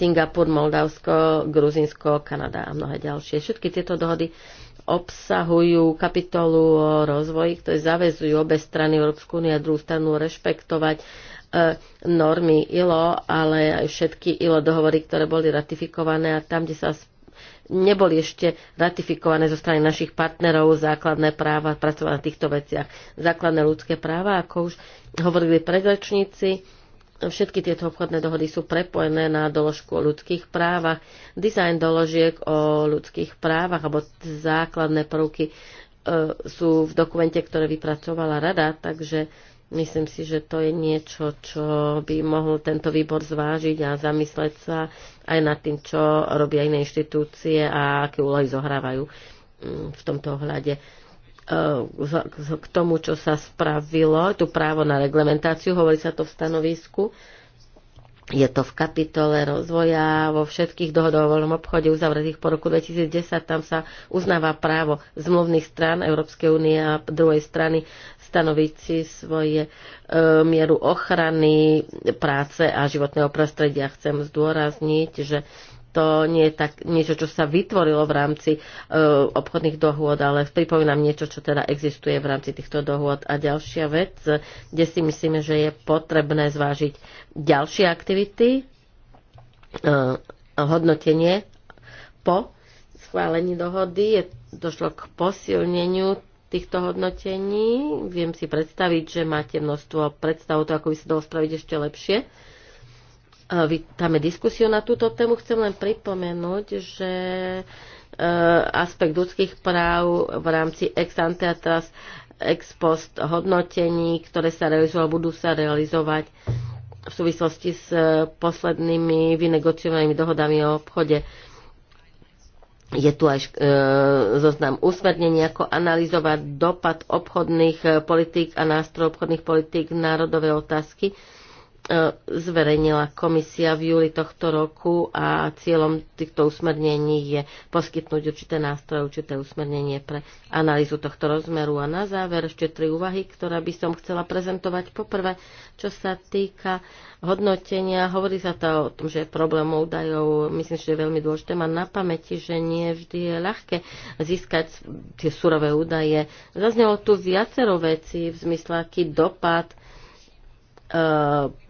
Singapur, Moldavsko, Gruzinsko, Kanada a mnohé ďalšie. Všetky tieto dohody obsahujú kapitolu o rozvoji, ktoré zavezujú obe strany Európsku úniu a druhú stranu rešpektovať E, normy ILO, ale aj všetky ILO dohovory, ktoré boli ratifikované a tam, kde sa neboli ešte ratifikované zo strany našich partnerov základné práva pracovať na týchto veciach. Základné ľudské práva, ako už hovorili predrečníci, všetky tieto obchodné dohody sú prepojené na doložku o ľudských právach, design doložiek o ľudských právach alebo základné prvky e, sú v dokumente, ktoré vypracovala rada, takže Myslím si, že to je niečo, čo by mohol tento výbor zvážiť a zamysleť sa aj nad tým, čo robia iné inštitúcie a aké úlohy zohrávajú mm, v tomto ohľade. E, k tomu, čo sa spravilo, tu právo na reglementáciu, hovorí sa to v stanovisku, je to v kapitole rozvoja vo všetkých dohodov o voľnom obchode uzavretých po roku 2010. Tam sa uznáva právo zmluvných strán Európskej únie a druhej strany stanoviť si svoje e, mieru ochrany práce a životného prostredia. Chcem zdôrazniť, že to nie je tak, niečo, čo sa vytvorilo v rámci e, obchodných dohôd, ale pripomínam niečo, čo teda existuje v rámci týchto dohôd. A ďalšia vec, kde si myslíme, že je potrebné zvážiť ďalšie aktivity, e, hodnotenie po schválení dohody, je, došlo k posilneniu týchto hodnotení. Viem si predstaviť, že máte množstvo predstavov to ako by sa dalo spraviť ešte lepšie Vítame diskusiu na túto tému. Chcem len pripomenúť, že e, aspekt ľudských práv v rámci ex ante a teraz ex post hodnotení, ktoré sa realizujú, budú sa realizovať v súvislosti s e, poslednými vynegociovanými dohodami o obchode. Je tu aj e, zoznam usmernení, ako analyzovať dopad obchodných e, politík a nástroj obchodných politík v národové otázky. E, E, zverejnila komisia v júli tohto roku a cieľom týchto usmernení je poskytnúť určité nástroje, určité usmernenie pre analýzu tohto rozmeru. A na záver ešte tri úvahy, ktoré by som chcela prezentovať. Poprvé, čo sa týka hodnotenia, hovorí sa to o tom, že je problém údajov, myslím, že je veľmi dôležité mať na pamäti, že nie vždy je ľahké získať tie surové údaje. Zaznelo tu viacero vecí v zmysle, aký dopad e,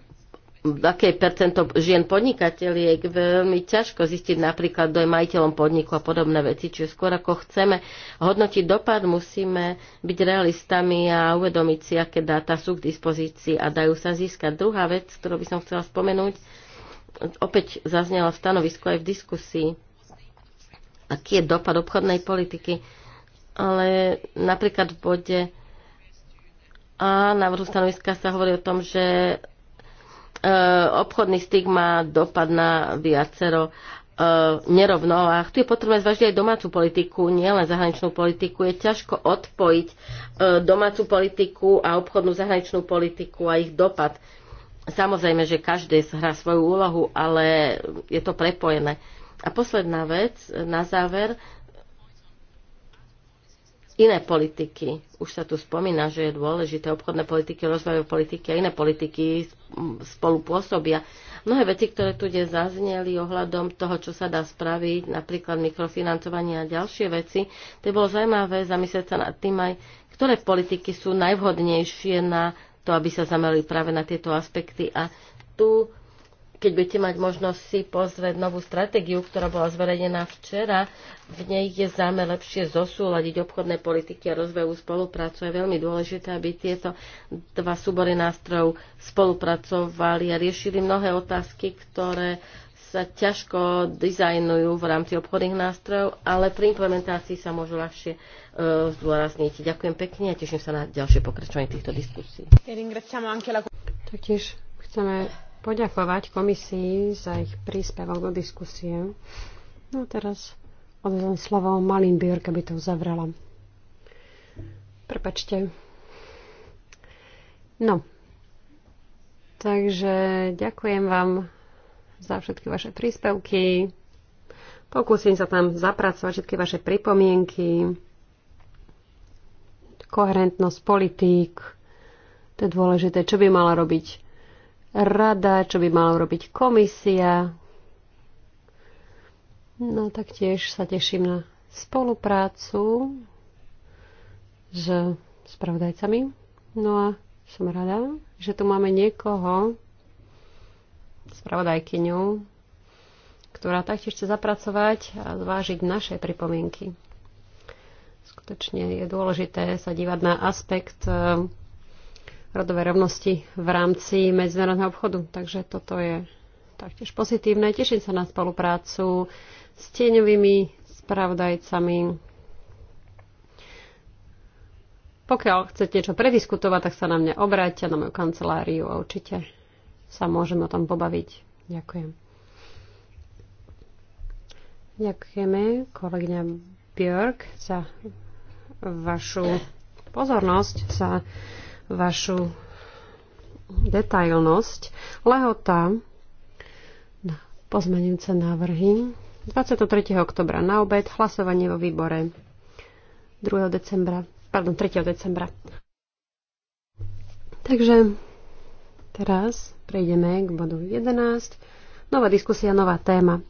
aké percento žien podnikateľiek, veľmi ťažko zistiť napríklad, kto je majiteľom podniku a podobné veci. Čiže skôr ako chceme hodnotiť dopad, musíme byť realistami a uvedomiť si, aké dáta sú k dispozícii a dajú sa získať. Druhá vec, ktorú by som chcela spomenúť, opäť zaznela v stanovisku aj v diskusii, aký je dopad obchodnej politiky, ale napríklad v bode a návrhu stanoviska sa hovorí o tom, že Eh, obchodný styk má dopad na viacero eh, nerovnováh. Tu je potrebné zvažiť aj domácu politiku, nielen zahraničnú politiku. Je ťažko odpojiť eh, domácu politiku a obchodnú zahraničnú politiku a ich dopad. Samozrejme, že každý hrá svoju úlohu, ale je to prepojené. A posledná vec, na záver, iné politiky. Už sa tu spomína, že je dôležité obchodné politiky, rozvojové politiky a iné politiky spolupôsobia. Mnohé veci, ktoré tu dnes zazneli ohľadom toho, čo sa dá spraviť, napríklad mikrofinancovanie a ďalšie veci, to bolo zaujímavé zamyslieť sa nad tým aj, ktoré politiky sú najvhodnejšie na to, aby sa zamerali práve na tieto aspekty. A tu keď budete mať možnosť si pozrieť novú stratégiu, ktorá bola zverejnená včera, v nej je záme lepšie zosúľadiť obchodné politiky a rozvoju spoluprácu. Je veľmi dôležité, aby tieto dva súbory nástrojov spolupracovali a riešili mnohé otázky, ktoré sa ťažko dizajnujú v rámci obchodných nástrojov, ale pri implementácii sa môžu ľahšie e, zdôrazniť. Ďakujem pekne a teším sa na ďalšie pokračovanie týchto diskusí. Taktiež chceme poďakovať komisii za ich príspevok do diskusie. No a teraz odvedom slovo Malin Björk, aby to uzavrela. Prepačte. No. Takže ďakujem vám za všetky vaše príspevky. Pokúsim sa tam zapracovať všetky vaše pripomienky. Koherentnosť politík. To je dôležité, čo by mala robiť rada, čo by mala robiť komisia. No taktiež sa teším na spoluprácu s spravodajcami. No a som rada, že tu máme niekoho, spravodajkyňu, ktorá taktiež chce zapracovať a zvážiť naše pripomienky. Skutočne je dôležité sa dívať na aspekt eh, rodovej rovnosti v rámci medzinárodného obchodu. Takže toto je taktiež pozitívne. Teším sa na spoluprácu s tieňovými spravodajcami. Pokiaľ chcete niečo prediskutovať, tak sa na mňa obráťte, na moju kanceláriu a určite sa môžeme o tom pobaviť. Ďakujem. Ďakujeme kolegyňa Björk za vašu pozornosť, za vašu detailnosť. Lehota na pozmenujúce návrhy 23. oktobra na obed, hlasovanie vo výbore 2. decembra, pardon, 3. decembra. Takže teraz prejdeme k bodu 11. Nová diskusia, nová téma.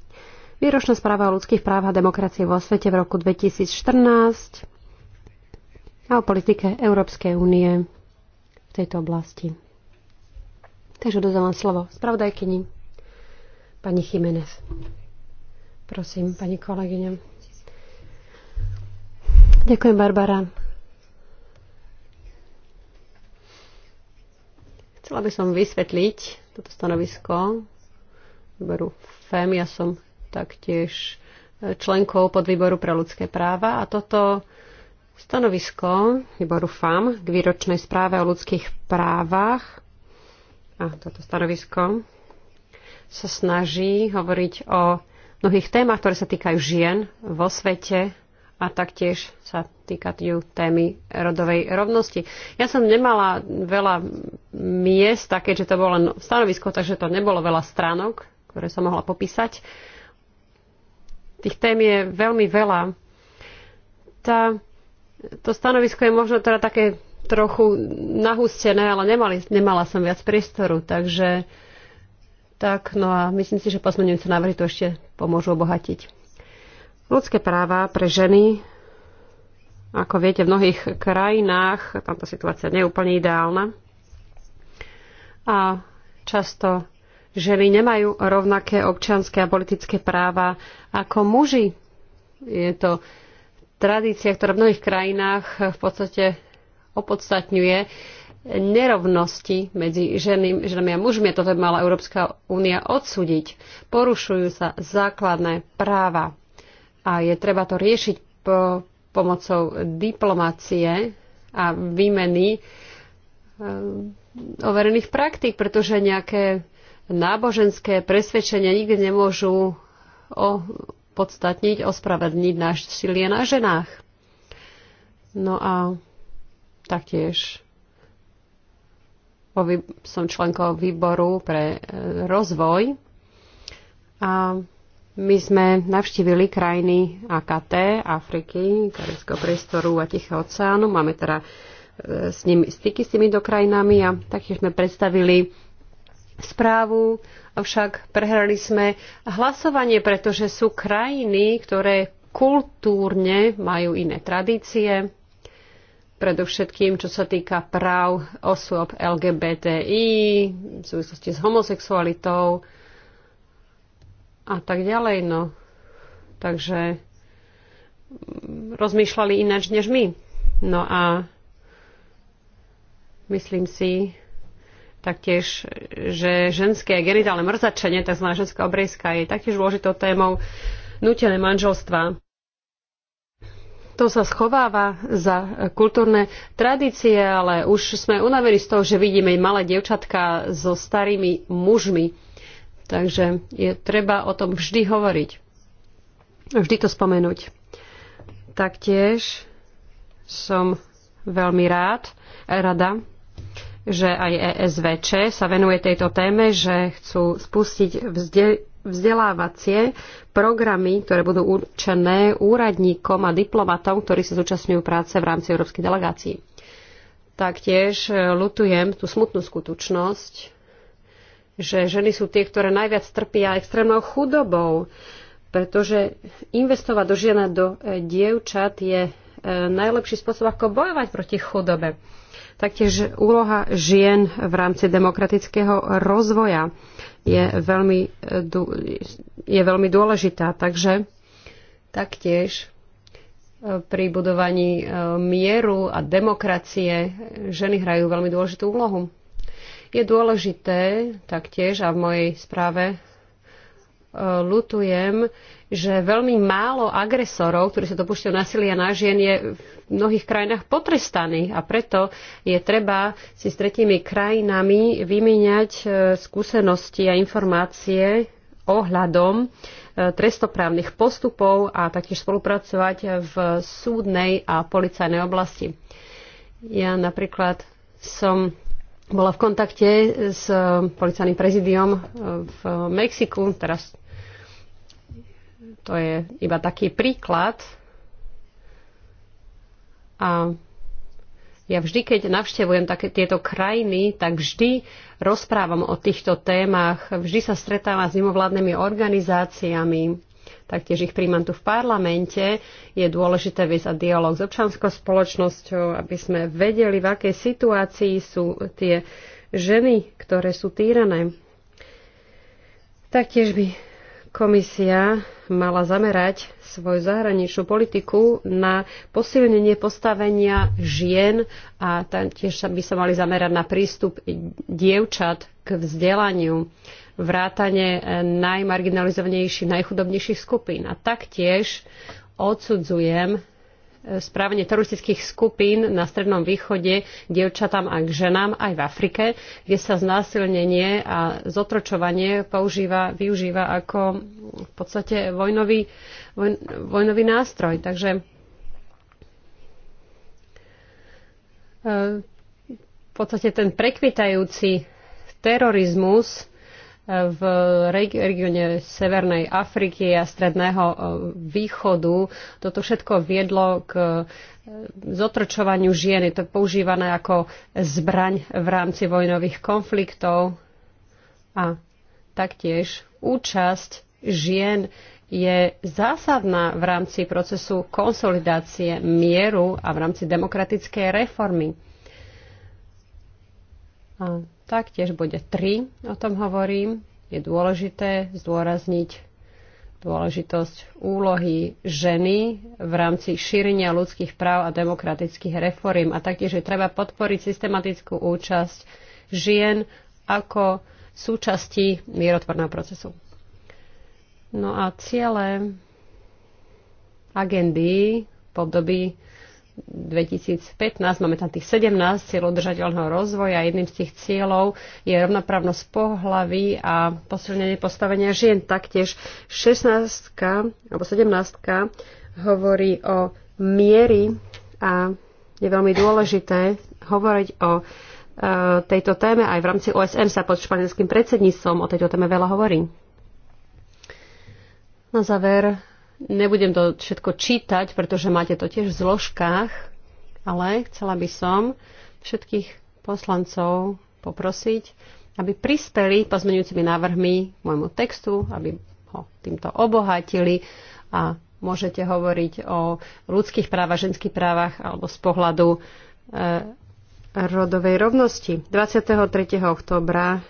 Výročná správa o ľudských právach a demokracie vo svete v roku 2014 a o politike Európskej únie tejto oblasti. Takže dozávam slovo spravodajkyni pani Jiménez. Prosím, pani kolegyňa. Ďakujem, Barbara. Chcela by som vysvetliť toto stanovisko výboru FEM. Ja som taktiež členkou podvýboru pre ľudské práva a toto Stanovisko výboru FAM k výročnej správe o ľudských právach a toto stanovisko sa snaží hovoriť o mnohých témach, ktoré sa týkajú žien vo svete a taktiež sa týkajú témy rodovej rovnosti. Ja som nemala veľa miest, keďže to bolo len stanovisko, takže to nebolo veľa stránok, ktoré som mohla popísať. Tých tém je veľmi veľa. Tá to stanovisko je možno teda také trochu nahustené, ale nemali, nemala som viac priestoru, takže tak, no a myslím si, že pozmenujúce návrhy to ešte pomôžu obohatiť. Ľudské práva pre ženy, ako viete, v mnohých krajinách tamto situácia nie je úplne ideálna. A často ženy nemajú rovnaké občianské a politické práva ako muži. Je to tradícia, ktorá v mnohých krajinách v podstate opodstatňuje nerovnosti medzi ženy, ženami a mužmi. Toto by mala Európska únia odsúdiť. Porušujú sa základné práva a je treba to riešiť po, pomocou diplomácie a výmeny ehm, overených praktík, pretože nejaké náboženské presvedčenia nikdy nemôžu opodstatniť, náš silie na ženách. No a taktiež som členkou výboru pre e, rozvoj a my sme navštívili krajiny AKT, Afriky, Karibského priestoru a Tichého oceánu. Máme teda e, s nimi, styky s týmito krajinami a taktiež sme predstavili správu avšak prehrali sme hlasovanie, pretože sú krajiny, ktoré kultúrne majú iné tradície, predovšetkým čo sa týka práv osôb LGBTI, v súvislosti s homosexualitou a tak ďalej. No. Takže mm, rozmýšľali ináč než my. No a myslím si, taktiež, že ženské genitálne mrzačenie, tzv. ženská obrejska, je taktiež dôležitou témou nutené manželstva. To sa schováva za kultúrne tradície, ale už sme unavení z toho, že vidíme malé dievčatka so starými mužmi. Takže je treba o tom vždy hovoriť. Vždy to spomenúť. Taktiež som veľmi rád, rada, že aj ESVČ sa venuje tejto téme, že chcú spustiť vzdelávacie programy, ktoré budú určené úradníkom a diplomatom, ktorí sa zúčastňujú práce v rámci európskej delegácií. Taktiež e, lutujem tú smutnú skutočnosť, že ženy sú tie, ktoré najviac trpia extrémnou chudobou, pretože investovať do žien do e, dievčat je e, najlepší spôsob, ako bojovať proti chudobe. Taktiež úloha žien v rámci demokratického rozvoja je veľmi, je veľmi dôležitá. Takže taktiež e, pri budovaní e, mieru a demokracie ženy hrajú veľmi dôležitú úlohu. Je dôležité taktiež, a v mojej správe e, lutujem, že veľmi málo agresorov, ktorí sa dopúšťajú násilia na žien, je v mnohých krajinách potrestaných a preto je treba si s tretími krajinami vymieňať e, skúsenosti a informácie ohľadom e, trestoprávnych postupov a taktiež spolupracovať v súdnej a policajnej oblasti. Ja napríklad som bola v kontakte s policajným prezidiom e, v Mexiku, teraz to je iba taký príklad. A ja vždy, keď navštevujem také, tieto krajiny, tak vždy rozprávam o týchto témach, vždy sa stretávam s mimovládnymi organizáciami, taktiež ich príjmam tu v parlamente. Je dôležité viesť dialog s občanskou spoločnosťou, aby sme vedeli, v akej situácii sú tie ženy, ktoré sú týrané. Taktiež by komisia mala zamerať svoju zahraničnú politiku na posilnenie postavenia žien a tiež by sa mali zamerať na prístup dievčat k vzdelaniu, vrátane najmarginalizovanejších, najchudobnejších skupín. A taktiež odsudzujem správanie teroristických skupín na Strednom východe k dievčatám a k ženám aj v Afrike, kde sa znásilnenie a zotročovanie používa, využíva ako v podstate vojnový, voj, vojnový nástroj. Takže e, v podstate ten prekvitajúci terorizmus v regióne Severnej Afriky a Stredného e, východu. Toto všetko viedlo k e, zotročovaniu žien. Je to používané ako zbraň v rámci vojnových konfliktov a taktiež účasť žien je zásadná v rámci procesu konsolidácie mieru a v rámci demokratickej reformy. A taktiež bude 3, o tom hovorím. Je dôležité zdôrazniť dôležitosť úlohy ženy v rámci šírenia ľudských práv a demokratických reforiem. A taktiež je treba podporiť systematickú účasť žien ako súčasti mierotvorného procesu. No a ciele agendy v období 2015. Máme tam tých 17 cieľov udržateľného rozvoja. Jedným z tých cieľov je rovnoprávnosť pohlavy a posilnenie postavenia žien. Taktiež 16 alebo 17 hovorí o miery a je veľmi dôležité hovoriť o e, tejto téme. Aj v rámci OSN sa pod španielským predsedníctvom o tejto téme veľa hovorí. Na záver Nebudem to všetko čítať, pretože máte to tiež v zložkách, ale chcela by som všetkých poslancov poprosiť, aby prispeli pozmeňujúcimi návrhmi môjmu textu, aby ho týmto obohatili a môžete hovoriť o ľudských právach, ženských právach alebo z pohľadu e, rodovej rovnosti. 23. oktobra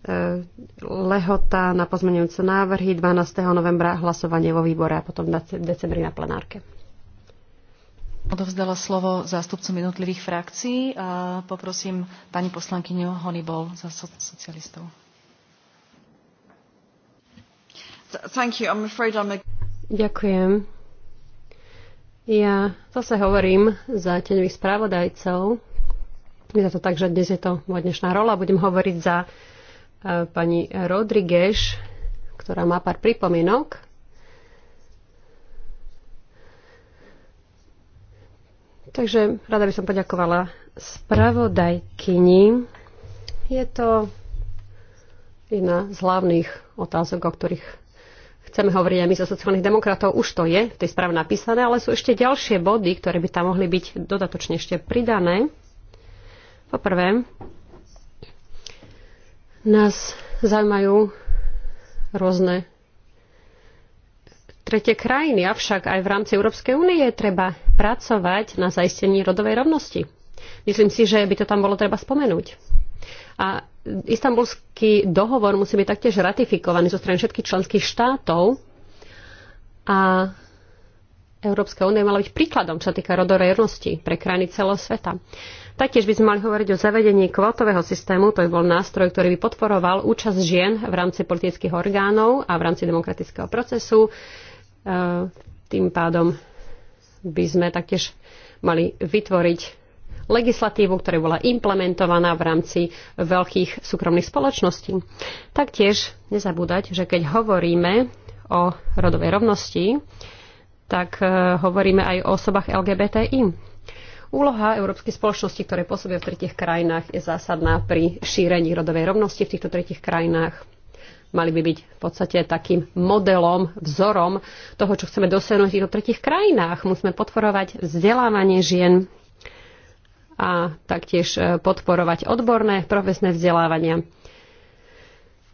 E, lehota na pozmenujúce návrhy 12. novembra hlasovanie vo výbore a potom v decembri na plenárke. Odovzdala slovo zástupcom jednotlivých frakcií a poprosím pani poslankyňu Honibol za socialistov. Thank you. I'm afraid I'm a... Ďakujem. Ja zase hovorím za teňových správodajcov. Je to tak, že dnes je to moja dnešná rola. Budem hovoriť za pani Rodriguez, ktorá má pár pripomienok. Takže rada by som poďakovala spravodajkyni. Je to jedna z hlavných otázok, o ktorých chceme hovoriť aj my zo sociálnych demokratov. Už to je v tej správne napísané, ale sú ešte ďalšie body, ktoré by tam mohli byť dodatočne ešte pridané. Poprvé, nás zaujímajú rôzne tretie krajiny, avšak aj v rámci Európskej únie treba pracovať na zaistení rodovej rovnosti. Myslím si, že by to tam bolo treba spomenúť. A istambulský dohovor musí byť taktiež ratifikovaný zo strany všetkých členských štátov a Európska únia mala byť príkladom, čo týka rodovej rovnosti pre krajiny celého sveta. Taktiež by sme mali hovoriť o zavedení kvotového systému, to by bol nástroj, ktorý by podporoval účasť žien v rámci politických orgánov a v rámci demokratického procesu. E, tým pádom by sme taktiež mali vytvoriť legislatívu, ktorá bola implementovaná v rámci veľkých súkromných spoločností. Taktiež nezabúdať, že keď hovoríme o rodovej rovnosti, tak e, hovoríme aj o osobách LGBTI. Úloha európskej spoločnosti, ktoré pôsobia v tretich krajinách, je zásadná pri šírení rodovej rovnosti v týchto tretich krajinách. Mali by byť v podstate takým modelom, vzorom toho, čo chceme dosiahnuť v týchto tretich krajinách. Musíme podporovať vzdelávanie žien a taktiež e, podporovať odborné profesné vzdelávania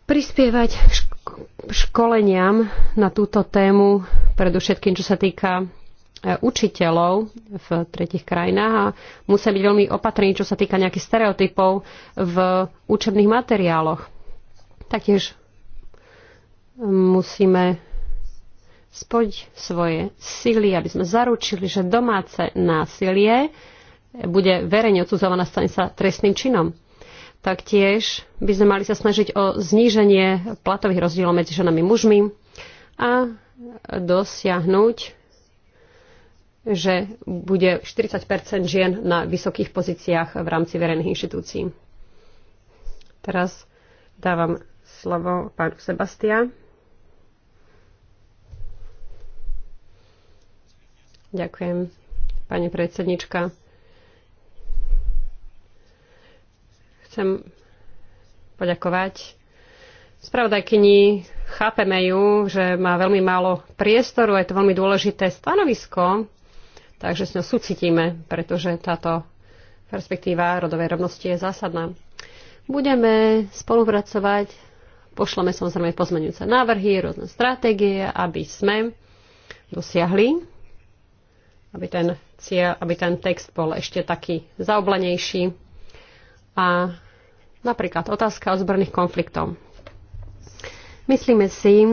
prispievať k školeniam na túto tému, predovšetkým čo sa týka e, učiteľov v tretich krajinách a musia byť veľmi opatrní, čo sa týka nejakých stereotypov v učebných materiáloch. Taktiež e, musíme spoť svoje sily, aby sme zaručili, že domáce násilie bude verejne odsudzované stane sa trestným činom. Taktiež by sme mali sa snažiť o zníženie platových rozdielov medzi ženami a mužmi a dosiahnuť, že bude 40 žien na vysokých pozíciách v rámci verejných inštitúcií. Teraz dávam slovo pánu Sebastia. Ďakujem, pani predsednička. Chcem poďakovať spravodajkyni. Chápeme ju, že má veľmi málo priestoru, je to veľmi dôležité stanovisko, takže s ňou sucitíme, pretože táto perspektíva rodovej rovnosti je zásadná. Budeme spolupracovať, pošleme samozrejme pozmenujúce návrhy, rôzne stratégie, aby sme dosiahli, aby ten, cieľ, aby ten text bol ešte taký zaoblenejší. a Napríklad otázka ozbrojných konfliktov. Myslíme si,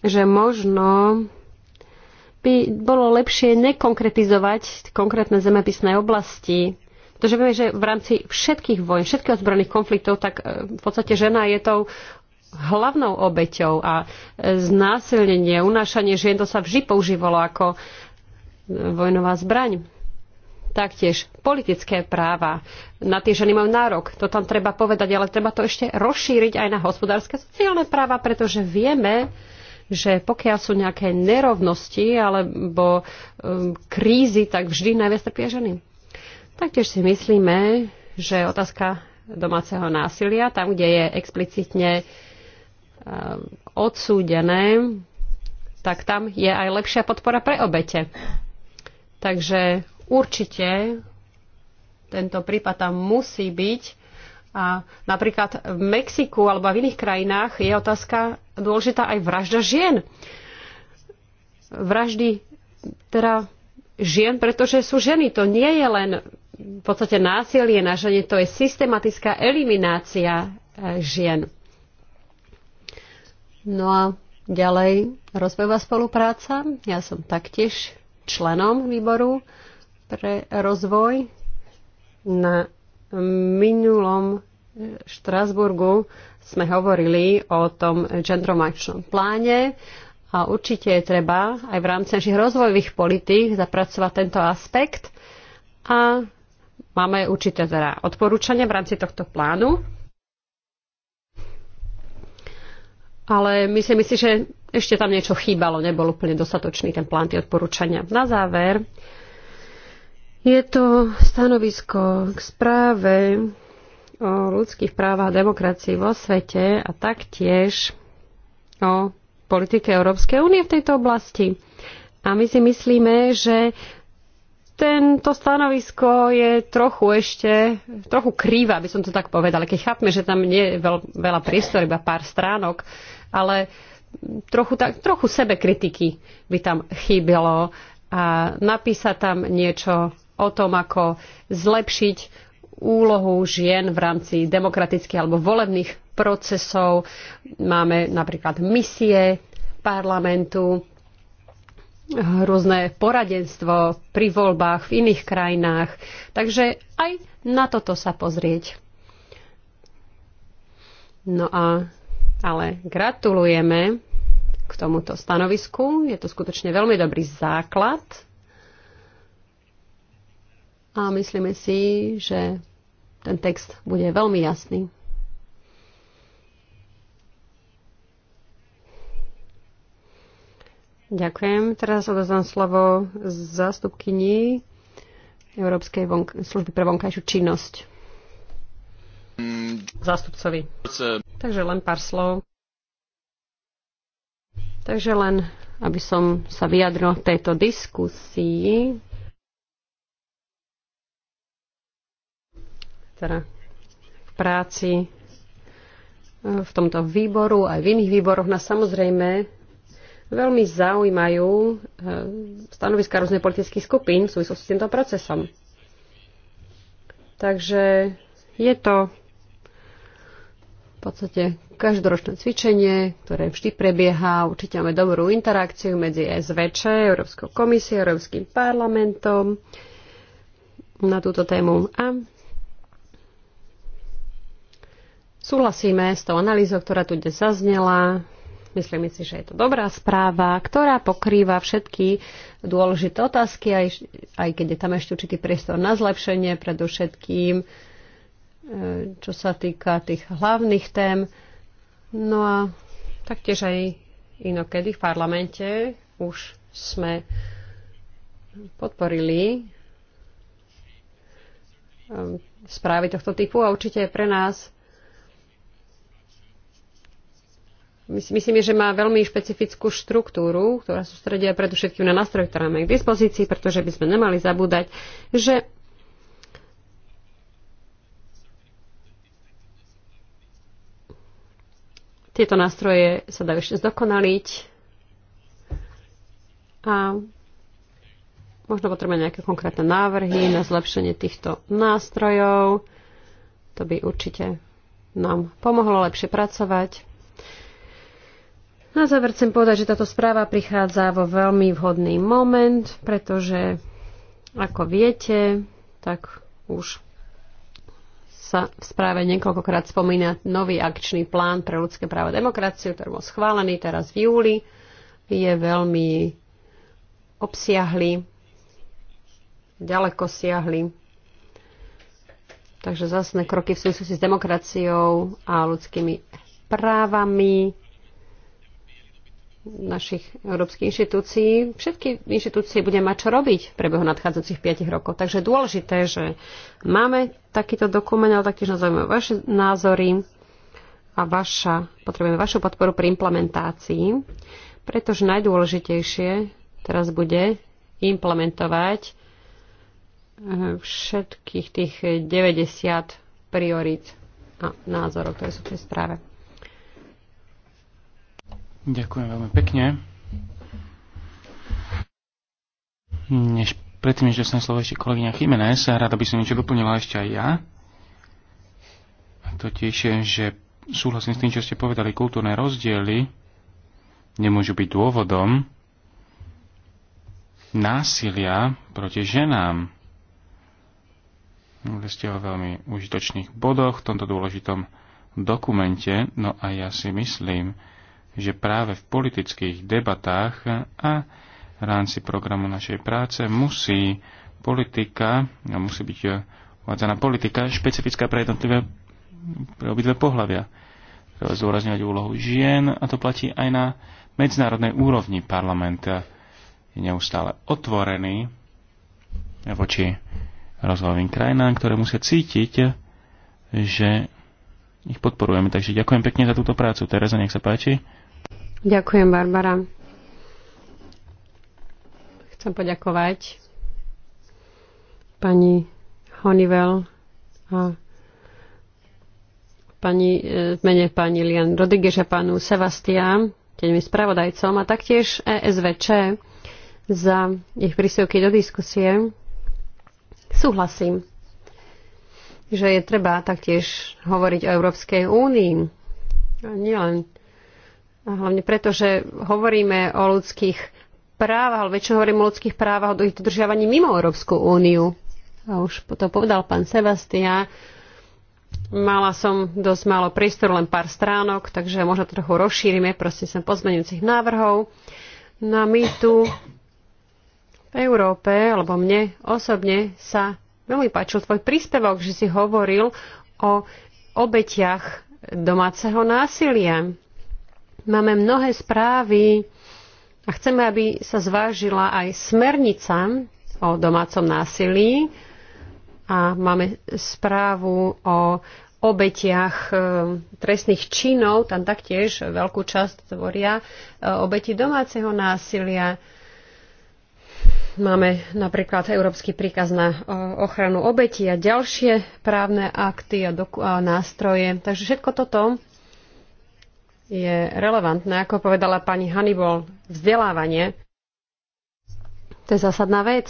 že možno by bolo lepšie nekonkretizovať konkrétne zemepisné oblasti, pretože vieme, že v rámci všetkých vojen, všetkých ozbrojených konfliktov, tak e, v podstate žena je tou hlavnou obeťou a e, znásilnenie, unášanie žien to sa vždy používalo ako e, vojnová zbraň. Taktiež politické práva. Na tie ženy majú nárok. To tam treba povedať, ale treba to ešte rozšíriť aj na hospodárske sociálne práva, pretože vieme, že pokiaľ sú nejaké nerovnosti alebo um, krízy, tak vždy najviac trpia ženy. Taktiež si myslíme, že otázka domáceho násilia, tam, kde je explicitne um, odsúdené, tak tam je aj lepšia podpora pre obete. Takže Určite tento prípad tam musí byť. A napríklad v Mexiku alebo v iných krajinách je otázka dôležitá aj vražda žien. Vraždy teda žien, pretože sú ženy. To nie je len v podstate násilie na žene, to je systematická eliminácia e, žien. No a ďalej rozvojová spolupráca. Ja som taktiež členom výboru pre rozvoj. Na minulom e, Štrasburgu sme hovorili o tom genderom pláne a určite je treba aj v rámci našich rozvojových politík zapracovať tento aspekt a máme určité teda odporúčania v rámci tohto plánu. Ale myslím si, že ešte tam niečo chýbalo, nebol úplne dostatočný ten plán, tie odporúčania. Na záver je to stanovisko k správe o ľudských právach a demokracii vo svete a taktiež o politike Európskej únie v tejto oblasti. A my si myslíme, že tento stanovisko je trochu ešte, trochu krýva, by som to tak povedala, keď chápme, že tam nie je veľ, veľa priestor, iba pár stránok, ale trochu, tak, trochu sebekritiky by tam chýbilo a napísať tam niečo o tom, ako zlepšiť úlohu žien v rámci demokratických alebo volebných procesov. Máme napríklad misie parlamentu, rôzne poradenstvo pri voľbách v iných krajinách. Takže aj na toto sa pozrieť. No a ale gratulujeme k tomuto stanovisku. Je to skutočne veľmi dobrý základ a myslíme si, že ten text bude veľmi jasný. Ďakujem. Teraz odozvám slovo zástupkyni Európskej služby pre vonkajšiu činnosť. Zástupcovi. Takže len pár slov. Takže len, aby som sa vyjadril v tejto diskusii, teda v práci e, v tomto výboru aj v iných výboroch nás samozrejme veľmi zaujímajú e, stanoviska rôznych politických skupín v súvislosti s týmto procesom. Takže je to v podstate každoročné cvičenie, ktoré vždy prebieha. Určite máme dobrú interakciu medzi SVČ, Európskou komisiou, Európskym parlamentom na túto tému. A Súhlasíme s tou analýzou, ktorá tu dnes zaznela. myslím si, že je to dobrá správa, ktorá pokrýva všetky dôležité otázky, aj, aj keď je tam ešte určitý priestor na zlepšenie, predovšetkým e, čo sa týka tých hlavných tém. No a taktiež aj inokedy v parlamente už sme podporili e, správy tohto typu a určite je pre nás Myslíme, že má veľmi špecifickú štruktúru, ktorá sústredia predovšetkým na nástroj, ktoré máme k dispozícii, pretože by sme nemali zabúdať, že tieto nástroje sa dajú ešte zdokonaliť a možno potrebujeme nejaké konkrétne návrhy na zlepšenie týchto nástrojov. To by určite nám pomohlo lepšie pracovať. Na záver chcem povedať, že táto správa prichádza vo veľmi vhodný moment, pretože, ako viete, tak už sa v správe niekoľkokrát spomína nový akčný plán pre ľudské práva a demokraciu, ktorý bol schválený teraz v júli. Je veľmi obsiahly, ďaleko siahly. Takže zásadné kroky v súvislosti s demokraciou a ľudskými právami našich európskych inštitúcií. Všetky inštitúcie budeme mať čo robiť v priebehu nadchádzajúcich 5 rokov. Takže dôležité, že máme takýto dokument, ale taktiež nás zaujímajú vaše názory a vaša, potrebujeme vašu podporu pri implementácii, pretože najdôležitejšie teraz bude implementovať eh, všetkých tých 90 priorít a názorov, ktoré sú v tej správe. Ďakujem veľmi pekne. Než predtým, že som slovo ešte kolegyňa Chimenez, rada by som niečo doplnila ešte aj ja. A totiž, že súhlasím s tým, čo ste povedali, kultúrne rozdiely nemôžu byť dôvodom násilia proti ženám. Hovorili ste o veľmi užitočných bodoch v tomto dôležitom dokumente, no a ja si myslím, že práve v politických debatách a v rámci programu našej práce musí politika, musí byť uvádzaná politika špecifická pre jednotlivé pre obidve pohľavia. Treba zdôrazňovať úlohu žien a to platí aj na medzinárodnej úrovni parlament je neustále otvorený voči rozvojovým krajinám, ktoré musia cítiť, že ich podporujeme. Takže ďakujem pekne za túto prácu. Tereza, nech sa páči. Ďakujem, Barbara. Chcem poďakovať pani Honivel a pani, e, mene pani Lian Rodriguez a pánu Sebastián, teďmi spravodajcom a taktiež ESVČ za ich prísilky do diskusie. Súhlasím, že je treba taktiež hovoriť o Európskej únii. A nielen hlavne preto, že hovoríme o ľudských právach, ale väčšinou hovoríme o ľudských právach, o ich dodržiavaní mimo Európsku úniu. A už to povedal pán Sebastia. Mala som dosť málo priestoru, len pár stránok, takže možno to trochu rozšírime proste sem pozmeňujúcich návrhov. No a my tu v Európe, alebo mne osobne sa veľmi páčil tvoj príspevok, že si hovoril o obetiach domáceho násilia. Máme mnohé správy a chceme, aby sa zvážila aj smernica o domácom násilí a máme správu o obetiach e, trestných činov. Tam taktiež veľkú časť tvoria e, obeti domáceho násilia. Máme napríklad Európsky príkaz na e, ochranu obetí a ďalšie právne akty a, a nástroje. Takže všetko toto je relevantné. Ako povedala pani Hannibal, vzdelávanie to je zásadná vec.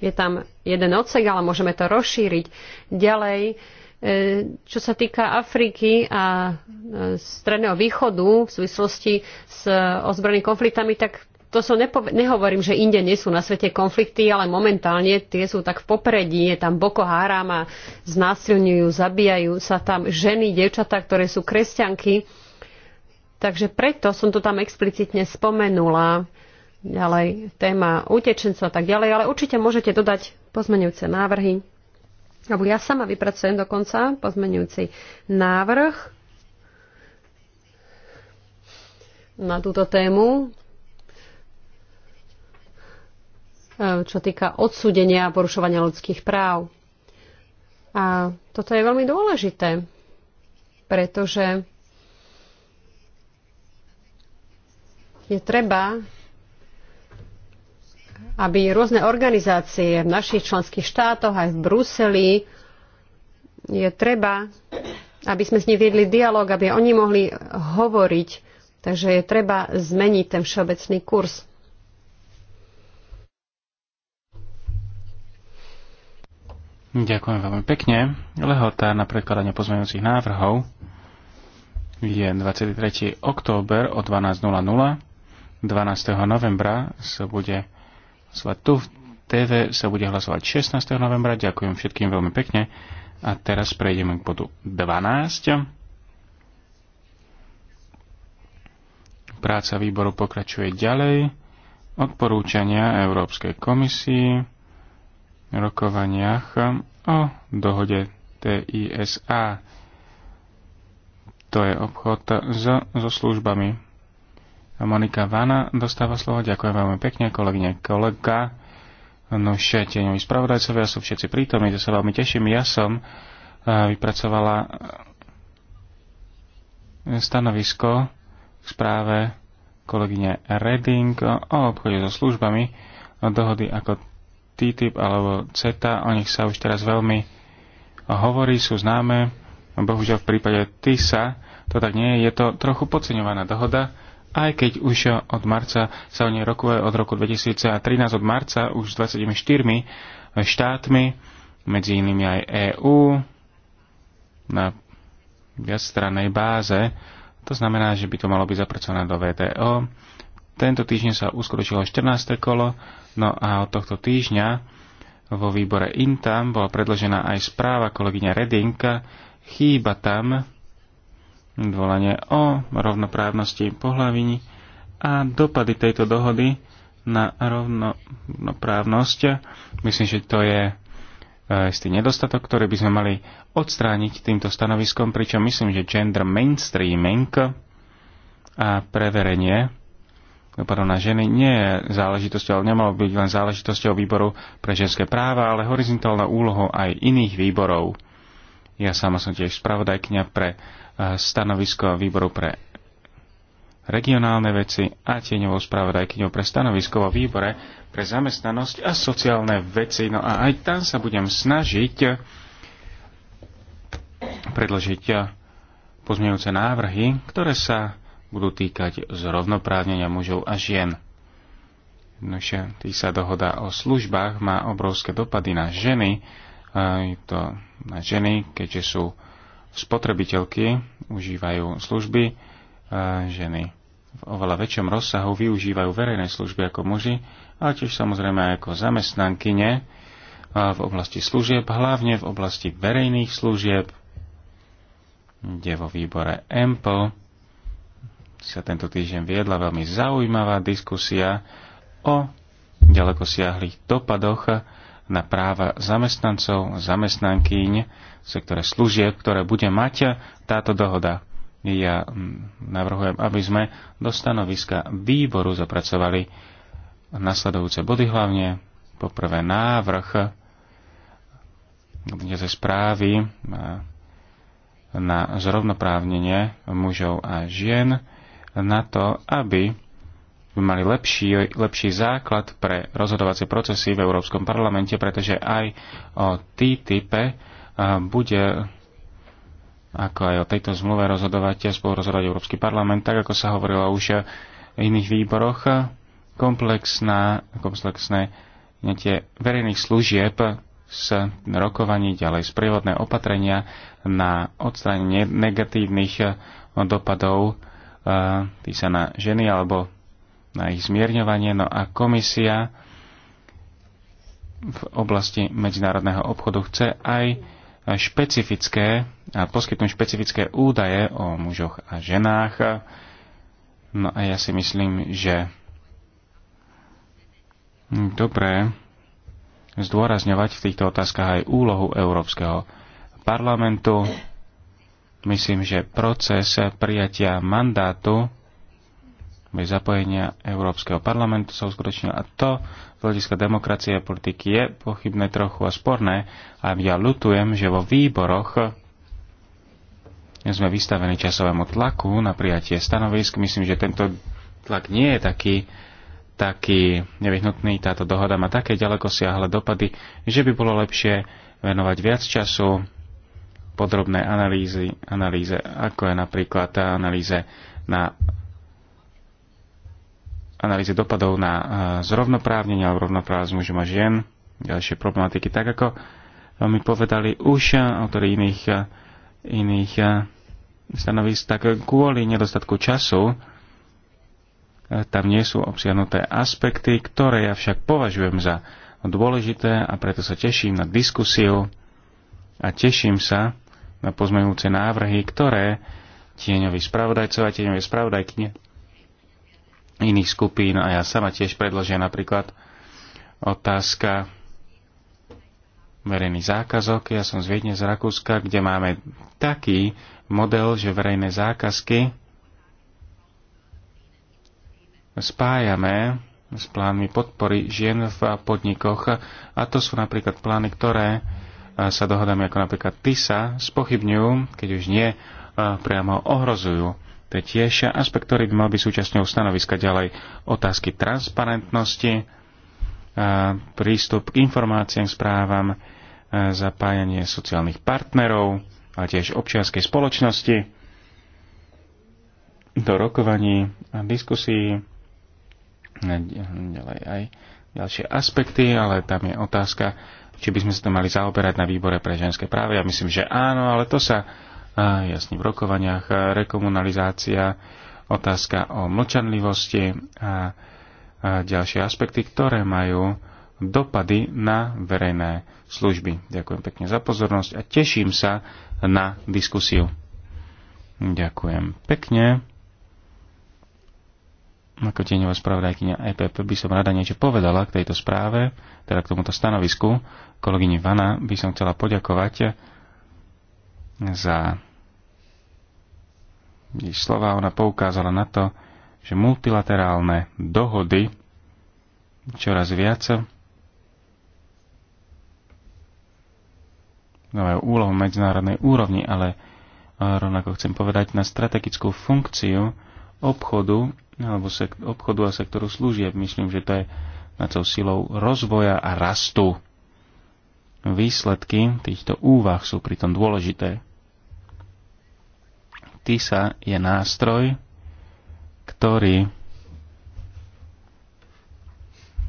Je tam jeden odsek, ale môžeme to rozšíriť. Ďalej, e, čo sa týka Afriky a e, Stredného východu v súvislosti s e, ozbrojenými konfliktami, tak to som nehovorím, že inde nie sú na svete konflikty, ale momentálne tie sú tak v popredí. Je tam Boko Haram a znásilňujú, zabíjajú sa tam ženy, devčatá, ktoré sú kresťanky. Takže preto som to tam explicitne spomenula. Ďalej téma utečencov a tak ďalej, ale určite môžete dodať pozmenujúce návrhy. Alebo ja sama vypracujem dokonca pozmenujúci návrh na túto tému, eh, čo týka odsúdenia a porušovania ľudských práv. A toto je veľmi dôležité, pretože je treba, aby rôzne organizácie v našich členských štátoch aj v Bruseli je treba, aby sme s nimi viedli dialog, aby oni mohli hovoriť. Takže je treba zmeniť ten všeobecný kurz. Ďakujem veľmi pekne. Lehota na prekladanie pozmeňujúcich návrhov je 23. október o 12.00 12. novembra sa bude hlasovať tu, v TV sa bude hlasovať 16. novembra. Ďakujem všetkým veľmi pekne. A teraz prejdeme k bodu 12. Práca výboru pokračuje ďalej. Odporúčania Európskej komisii v rokovaniach o dohode TISA. To je obchod so, so službami Monika Vána dostáva slovo. Ďakujem veľmi pekne, kolegyne, kolega. No tieňoví spravodajcovia sú všetci prítomní, to sa veľmi teším. Ja som e, vypracovala e, stanovisko k správe kolegyne Reding o obchode so službami, dohody ako TTIP alebo CETA, o nich sa už teraz veľmi hovorí, sú známe. Bohužiaľ v prípade TISA to tak nie je, je to trochu podceňovaná dohoda aj keď už od marca sa o nej rokuje od roku 2013 od marca už s 24 štátmi, medzi inými aj EÚ, na viacstranej báze. To znamená, že by to malo byť zapracované do VTO. Tento týždeň sa uskutočilo 14. kolo, no a od tohto týždňa vo výbore INTAM bola predložená aj správa kolegyňa Redinka. Chýba tam volanie o rovnoprávnosti pohlaví a dopady tejto dohody na rovnoprávnosť. Myslím, že to je e, istý nedostatok, ktorý by sme mali odstrániť týmto stanoviskom, pričom myslím, že gender mainstreaming a preverenie dopadov na ženy nie je záležitosťou, ale nemalo byť len záležitosťou výboru pre ženské práva, ale horizontálna úlohou aj iných výborov. Ja sama som tiež spravodajkňa pre stanovisko výboru pre regionálne veci a tieňovou spravodajkyňou pre stanovisko vo výbore pre zamestnanosť a sociálne veci. No a aj tam sa budem snažiť predložiť pozmeňujúce návrhy, ktoré sa budú týkať zrovnoprávnenia mužov a žien. Nože, tý sa dohoda o službách má obrovské dopady na ženy, je to na ženy, keďže sú spotrebiteľky užívajú služby, e, ženy v oveľa väčšom rozsahu využívajú verejné služby ako muži, ale tiež samozrejme ako zamestnankyne e, v oblasti služieb, hlavne v oblasti verejných služieb, kde vo výbore EMPL sa tento týždeň viedla veľmi zaujímavá diskusia o ďalekosiahlých dopadoch na práva zamestnancov, zamestnankyň sektore služieb, ktoré bude mať táto dohoda. Ja mm, navrhujem, aby sme do stanoviska výboru zapracovali nasledujúce body hlavne. Poprvé návrh ze správy na zrovnoprávnenie mužov a žien na to, aby by mali lepší, lepší základ pre rozhodovacie procesy v Európskom parlamente, pretože aj o TTIP bude ako aj o tejto zmluve rozhodovať, spolu rozhodovať Európsky parlament, tak ako sa hovorilo už v iných výboroch, komplexná, komplexné tie verejných služieb s rokovaní ďalej sprievodné opatrenia na odstránenie negatívnych dopadov sa na ženy alebo na ich zmierňovanie. No a komisia v oblasti medzinárodného obchodu chce aj špecifické a poskytnúť špecifické údaje o mužoch a ženách. No a ja si myslím, že dobré zdôrazňovať v týchto otázkach aj úlohu Európskeho parlamentu. Myslím, že proces prijatia mandátu bez zapojenia Európskeho parlamentu sa uskutočnil. A to z hľadiska demokracie a politiky je pochybné trochu a sporné. A ja lutujem, že vo výboroch sme vystavení časovému tlaku na prijatie stanovisk. Myslím, že tento tlak nie je taký, taký nevyhnutný. Táto dohoda má také ďaleko siahle dopady, že by bolo lepšie venovať viac času podrobné analýzy, analýze, ako je napríklad tá analýze na analýzy dopadov na e, zrovnoprávnenie alebo rovnoprávnosť mužov a žien, ďalšie problematiky, tak ako mi povedali už e, autory iných, e, iných stanovisk, tak kvôli nedostatku času tam nie sú obsiahnuté aspekty, ktoré ja však považujem za dôležité a preto sa teším na diskusiu a teším sa na pozmenujúce návrhy, ktoré tieňoví spravodajcovia, tieňové spravodajky iných skupín a ja sama tiež predložia napríklad otázka verejný zákazok. Ja som z Viedne z Rakúska, kde máme taký model, že verejné zákazky spájame s plánmi podpory žien v podnikoch a to sú napríklad plány, ktoré sa dohodami ako napríklad TISA spochybňujú, keď už nie priamo ohrozujú je tiež aspekt, ktorý by mal byť súčasťou stanoviska ďalej. Otázky transparentnosti, prístup k informáciám, správam, zapájanie sociálnych partnerov, ale tiež občianskej spoločnosti do rokovaní a diskusí. Ďalej aj ďalšie aspekty, ale tam je otázka, či by sme sa to mali zaoberať na výbore pre ženské práve. Ja myslím, že áno, ale to sa jasne v rokovaniach, rekomunalizácia, otázka o mlčanlivosti a, a ďalšie aspekty, ktoré majú dopady na verejné služby. Ďakujem pekne za pozornosť a teším sa na diskusiu. Ďakujem pekne. Ako tieňová spravodajkynia EPP by som rada niečo povedala k tejto správe, teda k tomuto stanovisku. Kolegyni Vana by som chcela poďakovať za jej slova, ona poukázala na to, že multilaterálne dohody čoraz viac dávajú úlohu medzinárodnej úrovni, ale rovnako chcem povedať na strategickú funkciu obchodu alebo sekt, obchodu a sektoru služieb. Myslím, že to je na tou silou rozvoja a rastu. Výsledky týchto úvah sú pritom dôležité. TISA je nástroj, ktorý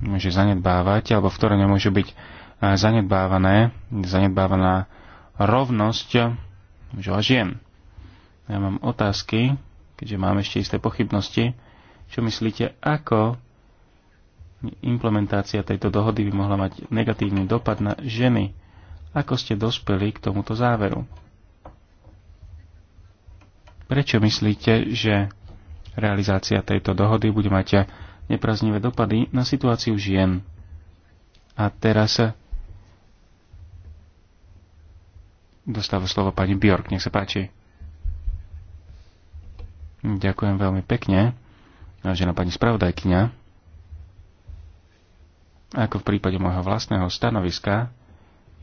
môže zanedbávať, alebo v ktorom nemôže byť eh, zanedbávané, zanedbávaná rovnosť mužov eh, a žien. Ja mám otázky, keďže mám ešte isté pochybnosti. Čo myslíte, ako implementácia tejto dohody by mohla mať negatívny dopad na ženy? Ako ste dospeli k tomuto záveru? Prečo myslíte, že realizácia tejto dohody bude mať nepraznivé dopady na situáciu žien? A teraz dostáva slovo pani Bjork, nech sa páči. Ďakujem veľmi pekne, vážená pani spravodajkyňa. Ako v prípade môjho vlastného stanoviska,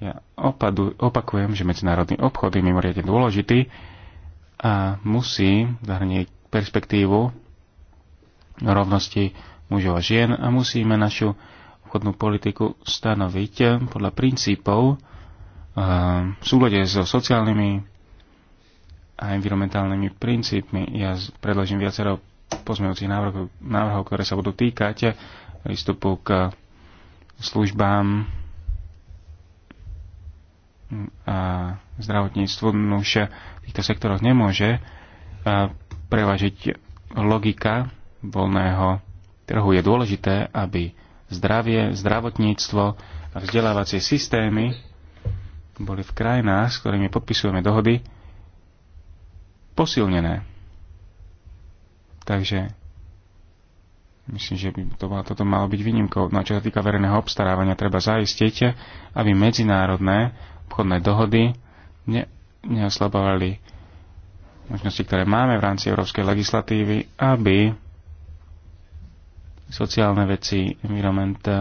ja opadu, opakujem, že medzinárodný obchod je mimoriadne dôležitý, a musí zahrnieť perspektívu rovnosti mužov a žien a musíme našu obchodnú politiku stanoviť podľa princípov eh, v súlade so sociálnymi a environmentálnymi princípmi. Ja predložím viacero pozmejúcich návrhov, návrhov, ktoré sa budú týkať prístupu k službám a no už v týchto sektoroch nemôže prevažiť logika voľného trhu. Je dôležité, aby zdravie, zdravotníctvo a vzdelávacie systémy boli v krajinách, s ktorými podpisujeme dohody, posilnené. Takže myslím, že by to bolo, toto malo byť výnimkou. No a čo sa týka verejného obstarávania, treba zaistiť, aby medzinárodné obchodné dohody ne, neoslabovali možnosti, ktoré máme v rámci európskej legislatívy, aby sociálne veci, environment, e,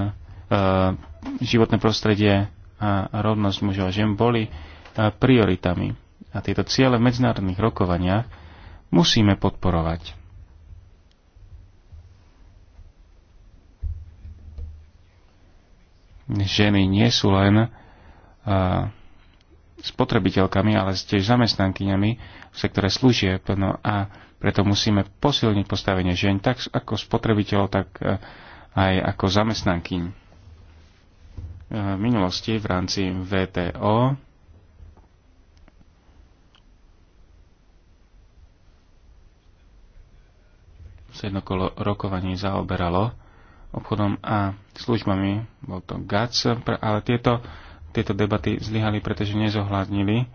životné prostredie a rovnosť mužov a žen boli e, prioritami. A tieto ciele v medzinárodných rokovaniach musíme podporovať. Ženy nie sú len spotrebiteľkami, ale tiež zamestnankyňami v sektore služieb. No a preto musíme posilniť postavenie žien tak ako spotrebiteľov, tak e, aj ako zamestnankyň. E, v minulosti v rámci VTO sa jednokolo rokovaní zaoberalo obchodom a službami, bol to GATS, ale tieto tieto debaty zlyhali, pretože nezohľadnili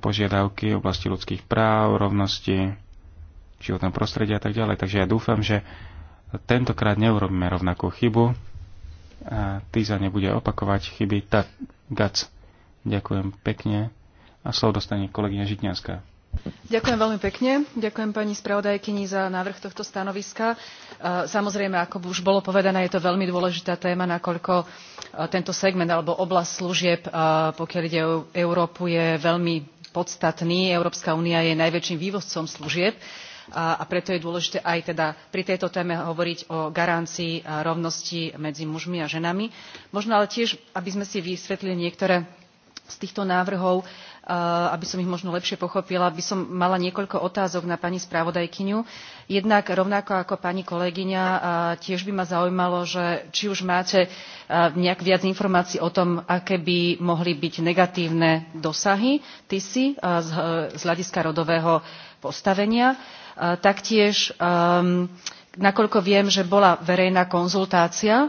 požiadavky v oblasti ľudských práv, rovnosti, životného prostredia a tak ďalej. Takže ja dúfam, že tentokrát neurobíme rovnakú chybu a Tiza nebude opakovať chyby tak Gac. Ďakujem pekne a slovo dostane kolegyňa Žitňanská. Ďakujem veľmi pekne. Ďakujem pani spravodajkyni za návrh tohto stanoviska. E, samozrejme, ako už bolo povedané, je to veľmi dôležitá téma, nakoľko e, tento segment alebo oblasť služieb, e, pokiaľ ide o Európu, je veľmi podstatný. Európska únia je najväčším vývozcom služieb a preto je dôležité aj teda pri tejto téme hovoriť o garancii rovnosti medzi mužmi a ženami. Možno ale tiež, aby sme si vysvetlili niektoré z týchto návrhov Eh, aby som ich možno lepšie pochopila, by som mala niekoľko otázok na pani správodajkyňu. Jednak rovnako ako pani kolegyňa, eh, tiež by ma zaujímalo, že či už máte eh, nejak viac informácií o tom, aké by mohli byť negatívne dosahy TISy z hľadiska rodového postavenia. Taktiež ehm, nakoľko viem, že bola verejná konzultácia, eh,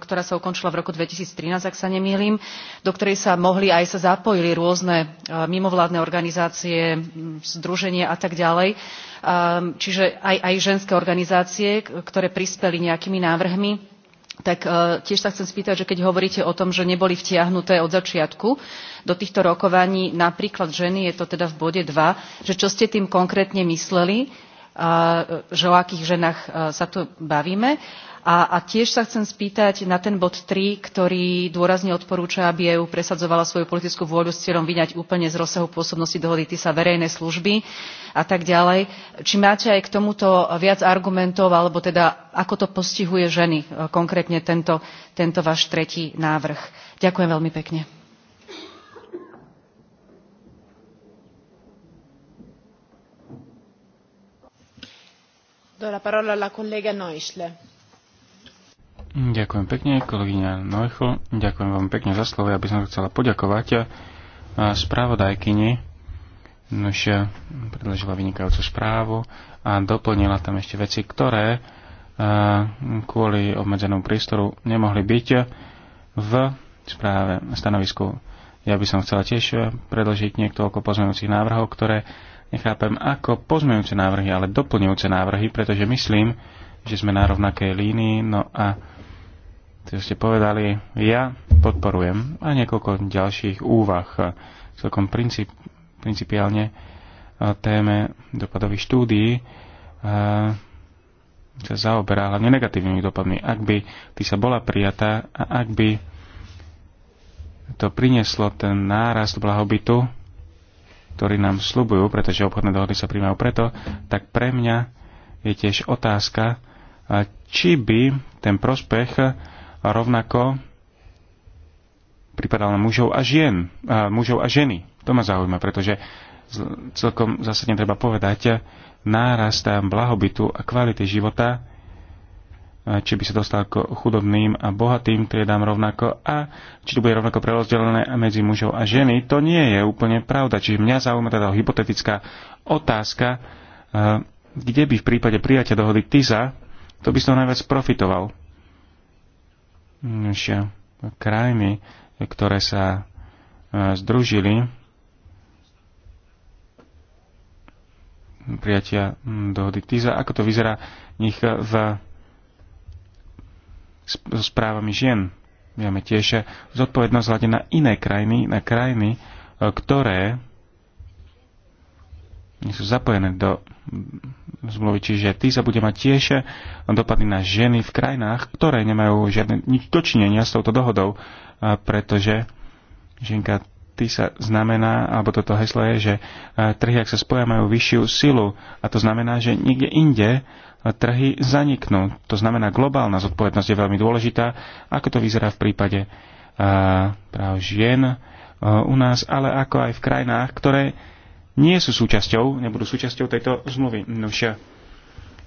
ktorá sa ukončila v roku 2013, ak sa nemýlim, do ktorej sa mohli aj sa zapojili rôzne eh, mimovládne organizácie, mm, združenia a tak ďalej. Eh, čiže aj, aj ženské organizácie, ktoré prispeli nejakými návrhmi tak tiež sa chcem spýtať, že keď hovoríte o tom, že neboli vtiahnuté od začiatku do týchto rokovaní napríklad ženy, je to teda v bode 2, že čo ste tým konkrétne mysleli, že o akých ženách sa tu bavíme. A, a tiež sa chcem spýtať na ten bod 3, ktorý dôrazne odporúča, aby EU presadzovala svoju politickú vôľu s cieľom vyňať úplne z rozsahu pôsobnosti dohody TISA verejné služby a tak ďalej. Či máte aj k tomuto viac argumentov, alebo teda ako to postihuje ženy, e, konkrétne tento, tento váš tretí návrh. Ďakujem veľmi pekne. Ďakujem pekne, kolegyňa Neuchl. Ďakujem vám pekne za slovo. Ja by som chcela poďakovať eh, spravodajkyni. Nož eh, predložila vynikajúcu správu a doplnila tam ešte veci, ktoré eh, kvôli obmedzenému priestoru nemohli byť v správe stanovisku. Ja by som chcela tiež predložiť niekoľko pozmeňujúcich návrhov, ktoré nechápem ako pozmejúce návrhy, ale doplňujúce návrhy, pretože myslím, že sme na rovnakej línii, no a to ste povedali, ja podporujem a niekoľko ďalších úvah celkom princip, principiálne téme dopadových štúdií sa zaoberá hlavne negatívnymi dopadmi. Ak by ty sa bola prijatá a ak by to prinieslo ten nárast blahobytu, ktorí nám slubujú, pretože obchodné dohody sa príjmajú preto, tak pre mňa je tiež otázka, či by ten prospech rovnako pripadal na mužov a žien, mužov a ženy. To ma zaujíma, pretože celkom zásadne treba povedať, nárast blahobytu a kvality života či by sa dostal k chudobným a bohatým triedám rovnako a či to bude rovnako prerozdelené medzi mužov a ženy, to nie je úplne pravda. Čiže mňa zaujíma teda hypotetická otázka, e, kde by v prípade prijatia dohody TISA to by som najviac profitoval. E, krajiny, ktoré sa e, združili prijatia dohody TISA, ako to vyzerá nich v so správami žien. Vieme tiež zodpovednosť hľadí na iné krajiny, na krajiny, e, ktoré Nie sú zapojené do zmluvy. Čiže tí sa bude mať tiež dopady na ženy v krajinách, ktoré nemajú žiadne nič dočinenia s touto dohodou, e, pretože ženka ty sa znamená, alebo toto heslo je, že e, trhy, ak sa spojamajú majú vyššiu silu. A to znamená, že niekde inde trhy zaniknú. To znamená, globálna zodpovednosť je veľmi dôležitá, ako to vyzerá v prípade práv žien u nás, ale ako aj v krajinách, ktoré nie sú súčasťou, nebudú súčasťou tejto zmluvy. Nož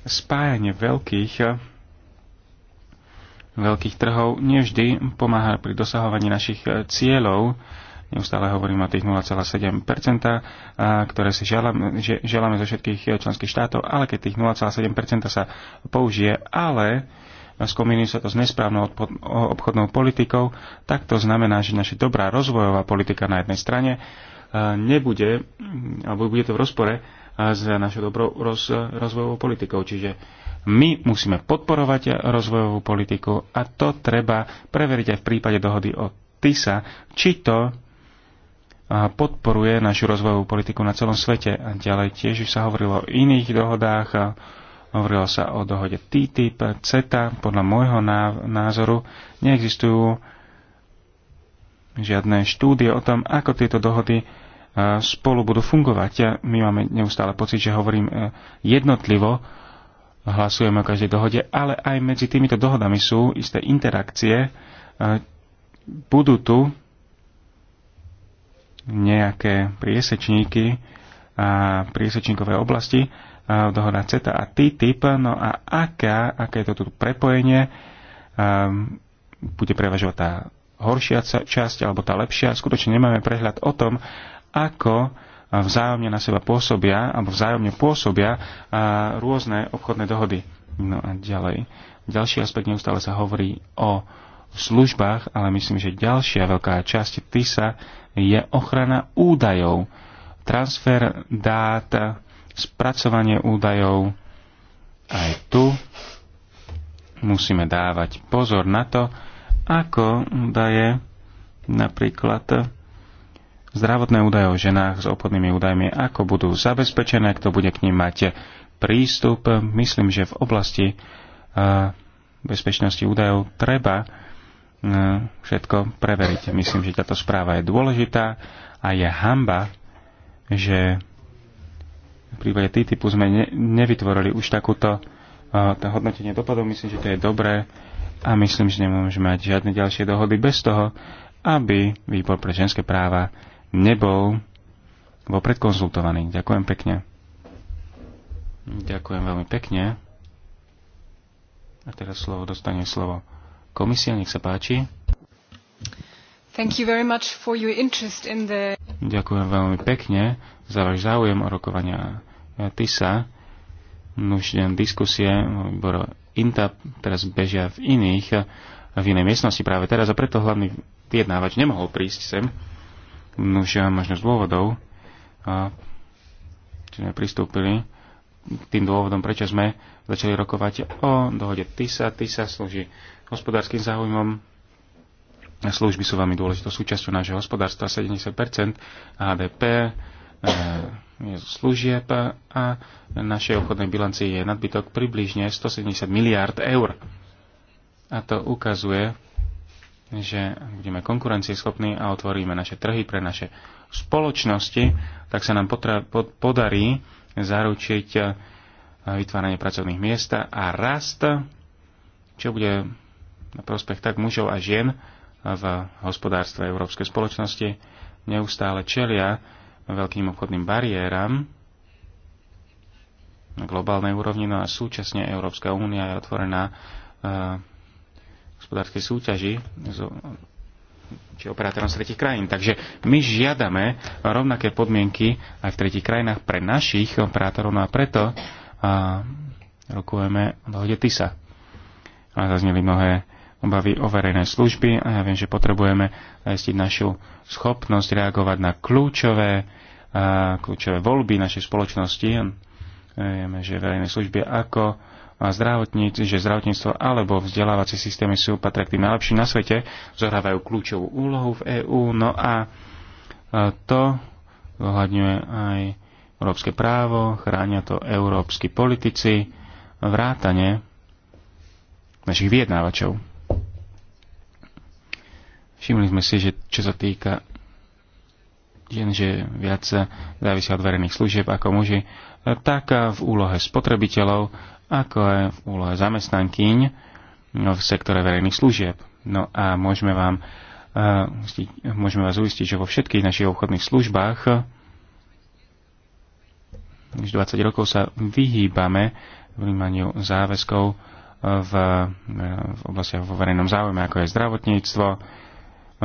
spájanie veľkých veľkých trhov nevždy pomáha pri dosahovaní našich e, cieľov Neustále hovorím o tých 0,7%, ktoré si želáme, želáme zo všetkých e, členských štátov, ale keď tých 0,7% sa použije, ale skombinuje sa to s nesprávnou obchodnou politikou, tak to znamená, že naša dobrá rozvojová politika na jednej strane e, nebude, alebo bude to v rozpore e, s našou dobrou roz, rozvojovou politikou. Čiže my musíme podporovať rozvojovú politiku a to treba preveriť aj v prípade dohody o TISA, či to podporuje našu rozvojovú politiku na celom svete. A ďalej tiež už sa hovorilo o iných dohodách, hovorilo sa o dohode TTIP, CETA. Podľa môjho názoru neexistujú žiadne štúdie o tom, ako tieto dohody spolu budú fungovať. My máme neustále pocit, že hovorím e, jednotlivo, hlasujeme o každej dohode, ale aj medzi týmito dohodami sú isté interakcie. Budú tu nejaké priesečníky a priesečníkové oblasti, dohoda CETA a TTIP, no a aká, aké je to tu prepojenie, um, bude prevažovať tá horšia časť alebo tá lepšia. Skutočne nemáme prehľad o tom, ako vzájomne na seba pôsobia alebo vzájomne pôsobia rôzne obchodné dohody. No a ďalej. Ďalší aspekt neustále sa hovorí o službách, ale myslím, že ďalšia veľká časť TISA je ochrana údajov, transfer dát, spracovanie údajov. Aj tu musíme dávať pozor na to, ako údaje napríklad zdravotné údaje o ženách s obchodnými údajmi, ako budú zabezpečené, kto bude k ním mať prístup. Myslím, že v oblasti eh, bezpečnosti údajov treba E, všetko preveriť. Myslím, že táto správa je dôležitá a je hamba, že v prípade TTIPu sme ne, nevytvorili už takúto uh, to hodnotenie dopadov. Myslím, že to je dobré a myslím, že nemôžeme mať žiadne ďalšie dohody bez toho, aby výbor pre ženské práva nebol vopred konzultovaný. Ďakujem pekne. Ďakujem veľmi pekne. A teraz slovo dostane slovo Komisia, nech sa páči. Thank you very much for your interest in the... Ďakujem veľmi pekne za váš záujem o rokovania TISA. Už diskusie výboru INTA teraz bežia v iných, v inej miestnosti práve teraz a preto hlavný vyjednávač nemohol prísť sem. Už možno z dôvodov, a, či sme pristúpili tým dôvodom, prečo sme začali rokovať o dohode TISA. TISA slúži hospodárskym záujmom. Služby sú veľmi dôležitou súčasťou nášho hospodárstva. 70 HDP eh, služieb a našej obchodnej bilanci je nadbytok približne 170 miliárd eur. A to ukazuje, že budeme konkurencieschopní a otvoríme naše trhy pre naše spoločnosti, tak sa nám potra- pod- podarí zaručiť eh, vytváranie pracovných miest a rast, čo bude na prospech tak mužov a žien v hospodárstve európskej spoločnosti neustále čelia veľkým obchodným bariéram na globálnej úrovni, no a súčasne Európska únia je otvorená e, hospodárskej súťaži či operátorom z tretich krajín. Takže my žiadame rovnaké podmienky aj v tretich krajinách pre našich operátorov, no a preto a, rokujeme o dohode TISA. A zazneli mnohé obavy o verejné služby a ja viem, že potrebujeme zistiť našu schopnosť reagovať na kľúčové, kľúčové voľby našej spoločnosti. E, vieme, že verejné služby ako zdravotníc, že zdravotníctvo alebo vzdelávacie systémy sú patria k tým najlepším na svete, zohrávajú kľúčovú úlohu v EÚ, no a to zohľadňuje aj európske právo, chránia to európsky politici, vrátane našich vyjednávačov. Všimli sme si, že čo sa týka žien, že viac závisia od verejných služieb ako muži, tak v úlohe spotrebiteľov, ako aj v úlohe zamestnankyň v sektore verejných služieb. No a môžeme, vám, eh, môžeme vás uistiť, že vo všetkých našich obchodných službách už 20 rokov sa vyhýbame vnímaniu záväzkov v, v oblastiach vo verejnom záujme, ako je zdravotníctvo,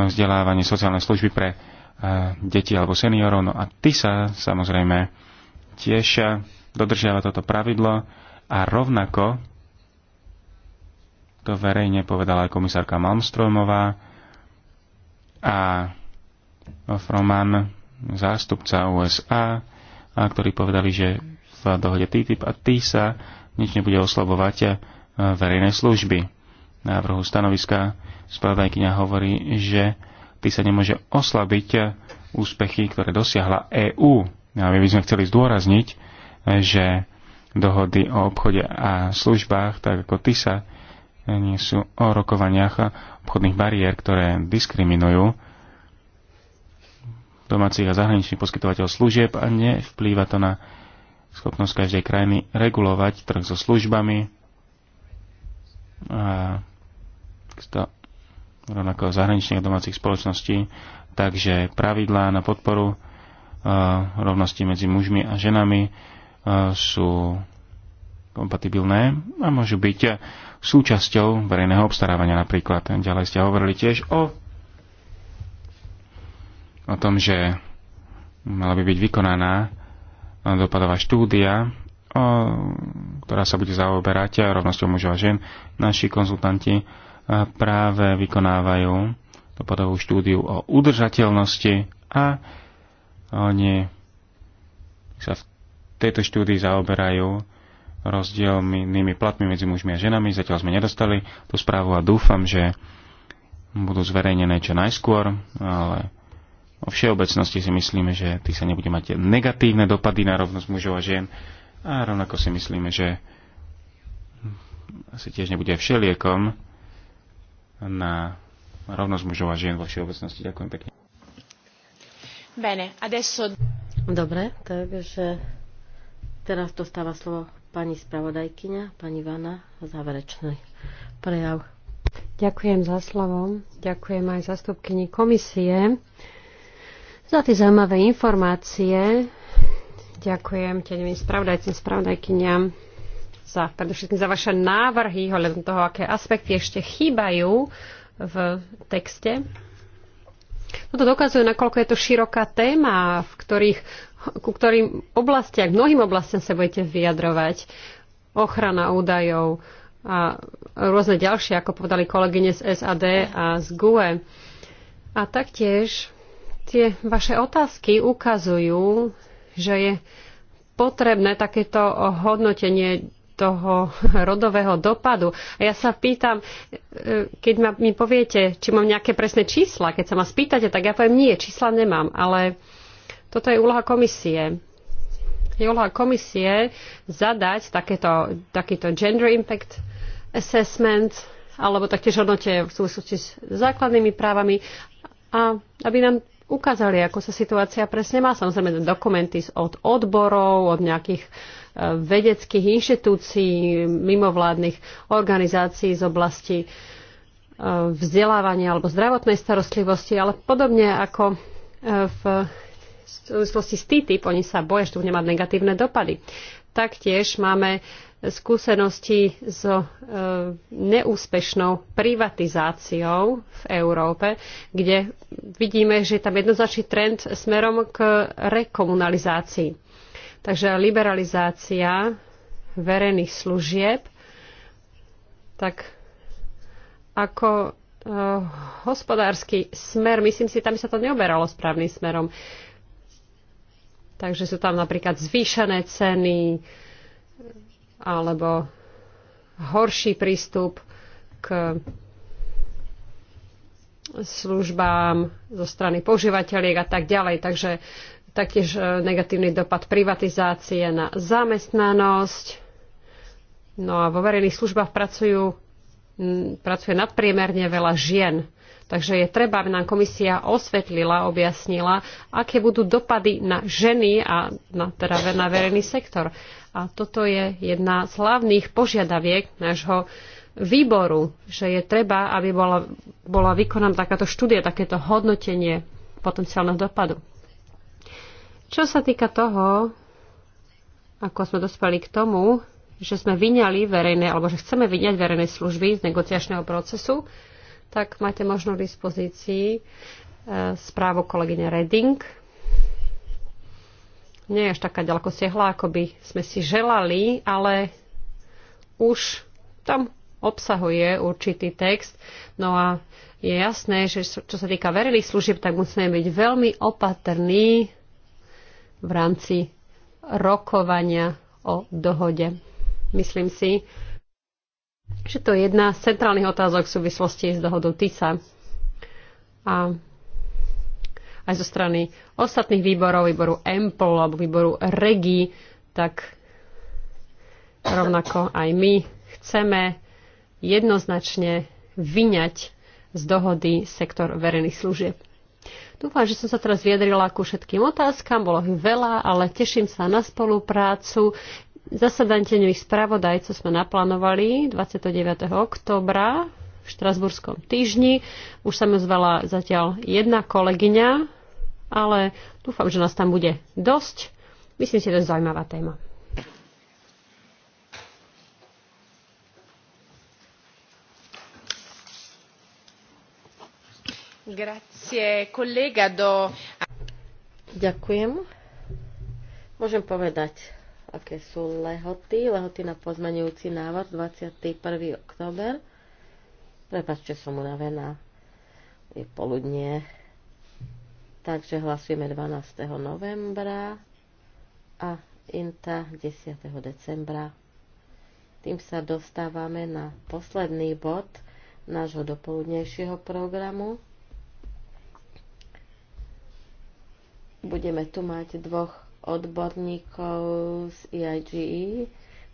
vzdelávanie, sociálne služby pre e, deti alebo seniorov. No a TISA samozrejme tiež e, dodržiava toto pravidlo a rovnako to verejne povedala aj komisárka Malmstromová a Froman, zástupca USA, a ktorí povedali, že v dohode TTIP a TISA nič nebude oslabovať e, verejné služby návrhu stanoviska spravodajkyňa hovorí, že ty sa nemôže oslabiť úspechy, ktoré dosiahla EÚ. A my by sme chceli zdôrazniť, že dohody o obchode a službách, tak ako TISA, nie sú o rokovaniach obchodných bariér, ktoré diskriminujú domácich a zahraničných poskytovateľov služieb a nevplýva to na schopnosť každej krajiny regulovať trh so službami, a rovnako zahraničných domácich spoločností. Takže pravidlá na podporu rovnosti medzi mužmi a ženami sú kompatibilné a môžu byť súčasťou verejného obstarávania napríklad. Ďalej ste hovorili tiež o, o tom, že mala by byť vykonaná dopadová štúdia ktorá sa bude zaoberať rovnosťou mužov a žien. Naši konzultanti práve vykonávajú dopadovú štúdiu o udržateľnosti a oni sa v tejto štúdii zaoberajú rozdielnými platmi medzi mužmi a ženami. Zatiaľ sme nedostali tú správu a dúfam, že budú zverejnené čo najskôr, ale o všeobecnosti si myslíme, že ty sa nebude mať negatívne dopady na rovnosť mužov a žien a rovnako si myslíme, že asi tiež nebude všeliekom na rovnosť mužov a žien vo všeobecnosti. Ďakujem pekne. Bene, adesso... Dobre, takže teraz dostáva slovo pani spravodajkyňa, pani Vana, záverečný prejav. Ďakujem za slovo. Ďakujem aj zastupkyni komisie za tie zaujímavé informácie, Ďakujem tenevým spravodajcím, spravodajkyniam za, predovšetkým za vaše návrhy ohľadom toho, aké aspekty ešte chýbajú v texte. No to dokazuje, nakoľko je to široká téma, v ktorých, ku ktorým oblastiach, mnohým oblastiam sa budete vyjadrovať. Ochrana údajov a rôzne ďalšie, ako povedali kolegyne z SAD a z GUE. A taktiež tie vaše otázky ukazujú, že je potrebné takéto hodnotenie toho rodového dopadu. A ja sa pýtam, e, keď ma, mi poviete, či mám nejaké presné čísla, keď sa ma spýtate, tak ja poviem, nie, čísla nemám, ale toto je úloha komisie. Je úloha komisie zadať takéto, takýto gender impact assessment, alebo taktiež hodnotie v súvislosti s základnými právami, a aby nám ukázali, ako sa situácia presne má. Samozrejme, dokumenty od odborov, od nejakých e, vedeckých inštitúcií, mimovládnych organizácií z oblasti e, vzdelávania alebo zdravotnej starostlivosti, ale podobne ako e, v súvislosti s TTIP, oni sa boja, že tu nemá negatívne dopady. Taktiež máme skúsenosti so e, neúspešnou privatizáciou v Európe, kde vidíme, že je tam jednoznačný trend smerom k rekomunalizácii. Takže liberalizácia verejných služieb, tak ako e, hospodársky smer, myslím si, tam sa to neoberalo správnym smerom. Takže sú tam napríklad zvýšené ceny, alebo horší prístup k službám zo strany používateľiek a tak ďalej. Takže taktiež e, negatívny dopad privatizácie na zamestnanosť. No a vo verejných službách pracujú, pracuje nadpriemerne veľa žien. Takže je treba, aby nám komisia osvetlila, objasnila, aké budú dopady na ženy a na, teda na verejný sektor. A toto je jedna z hlavných požiadaviek nášho výboru, že je treba, aby bola, bola vykonaná takáto štúdia, takéto hodnotenie potenciálneho dopadu. Čo sa týka toho, ako sme dospeli k tomu, že sme vyňali verejné, alebo že chceme vyňať verejné služby z negociačného procesu, tak máte možno v dispozícii e, správu kolegyne Reding. Nie je až taká ďaleko siehla, ako by sme si želali, ale už tam obsahuje určitý text. No a je jasné, že čo sa týka verejných služieb, tak musíme byť veľmi opatrní v rámci rokovania o dohode. Myslím si, že to je jedna z centrálnych otázok v súvislosti s dohodou TISA. A aj zo strany ostatných výborov, výboru EMPL alebo výboru REGI, tak rovnako aj my chceme jednoznačne vyňať z dohody sektor verejných služieb. Dúfam, že som sa teraz vyjadrila ku všetkým otázkam, bolo ich veľa, ale teším sa na spoluprácu. Zasadanie tenových spravodajcov sme naplánovali 29. oktobra v Štrasburskom týždni. Už sa mi zvala zatiaľ jedna kolegyňa, ale dúfam, že nás tam bude dosť. Myslím si, že to je zaujímavá téma. Grazie, kolega, do... Ďakujem. Môžem povedať aké sú lehoty. Lehoty na pozmenujúci návrh 21. október. Prepačte, som unavená. Je poludnie. Takže hlasujeme 12. novembra a INTA 10. decembra. Tým sa dostávame na posledný bod nášho dopoludnejšieho programu. Budeme tu mať dvoch odborníkov z EIGE, e,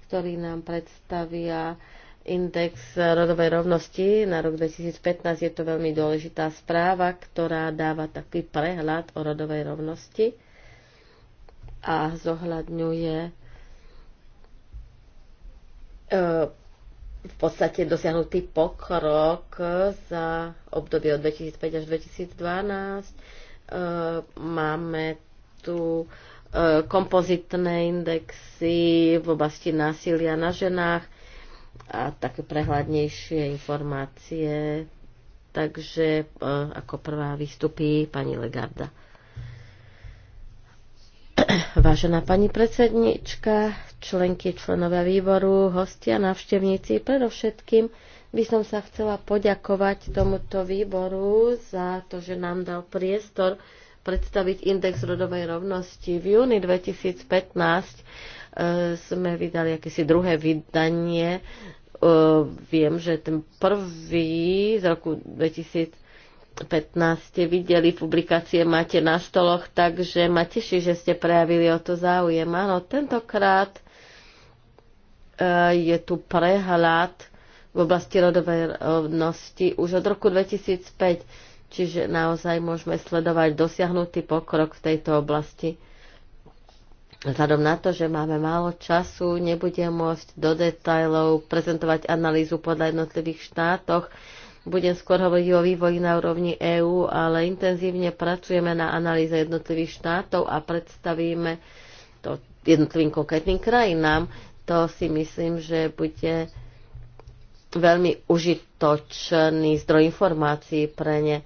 ktorí nám predstavia index rodovej rovnosti na rok 2015. Je to veľmi dôležitá správa, ktorá dáva taký prehľad o rodovej rovnosti a zohľadňuje e, v podstate dosiahnutý pokrok za obdobie od 2005 až 2012. E, máme tu kompozitné indexy v oblasti násilia na ženách a také prehľadnejšie informácie. Takže e, ako prvá vystupí pani Legarda. Vážená pani predsednička, členky, členovia výboru, hostia, navštevníci, predovšetkým by som sa chcela poďakovať tomuto výboru za to, že nám dal priestor uh, predstaviť index rodovej rovnosti. V júni 2015 e, sme vydali akési druhé vydanie. E, viem, že ten prvý z roku 2015 ste videli publikácie, máte na stoloch, takže ma teší, že ste prejavili o to záujem. Áno, tentokrát e, je tu prehľad v oblasti rodovej rovnosti už od roku 2005 Čiže naozaj môžeme sledovať dosiahnutý pokrok v tejto oblasti. Vzhľadom na to, že máme málo času, nebudem môcť do detajlov prezentovať analýzu podľa jednotlivých štátoch. Budem skôr hovoriť o vývoji na úrovni EÚ, ale intenzívne pracujeme na analýze jednotlivých štátov a predstavíme to jednotlivým konkrétnym krajinám. To si myslím, že bude veľmi užitočný zdroj informácií pre ne.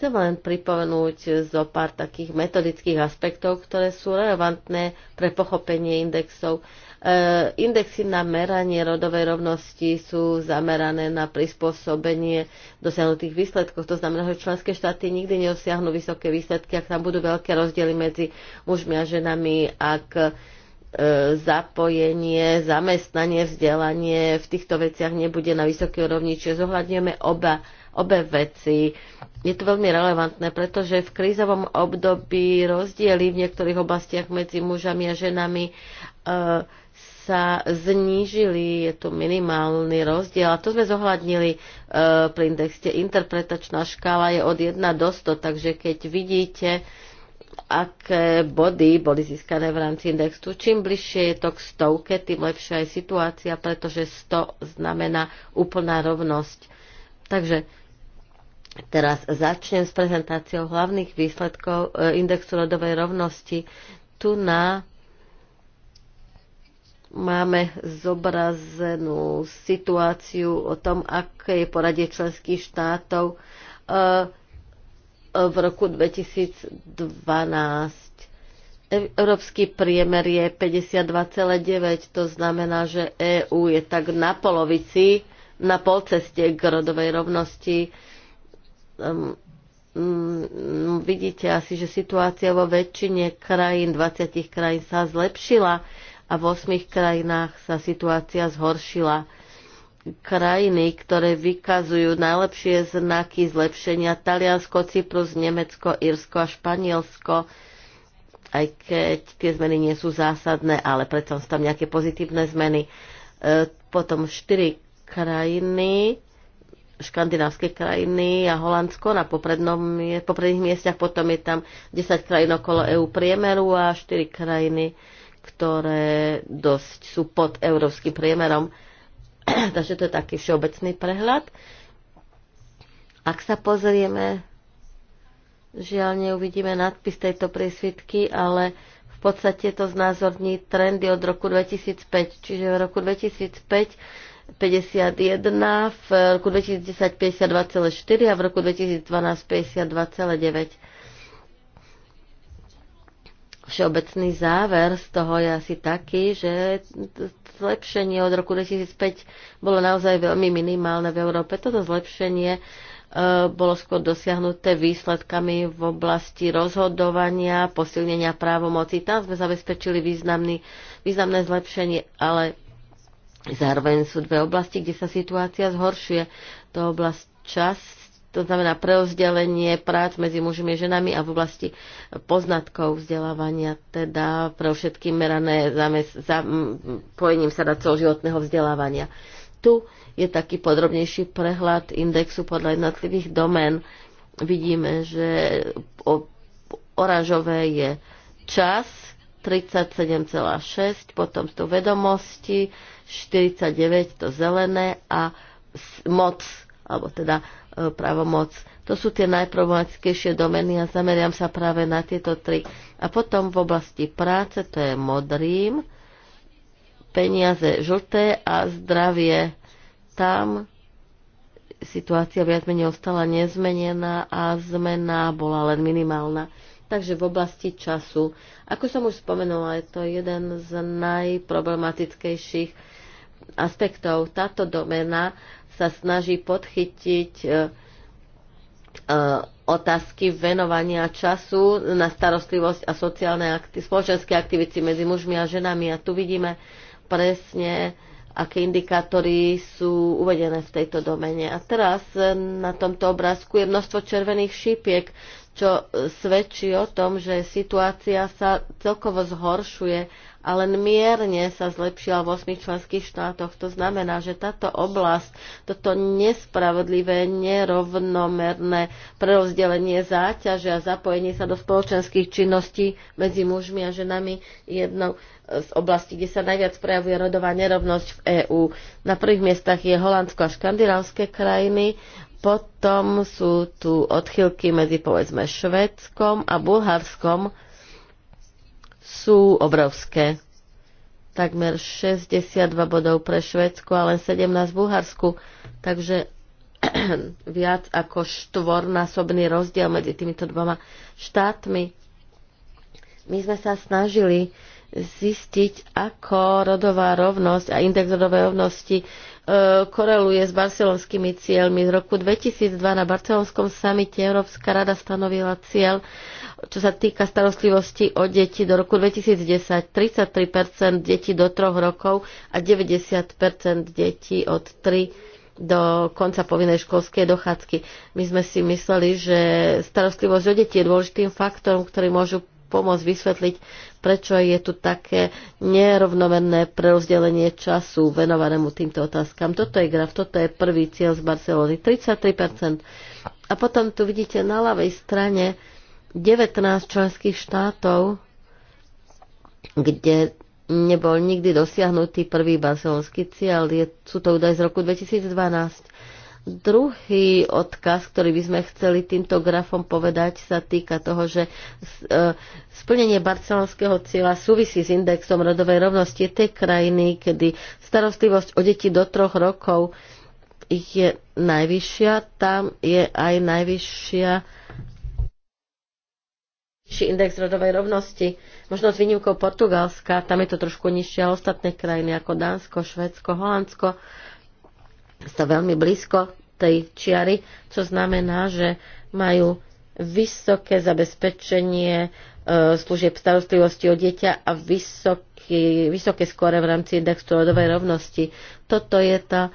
Chcem len pripomenúť zo pár takých metodických aspektov, ktoré sú relevantné pre pochopenie indexov. E, indexy na meranie rodovej rovnosti sú zamerané na prispôsobenie dosiahnutých výsledkov. To znamená, že členské štáty nikdy neosiahnu vysoké výsledky, ak tam budú veľké rozdiely medzi mužmi a ženami, ak e, zapojenie, zamestnanie, vzdelanie v týchto veciach nebude na vysokej úrovni, čiže zohľadňujeme oba obe veci. Je to veľmi relevantné, pretože v krízovom období rozdiely v niektorých oblastiach medzi mužami a ženami e, sa znížili, je tu minimálny rozdiel. A to sme zohľadnili e, pri indexe. Interpretačná škála je od 1 do 100, takže keď vidíte, aké body boli získané v rámci indexu, čím bližšie je to k stovke, tým lepšia je situácia, pretože 100 znamená úplná rovnosť. Takže Teraz začnem s prezentáciou hlavných výsledkov e, indexu rodovej rovnosti. Tu na máme zobrazenú situáciu o tom, aké je poradie členských štátov e, v roku 2012. E, európsky priemer je 52,9, to znamená, že EÚ je tak na polovici, na polceste k rodovej rovnosti um, um, vidíte asi, že situácia vo väčšine krajín, 20 krajín sa zlepšila a v 8 krajinách sa situácia zhoršila. Krajiny, ktoré vykazujú najlepšie znaky zlepšenia, Taliansko, Cyprus, Nemecko, Irsko, a Španielsko, aj keď tie zmeny nie sú zásadné, ale predsa sú tam nejaké pozitívne zmeny. E, potom štyri krajiny, škandinávske krajiny a Holandsko na popredných miestach, potom je tam 10 krajín okolo EU priemeru a 4 krajiny, ktoré dosť sú pod európskym priemerom. Takže to je taký všeobecný prehľad. Ak sa pozrieme, žiaľ neuvidíme nadpis tejto prísvitky, ale v podstate to znázorní trendy od roku 2005. Čiže v roku 2005 51, v roku 2010 52,4 a v roku 2012 52,9. Všeobecný záver z toho je asi taký, že zlepšenie od roku 2005 bolo naozaj veľmi minimálne v Európe. Toto zlepšenie e, bolo skôr dosiahnuté výsledkami v oblasti rozhodovania, posilnenia právomoci. Tam sme zabezpečili významný, významné zlepšenie, ale Zároveň sú dve oblasti, kde sa situácia zhoršuje. To oblasť čas, to znamená preozdelenie prác medzi mužmi a ženami a v oblasti poznatkov vzdelávania, teda pre všetky merané pojením sa na celoživotného vzdelávania. Tu je taký podrobnejší prehľad indexu podľa jednotlivých domén. Vidíme, že oranžové je čas 37,6, potom sú vedomosti 49, to zelené, a moc, alebo teda e, pravomoc. To sú tie najproblematickejšie domeny a zameriam sa práve na tieto tri. A potom v oblasti práce, to je modrým, peniaze žlté a zdravie. Tam situácia viac menej ostala nezmenená a zmena bola len minimálna. Takže v oblasti času, ako som už spomenula, je to jeden z najproblematickejších aspektov. Táto domena sa snaží podchytiť e, e, otázky venovania času na starostlivosť a sociálne akti- spoločenské aktivity medzi mužmi a ženami. A tu vidíme presne, aké indikátory sú uvedené v tejto domene. A teraz e, na tomto obrázku je množstvo červených šípiek čo e, svedčí o tom, že situácia sa celkovo zhoršuje a len mierne sa zlepšila v 8 členských štátoch. To znamená, že táto oblasť, toto nespravodlivé, nerovnomerné prerozdelenie záťaže a zapojenie sa do spoločenských činností medzi mužmi a ženami je jednou e, z oblastí, kde sa najviac prejavuje rodová nerovnosť v EÚ. Na prvých miestach je Holandsko a škandinávské krajiny, potom sú tu odchylky medzi povedzme Švedskom a Bulharskom sú obrovské. Takmer 62 bodov pre Švedsku a len 17 v Bulharsku. Takže viac ako štvornásobný rozdiel medzi týmito dvoma štátmi. My sme sa snažili zistiť, ako rodová rovnosť a index rodovej rovnosti e, koreluje s barcelonskými cieľmi. Z roku 2002 na barcelonskom samite Európska rada stanovila cieľ, čo sa týka starostlivosti o deti do roku 2010 33% detí do 3 rokov a 90% detí od 3 do konca povinnej školskej dochádzky. My sme si mysleli, že starostlivosť o deti je dôležitým faktorom, ktorý môžu pomôcť vysvetliť, prečo je tu také nerovnomerné prerozdelenie času venovanému týmto otázkam. Toto je graf, toto je prvý cieľ z Barcelony, 33%. A potom tu vidíte na ľavej strane 19 členských štátov, kde nebol nikdy dosiahnutý prvý barcelonský cieľ. Je, sú to údaj z roku 2012 Druhý odkaz, ktorý by sme chceli týmto grafom povedať, sa týka toho, že e, splnenie barcelonského cieľa súvisí s indexom rodovej rovnosti tej krajiny, kedy starostlivosť o deti do troch rokov je najvyššia, tam je aj najvyššia index rodovej rovnosti. Možno s výnimkou Portugalska, tam je to trošku nižšie, ale ostatné krajiny ako Dánsko, Švedsko, Holandsko sa veľmi blízko tej čiary, čo znamená, že majú vysoké zabezpečenie e, služieb starostlivosti o dieťa a vysoký, vysoké skóre v rámci indexu rodovej rovnosti. Toto je tá e,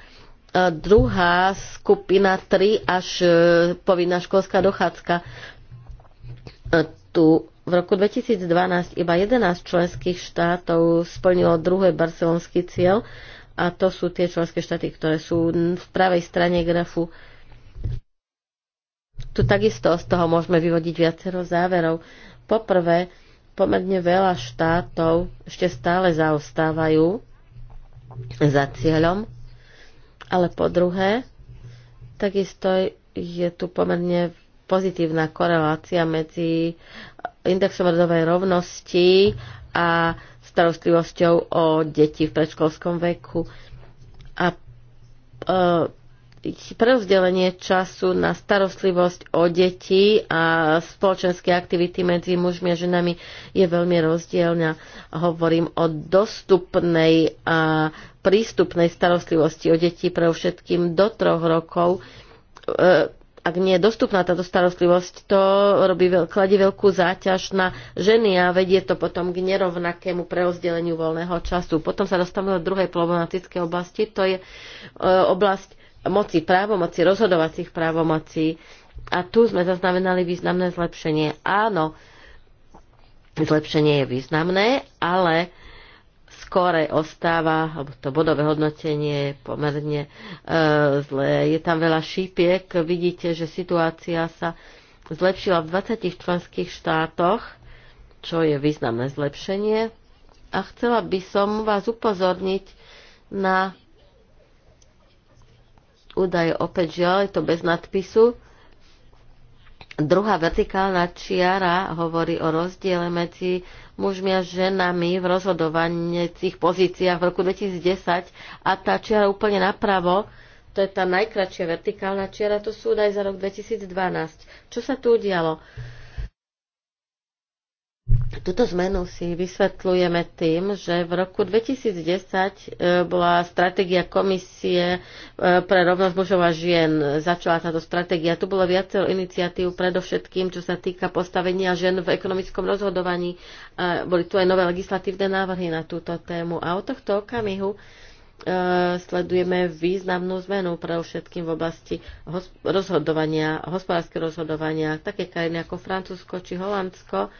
druhá skupina 3 až e, povinná školská dochádzka. Tu v roku 2012 iba 11 členských štátov splnilo druhý barcelonský cieľ a to sú tie členské štáty, ktoré sú v pravej strane grafu. Tu takisto z toho môžeme vyvodiť viacero záverov. Poprvé, pomerne veľa štátov ešte stále zaostávajú za cieľom, ale po druhé, takisto je tu pomerne pozitívna korelácia medzi indexom rodovej rovnosti a starostlivosťou o deti v predškolskom veku a e, prerozdelenie času na starostlivosť o deti a spoločenské aktivity medzi mužmi a ženami je veľmi rozdielna. Hovorím o dostupnej a prístupnej starostlivosti o deti pre všetkým do troch rokov e, ak nie je dostupná táto starostlivosť, to robí, kladie veľkú záťaž na ženy a vedie to potom k nerovnakému preozdeleniu voľného času. Potom sa dostávame do druhej problematickej oblasti, to je e, oblasť moci právomoci, rozhodovacích právomocí. A tu sme zaznamenali významné zlepšenie. Áno, zlepšenie je významné, ale skore ostáva, alebo to bodové hodnotenie je pomerne e, zlé. Je tam veľa šípiek. Vidíte, že situácia sa zlepšila v 20 členských štátoch, čo je významné zlepšenie. A chcela by som vás upozorniť na údaje opäť žiaľ, je to bez nadpisu. Druhá vertikálna čiara hovorí o rozdiele medzi mužmi a ženami v rozhodovaniecich pozíciách v roku 2010 a tá čiara úplne napravo, to je tá najkračšia vertikálna čiara, to sú údaj za rok 2012. Čo sa tu udialo? Tuto zmenu si vysvetlujeme tým, že v roku 2010 e, bola stratégia komisie e, pre rovnosť mužov a žien. Začala táto stratégia. Tu bolo viacero iniciatív, predovšetkým, čo sa týka postavenia žien v ekonomickom rozhodovaní. E, boli tu aj nové legislatívne návrhy na túto tému. A od tohto okamihu sledujeme významnú zmenu pre všetkým v oblasti rozhodovania, hospodárskeho rozhodovania. Také krajiny ako Francúzsko či Holandsko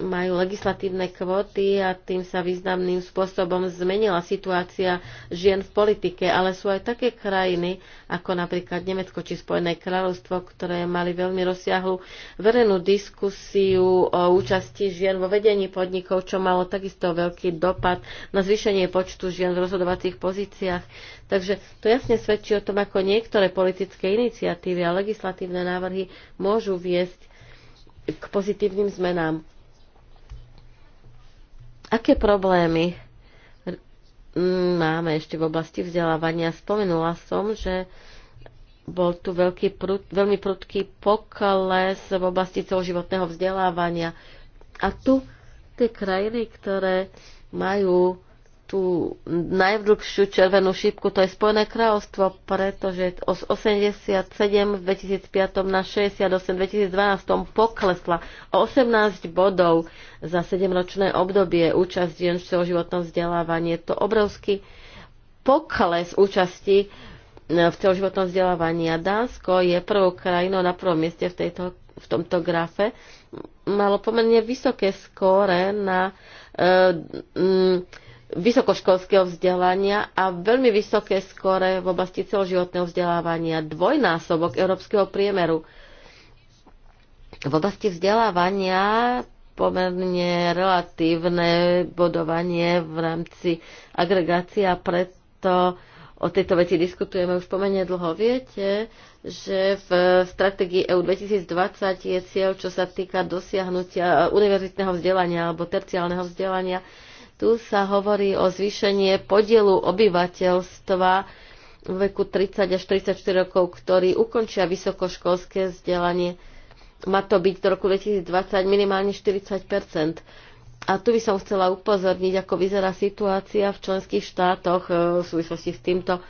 majú legislatívne kvóty a tým sa významným spôsobom zmenila situácia žien v politike, ale sú aj také krajiny, ako napríklad Nemecko či Spojené kráľovstvo, ktoré mali veľmi rozsiahlu verejnú diskusiu o účasti žien vo vedení podnikov, čo malo takisto veľký dopad na zvýšenie počtu žien v rozhodovacích pozíciách. Takže to jasne svedčí o tom, ako niektoré politické iniciatívy a legislatívne návrhy môžu viesť k pozitívnym zmenám Aké problémy máme ešte v oblasti vzdelávania? Spomenula som, že bol tu veľký prud, veľmi prudký pokles v oblasti celoživotného vzdelávania. A tu tie krajiny, ktoré majú tú najdlhšiu červenú šípku, to je Spojené kráľovstvo, pretože z 87 v 2005 na 68 v 2012 poklesla o 18 bodov za 7-ročné obdobie účasť v celoživotnom vzdelávaní. Je to obrovský pokles účasti e, v celoživotnom vzdelávaní a Dánsko je prvou krajinou na prvom mieste v, tejto, v tomto grafe. Malo pomerne vysoké skóre na e, m, vysokoškolského vzdelania a veľmi vysoké skore v oblasti celoživotného vzdelávania, dvojnásobok európskeho priemeru. V oblasti vzdelávania pomerne relatívne bodovanie v rámci agregácie a preto o tejto veci diskutujeme už pomerne dlho. Viete, že v stratégii EU 2020 je cieľ, čo sa týka dosiahnutia univerzitného vzdelania alebo terciálneho vzdelania tu sa hovorí o zvýšenie podielu obyvateľstva v veku 30 až 34 rokov, ktorí ukončia vysokoškolské vzdelanie. Má to byť do roku 2020 minimálne 40 a tu by som chcela upozorniť, ako vyzerá situácia v členských štátoch e, v súvislosti s týmto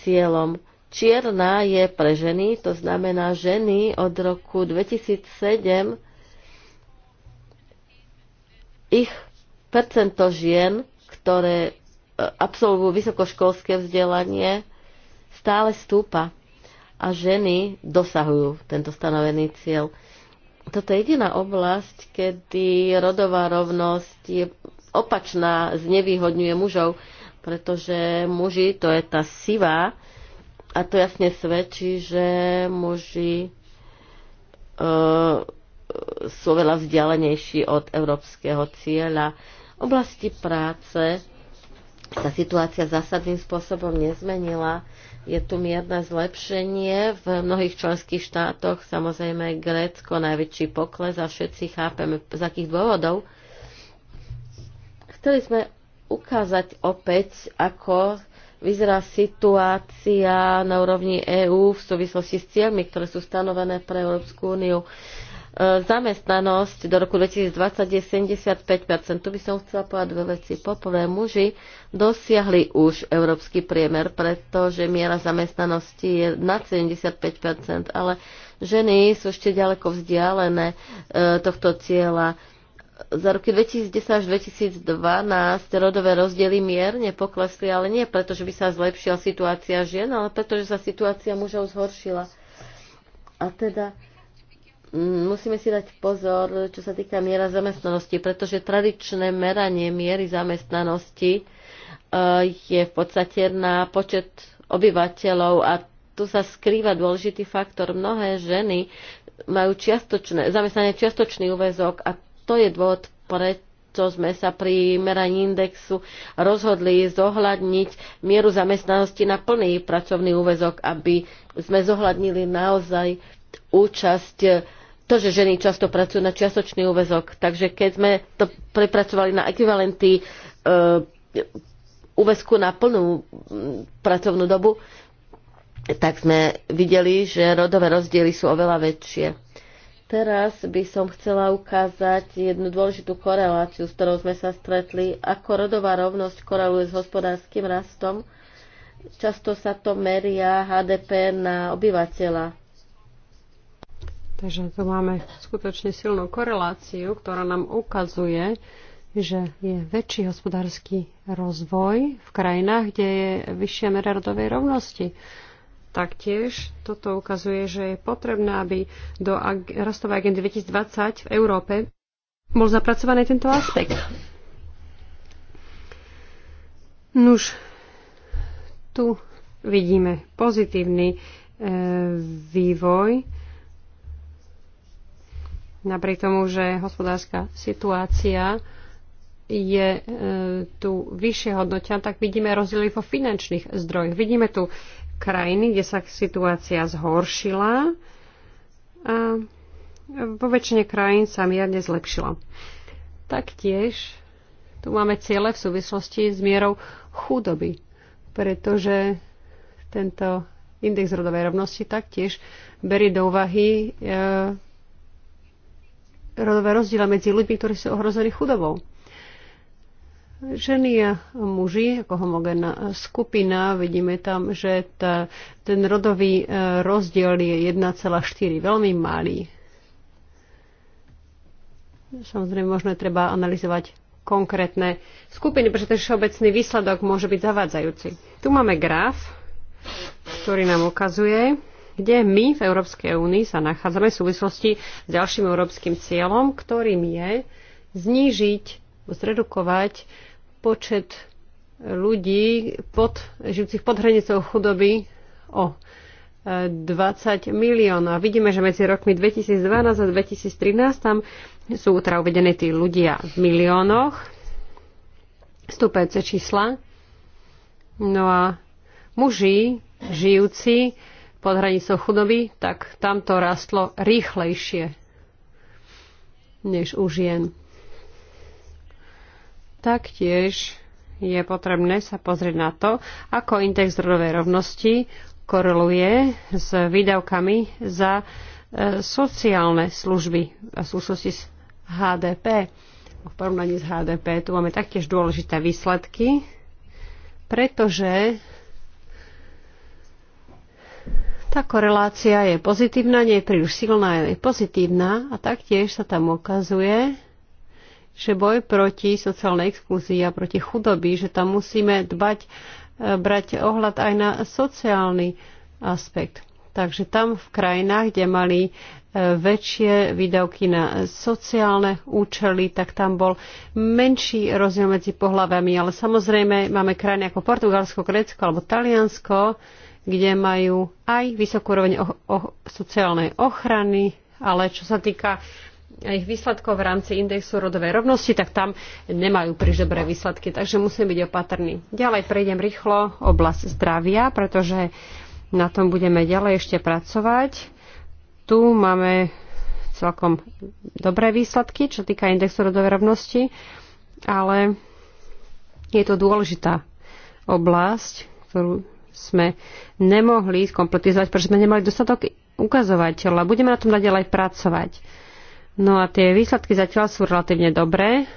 cieľom. Čierna je pre ženy, to znamená ženy od roku 2007 ich percento žien, ktoré e, absolvujú vysokoškolské vzdelanie, stále stúpa a ženy dosahujú tento stanovený cieľ. Toto je jediná oblasť, kedy rodová rovnosť je opačná, znevýhodňuje mužov, pretože muži, to je tá sivá, a to jasne svedčí, že muži e, sú veľa vzdialenejší od európskeho cieľa oblasti práce sa situácia zásadným spôsobom nezmenila. Je tu mierne zlepšenie v mnohých členských štátoch, samozrejme Grécko najväčší pokles a všetci chápeme z akých dôvodov. Chceli sme ukázať opäť, ako vyzerá situácia na úrovni EÚ v súvislosti s cieľmi, ktoré sú stanovené pre Európsku úniu zamestnanosť do roku 2020 je 75%. Tu by som chcela povedať dve veci. Poprvé, muži dosiahli už európsky priemer, pretože miera zamestnanosti je nad 75%, ale ženy sú ešte ďaleko vzdialené e, tohto cieľa. Za roky 2010 až 2012 rodové rozdiely mierne poklesli, ale nie preto, že by sa zlepšila situácia žien, ale preto, že sa situácia mužov zhoršila. A teda musíme si dať pozor, čo sa týka miera zamestnanosti, pretože tradičné meranie miery zamestnanosti e, je v podstate na počet obyvateľov a tu sa skrýva dôležitý faktor. Mnohé ženy majú čiastočné, zamestnanie čiastočný úvezok a to je dôvod, prečo sme sa pri meraní indexu rozhodli zohľadniť mieru zamestnanosti na plný pracovný úvezok, aby sme zohľadnili naozaj účasť to, že ženy často pracujú na čiastočný úvezok. Takže keď sme to prepracovali na ekvivalenty e, úvezku na plnú pracovnú dobu, tak sme videli, že rodové rozdiely sú oveľa väčšie. Teraz by som chcela ukázať jednu dôležitú koreláciu, s ktorou sme sa stretli, ako rodová rovnosť koreluje s hospodárskym rastom. Často sa to meria HDP na obyvateľa Takže tu máme skutočne silnú koreláciu, ktorá nám ukazuje, že je väčší hospodársky rozvoj v krajinách, kde je vyššia mera rodovej rovnosti. Taktiež toto ukazuje, že je potrebné, aby do rastovej agendy 2020 v Európe bol zapracovaný tento aspekt. Nuž, tu vidíme pozitívny e, vývoj napriek tomu, že hospodárska situácia je e, tu vyššie hodnotia, tak vidíme rozdiely vo finančných zdrojoch. Vidíme tu krajiny, kde sa situácia zhoršila a vo väčšine krajín sa mierne zlepšila. Taktiež tu máme ciele v súvislosti s mierou chudoby, pretože tento index rodovej rovnosti taktiež berie do úvahy e, rodové rozdiely medzi ľuďmi, ktorí sú ohrození chudobou. Ženy a muži ako homogénna skupina, vidíme tam, že tá, ten rodový e, rozdiel je 1,4, veľmi malý. Samozrejme, možno treba analyzovať konkrétne skupiny, pretože ten všeobecný výsledok môže byť zavádzajúci. Tu máme graf, ktorý nám ukazuje, kde my v Európskej únii sa nachádzame v súvislosti s ďalším európskym cieľom, ktorým je znížiť, zredukovať počet ľudí pod, žijúcich pod hranicou chudoby o 20 e, miliónov. Vidíme, že medzi rokmi 2012 a 2013 tam sú teda uvedené tí ľudia v miliónoch, stúpajúce čísla. No a muži žijúci pod hranicou chudoby, tak tam to rastlo rýchlejšie než u žien. Taktiež je potrebné sa pozrieť na to, ako index rodovej rovnosti koreluje s výdavkami za e, sociálne služby a súvislosti s HDP. V porovnaní s HDP tu máme taktiež dôležité výsledky, pretože tá korelácia je pozitívna, nie je príliš silná, je pozitívna a taktiež sa tam ukazuje, že boj proti sociálnej exkluzii a proti chudobí, že tam musíme dbať, e, brať ohľad aj na sociálny aspekt. Takže tam v krajinách, kde mali e, väčšie výdavky na sociálne účely, tak tam bol menší rozdiel medzi pohľavami. Ale samozrejme máme krajiny ako Portugalsko, Grécko alebo Taliansko, kde majú aj vysokú úroveň o, o, sociálnej ochrany, ale čo sa týka ich výsledkov v rámci indexu rodovej rovnosti, tak tam nemajú príliš dobré výsledky, takže musím byť opatrný. Ďalej prejdem rýchlo oblasť zdravia, pretože na tom budeme ďalej ešte pracovať. Tu máme celkom dobré výsledky, čo týka indexu rodovej rovnosti, ale je to dôležitá oblasť, ktorú sme nemohli skompletizovať, pretože sme nemali dostatok ukazovateľov. a Budeme na tom naďalej pracovať. No a tie výsledky zatiaľ sú relatívne dobré,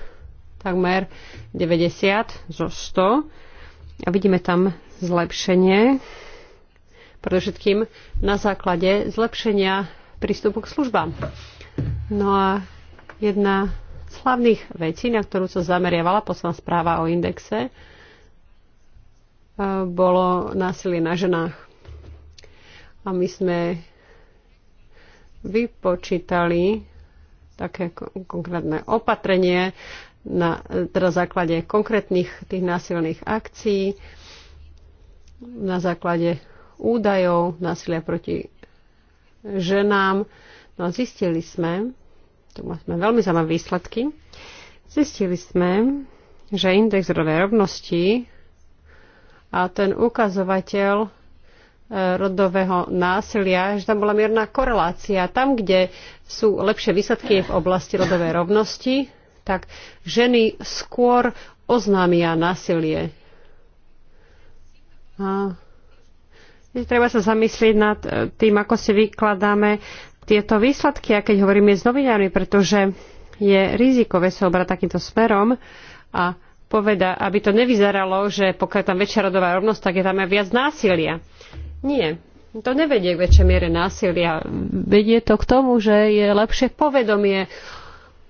takmer 90 zo 100. A vidíme tam zlepšenie, predovšetkým na základe zlepšenia prístupu k službám. No a jedna z hlavných vecí, na ktorú sa zameriavala posledná správa o indexe, bolo násilie na ženách. A my sme vypočítali také konkrétne opatrenie na teda základe konkrétnych tých násilných akcií, na základe údajov násilia proti ženám. No a zistili sme, tu máme veľmi zaujímavé výsledky, zistili sme, že index rodovej rovnosti a ten ukazovateľ e, rodového násilia, že tam bola mierna korelácia. Tam, kde sú lepšie výsledky v oblasti rodovej rovnosti, tak ženy skôr oznámia násilie. A treba sa zamyslieť nad e, tým, ako si vykladáme tieto výsledky, a keď hovoríme s novinármi, pretože je rizikové sa obrať takýmto smerom a poveda, aby to nevyzeralo, že pokiaľ tam väčšia rodová rovnosť, tak je tam aj viac násilia. Nie, to nevedie k väčšej miere násilia. Vedie to k tomu, že je lepšie povedomie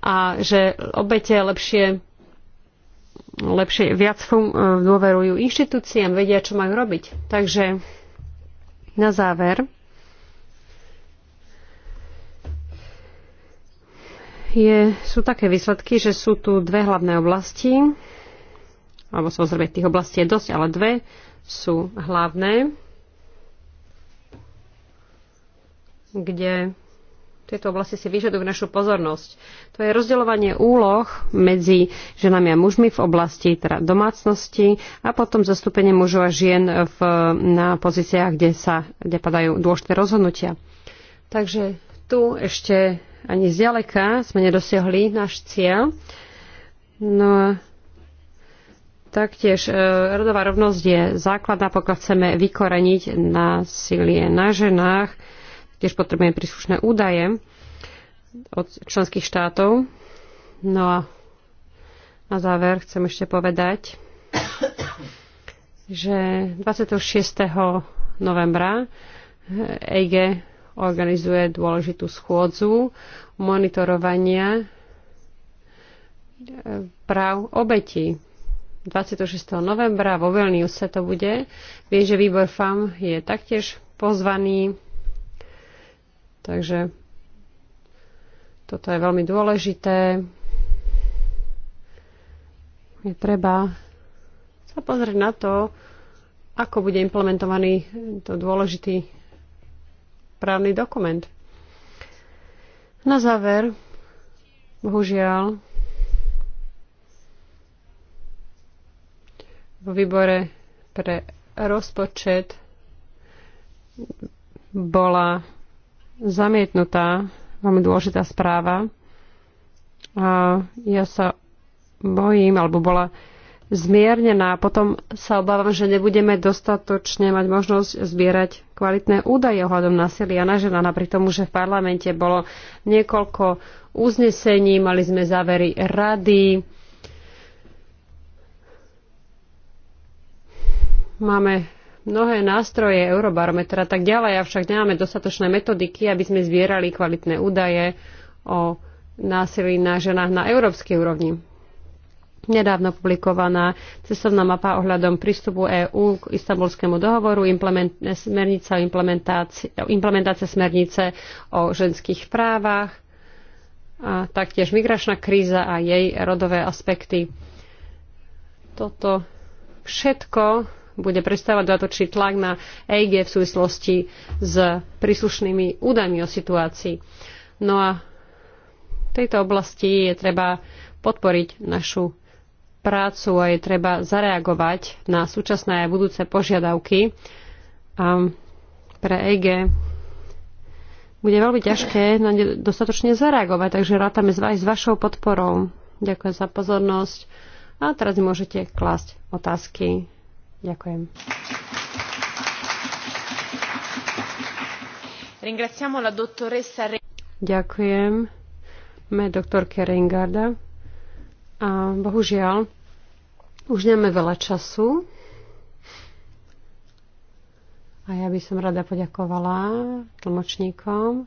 a že obete lepšie, lepšie viac fun- dôverujú inštitúciám, vedia, čo majú robiť. Takže na záver je, sú také výsledky, že sú tu dve hlavné oblasti, alebo samozrejme tých oblastí je dosť, ale dve sú hlavné, kde tieto oblasti si vyžadujú našu pozornosť. To je rozdeľovanie úloh medzi ženami a mužmi v oblasti teda domácnosti a potom zastúpenie mužov a žien v, na pozíciách, kde sa kde padajú dôležité rozhodnutia. Takže tu ešte ani zďaleka sme nedosiahli náš cieľ. No Taktiež e, rodová rovnosť je základná, pokiaľ chceme vykoreniť násilie na ženách. Tiež potrebujeme príslušné údaje od členských štátov. No a na záver chcem ešte povedať, že 26. novembra EG organizuje dôležitú schôdzu monitorovania e, práv obetí 26. novembra vo Vilniuse to bude. Viem, že výbor FAM je taktiež pozvaný, takže toto je veľmi dôležité. Je treba sa pozrieť na to, ako bude implementovaný to dôležitý právny dokument. Na záver, bohužiaľ, vo výbore pre rozpočet bola zamietnutá veľmi dôležitá správa. A ja sa bojím, alebo bola zmiernená. Potom sa obávam, že nebudeme dostatočne mať možnosť zbierať kvalitné údaje ohľadom násilia na žena, napriek tomu, že v parlamente bolo niekoľko uznesení, mali sme závery rady, Máme mnohé nástroje Eurobarometra tak ďalej, avšak nemáme dostatočné metodiky, aby sme zbierali kvalitné údaje o násilí na ženách na európskej úrovni. Nedávno publikovaná cestovná mapa ohľadom prístupu EÚ k istambulskému dohovoru, smernica o implementácii, implementácia smernice o ženských právach, a taktiež migračná kríza a jej rodové aspekty. Toto všetko bude prestávať dodatočný tlak na EIG v súvislosti s príslušnými údajmi o situácii. No a v tejto oblasti je treba podporiť našu prácu a je treba zareagovať na súčasné a budúce požiadavky. A pre EG bude veľmi ťažké na ne dostatočne zareagovať, takže rátame aj s vašou podporou. Ďakujem za pozornosť a teraz môžete klásť otázky. Ďakujem. Ďakujem me doktorke Reingarda. A bohužiaľ, už nemáme veľa času. A ja by som rada poďakovala tlmočníkom.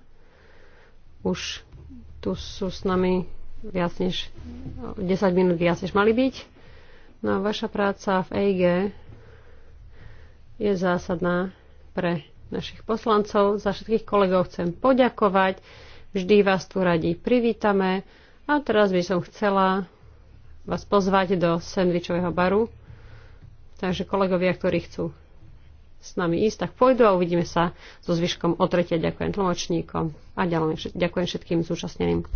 Už tu sú s nami viac než 10 minút viac, než mali byť. No a vaša práca v EIG je zásadná pre našich poslancov. Za všetkých kolegov chcem poďakovať. Vždy vás tu radi privítame. A teraz by som chcela vás pozvať do sendvičového baru. Takže kolegovia, ktorí chcú s nami ísť, tak pôjdu a uvidíme sa so zvyškom o tretie. Ďakujem tlmočníkom a ďalej ďakujem všetkým zúčastneným.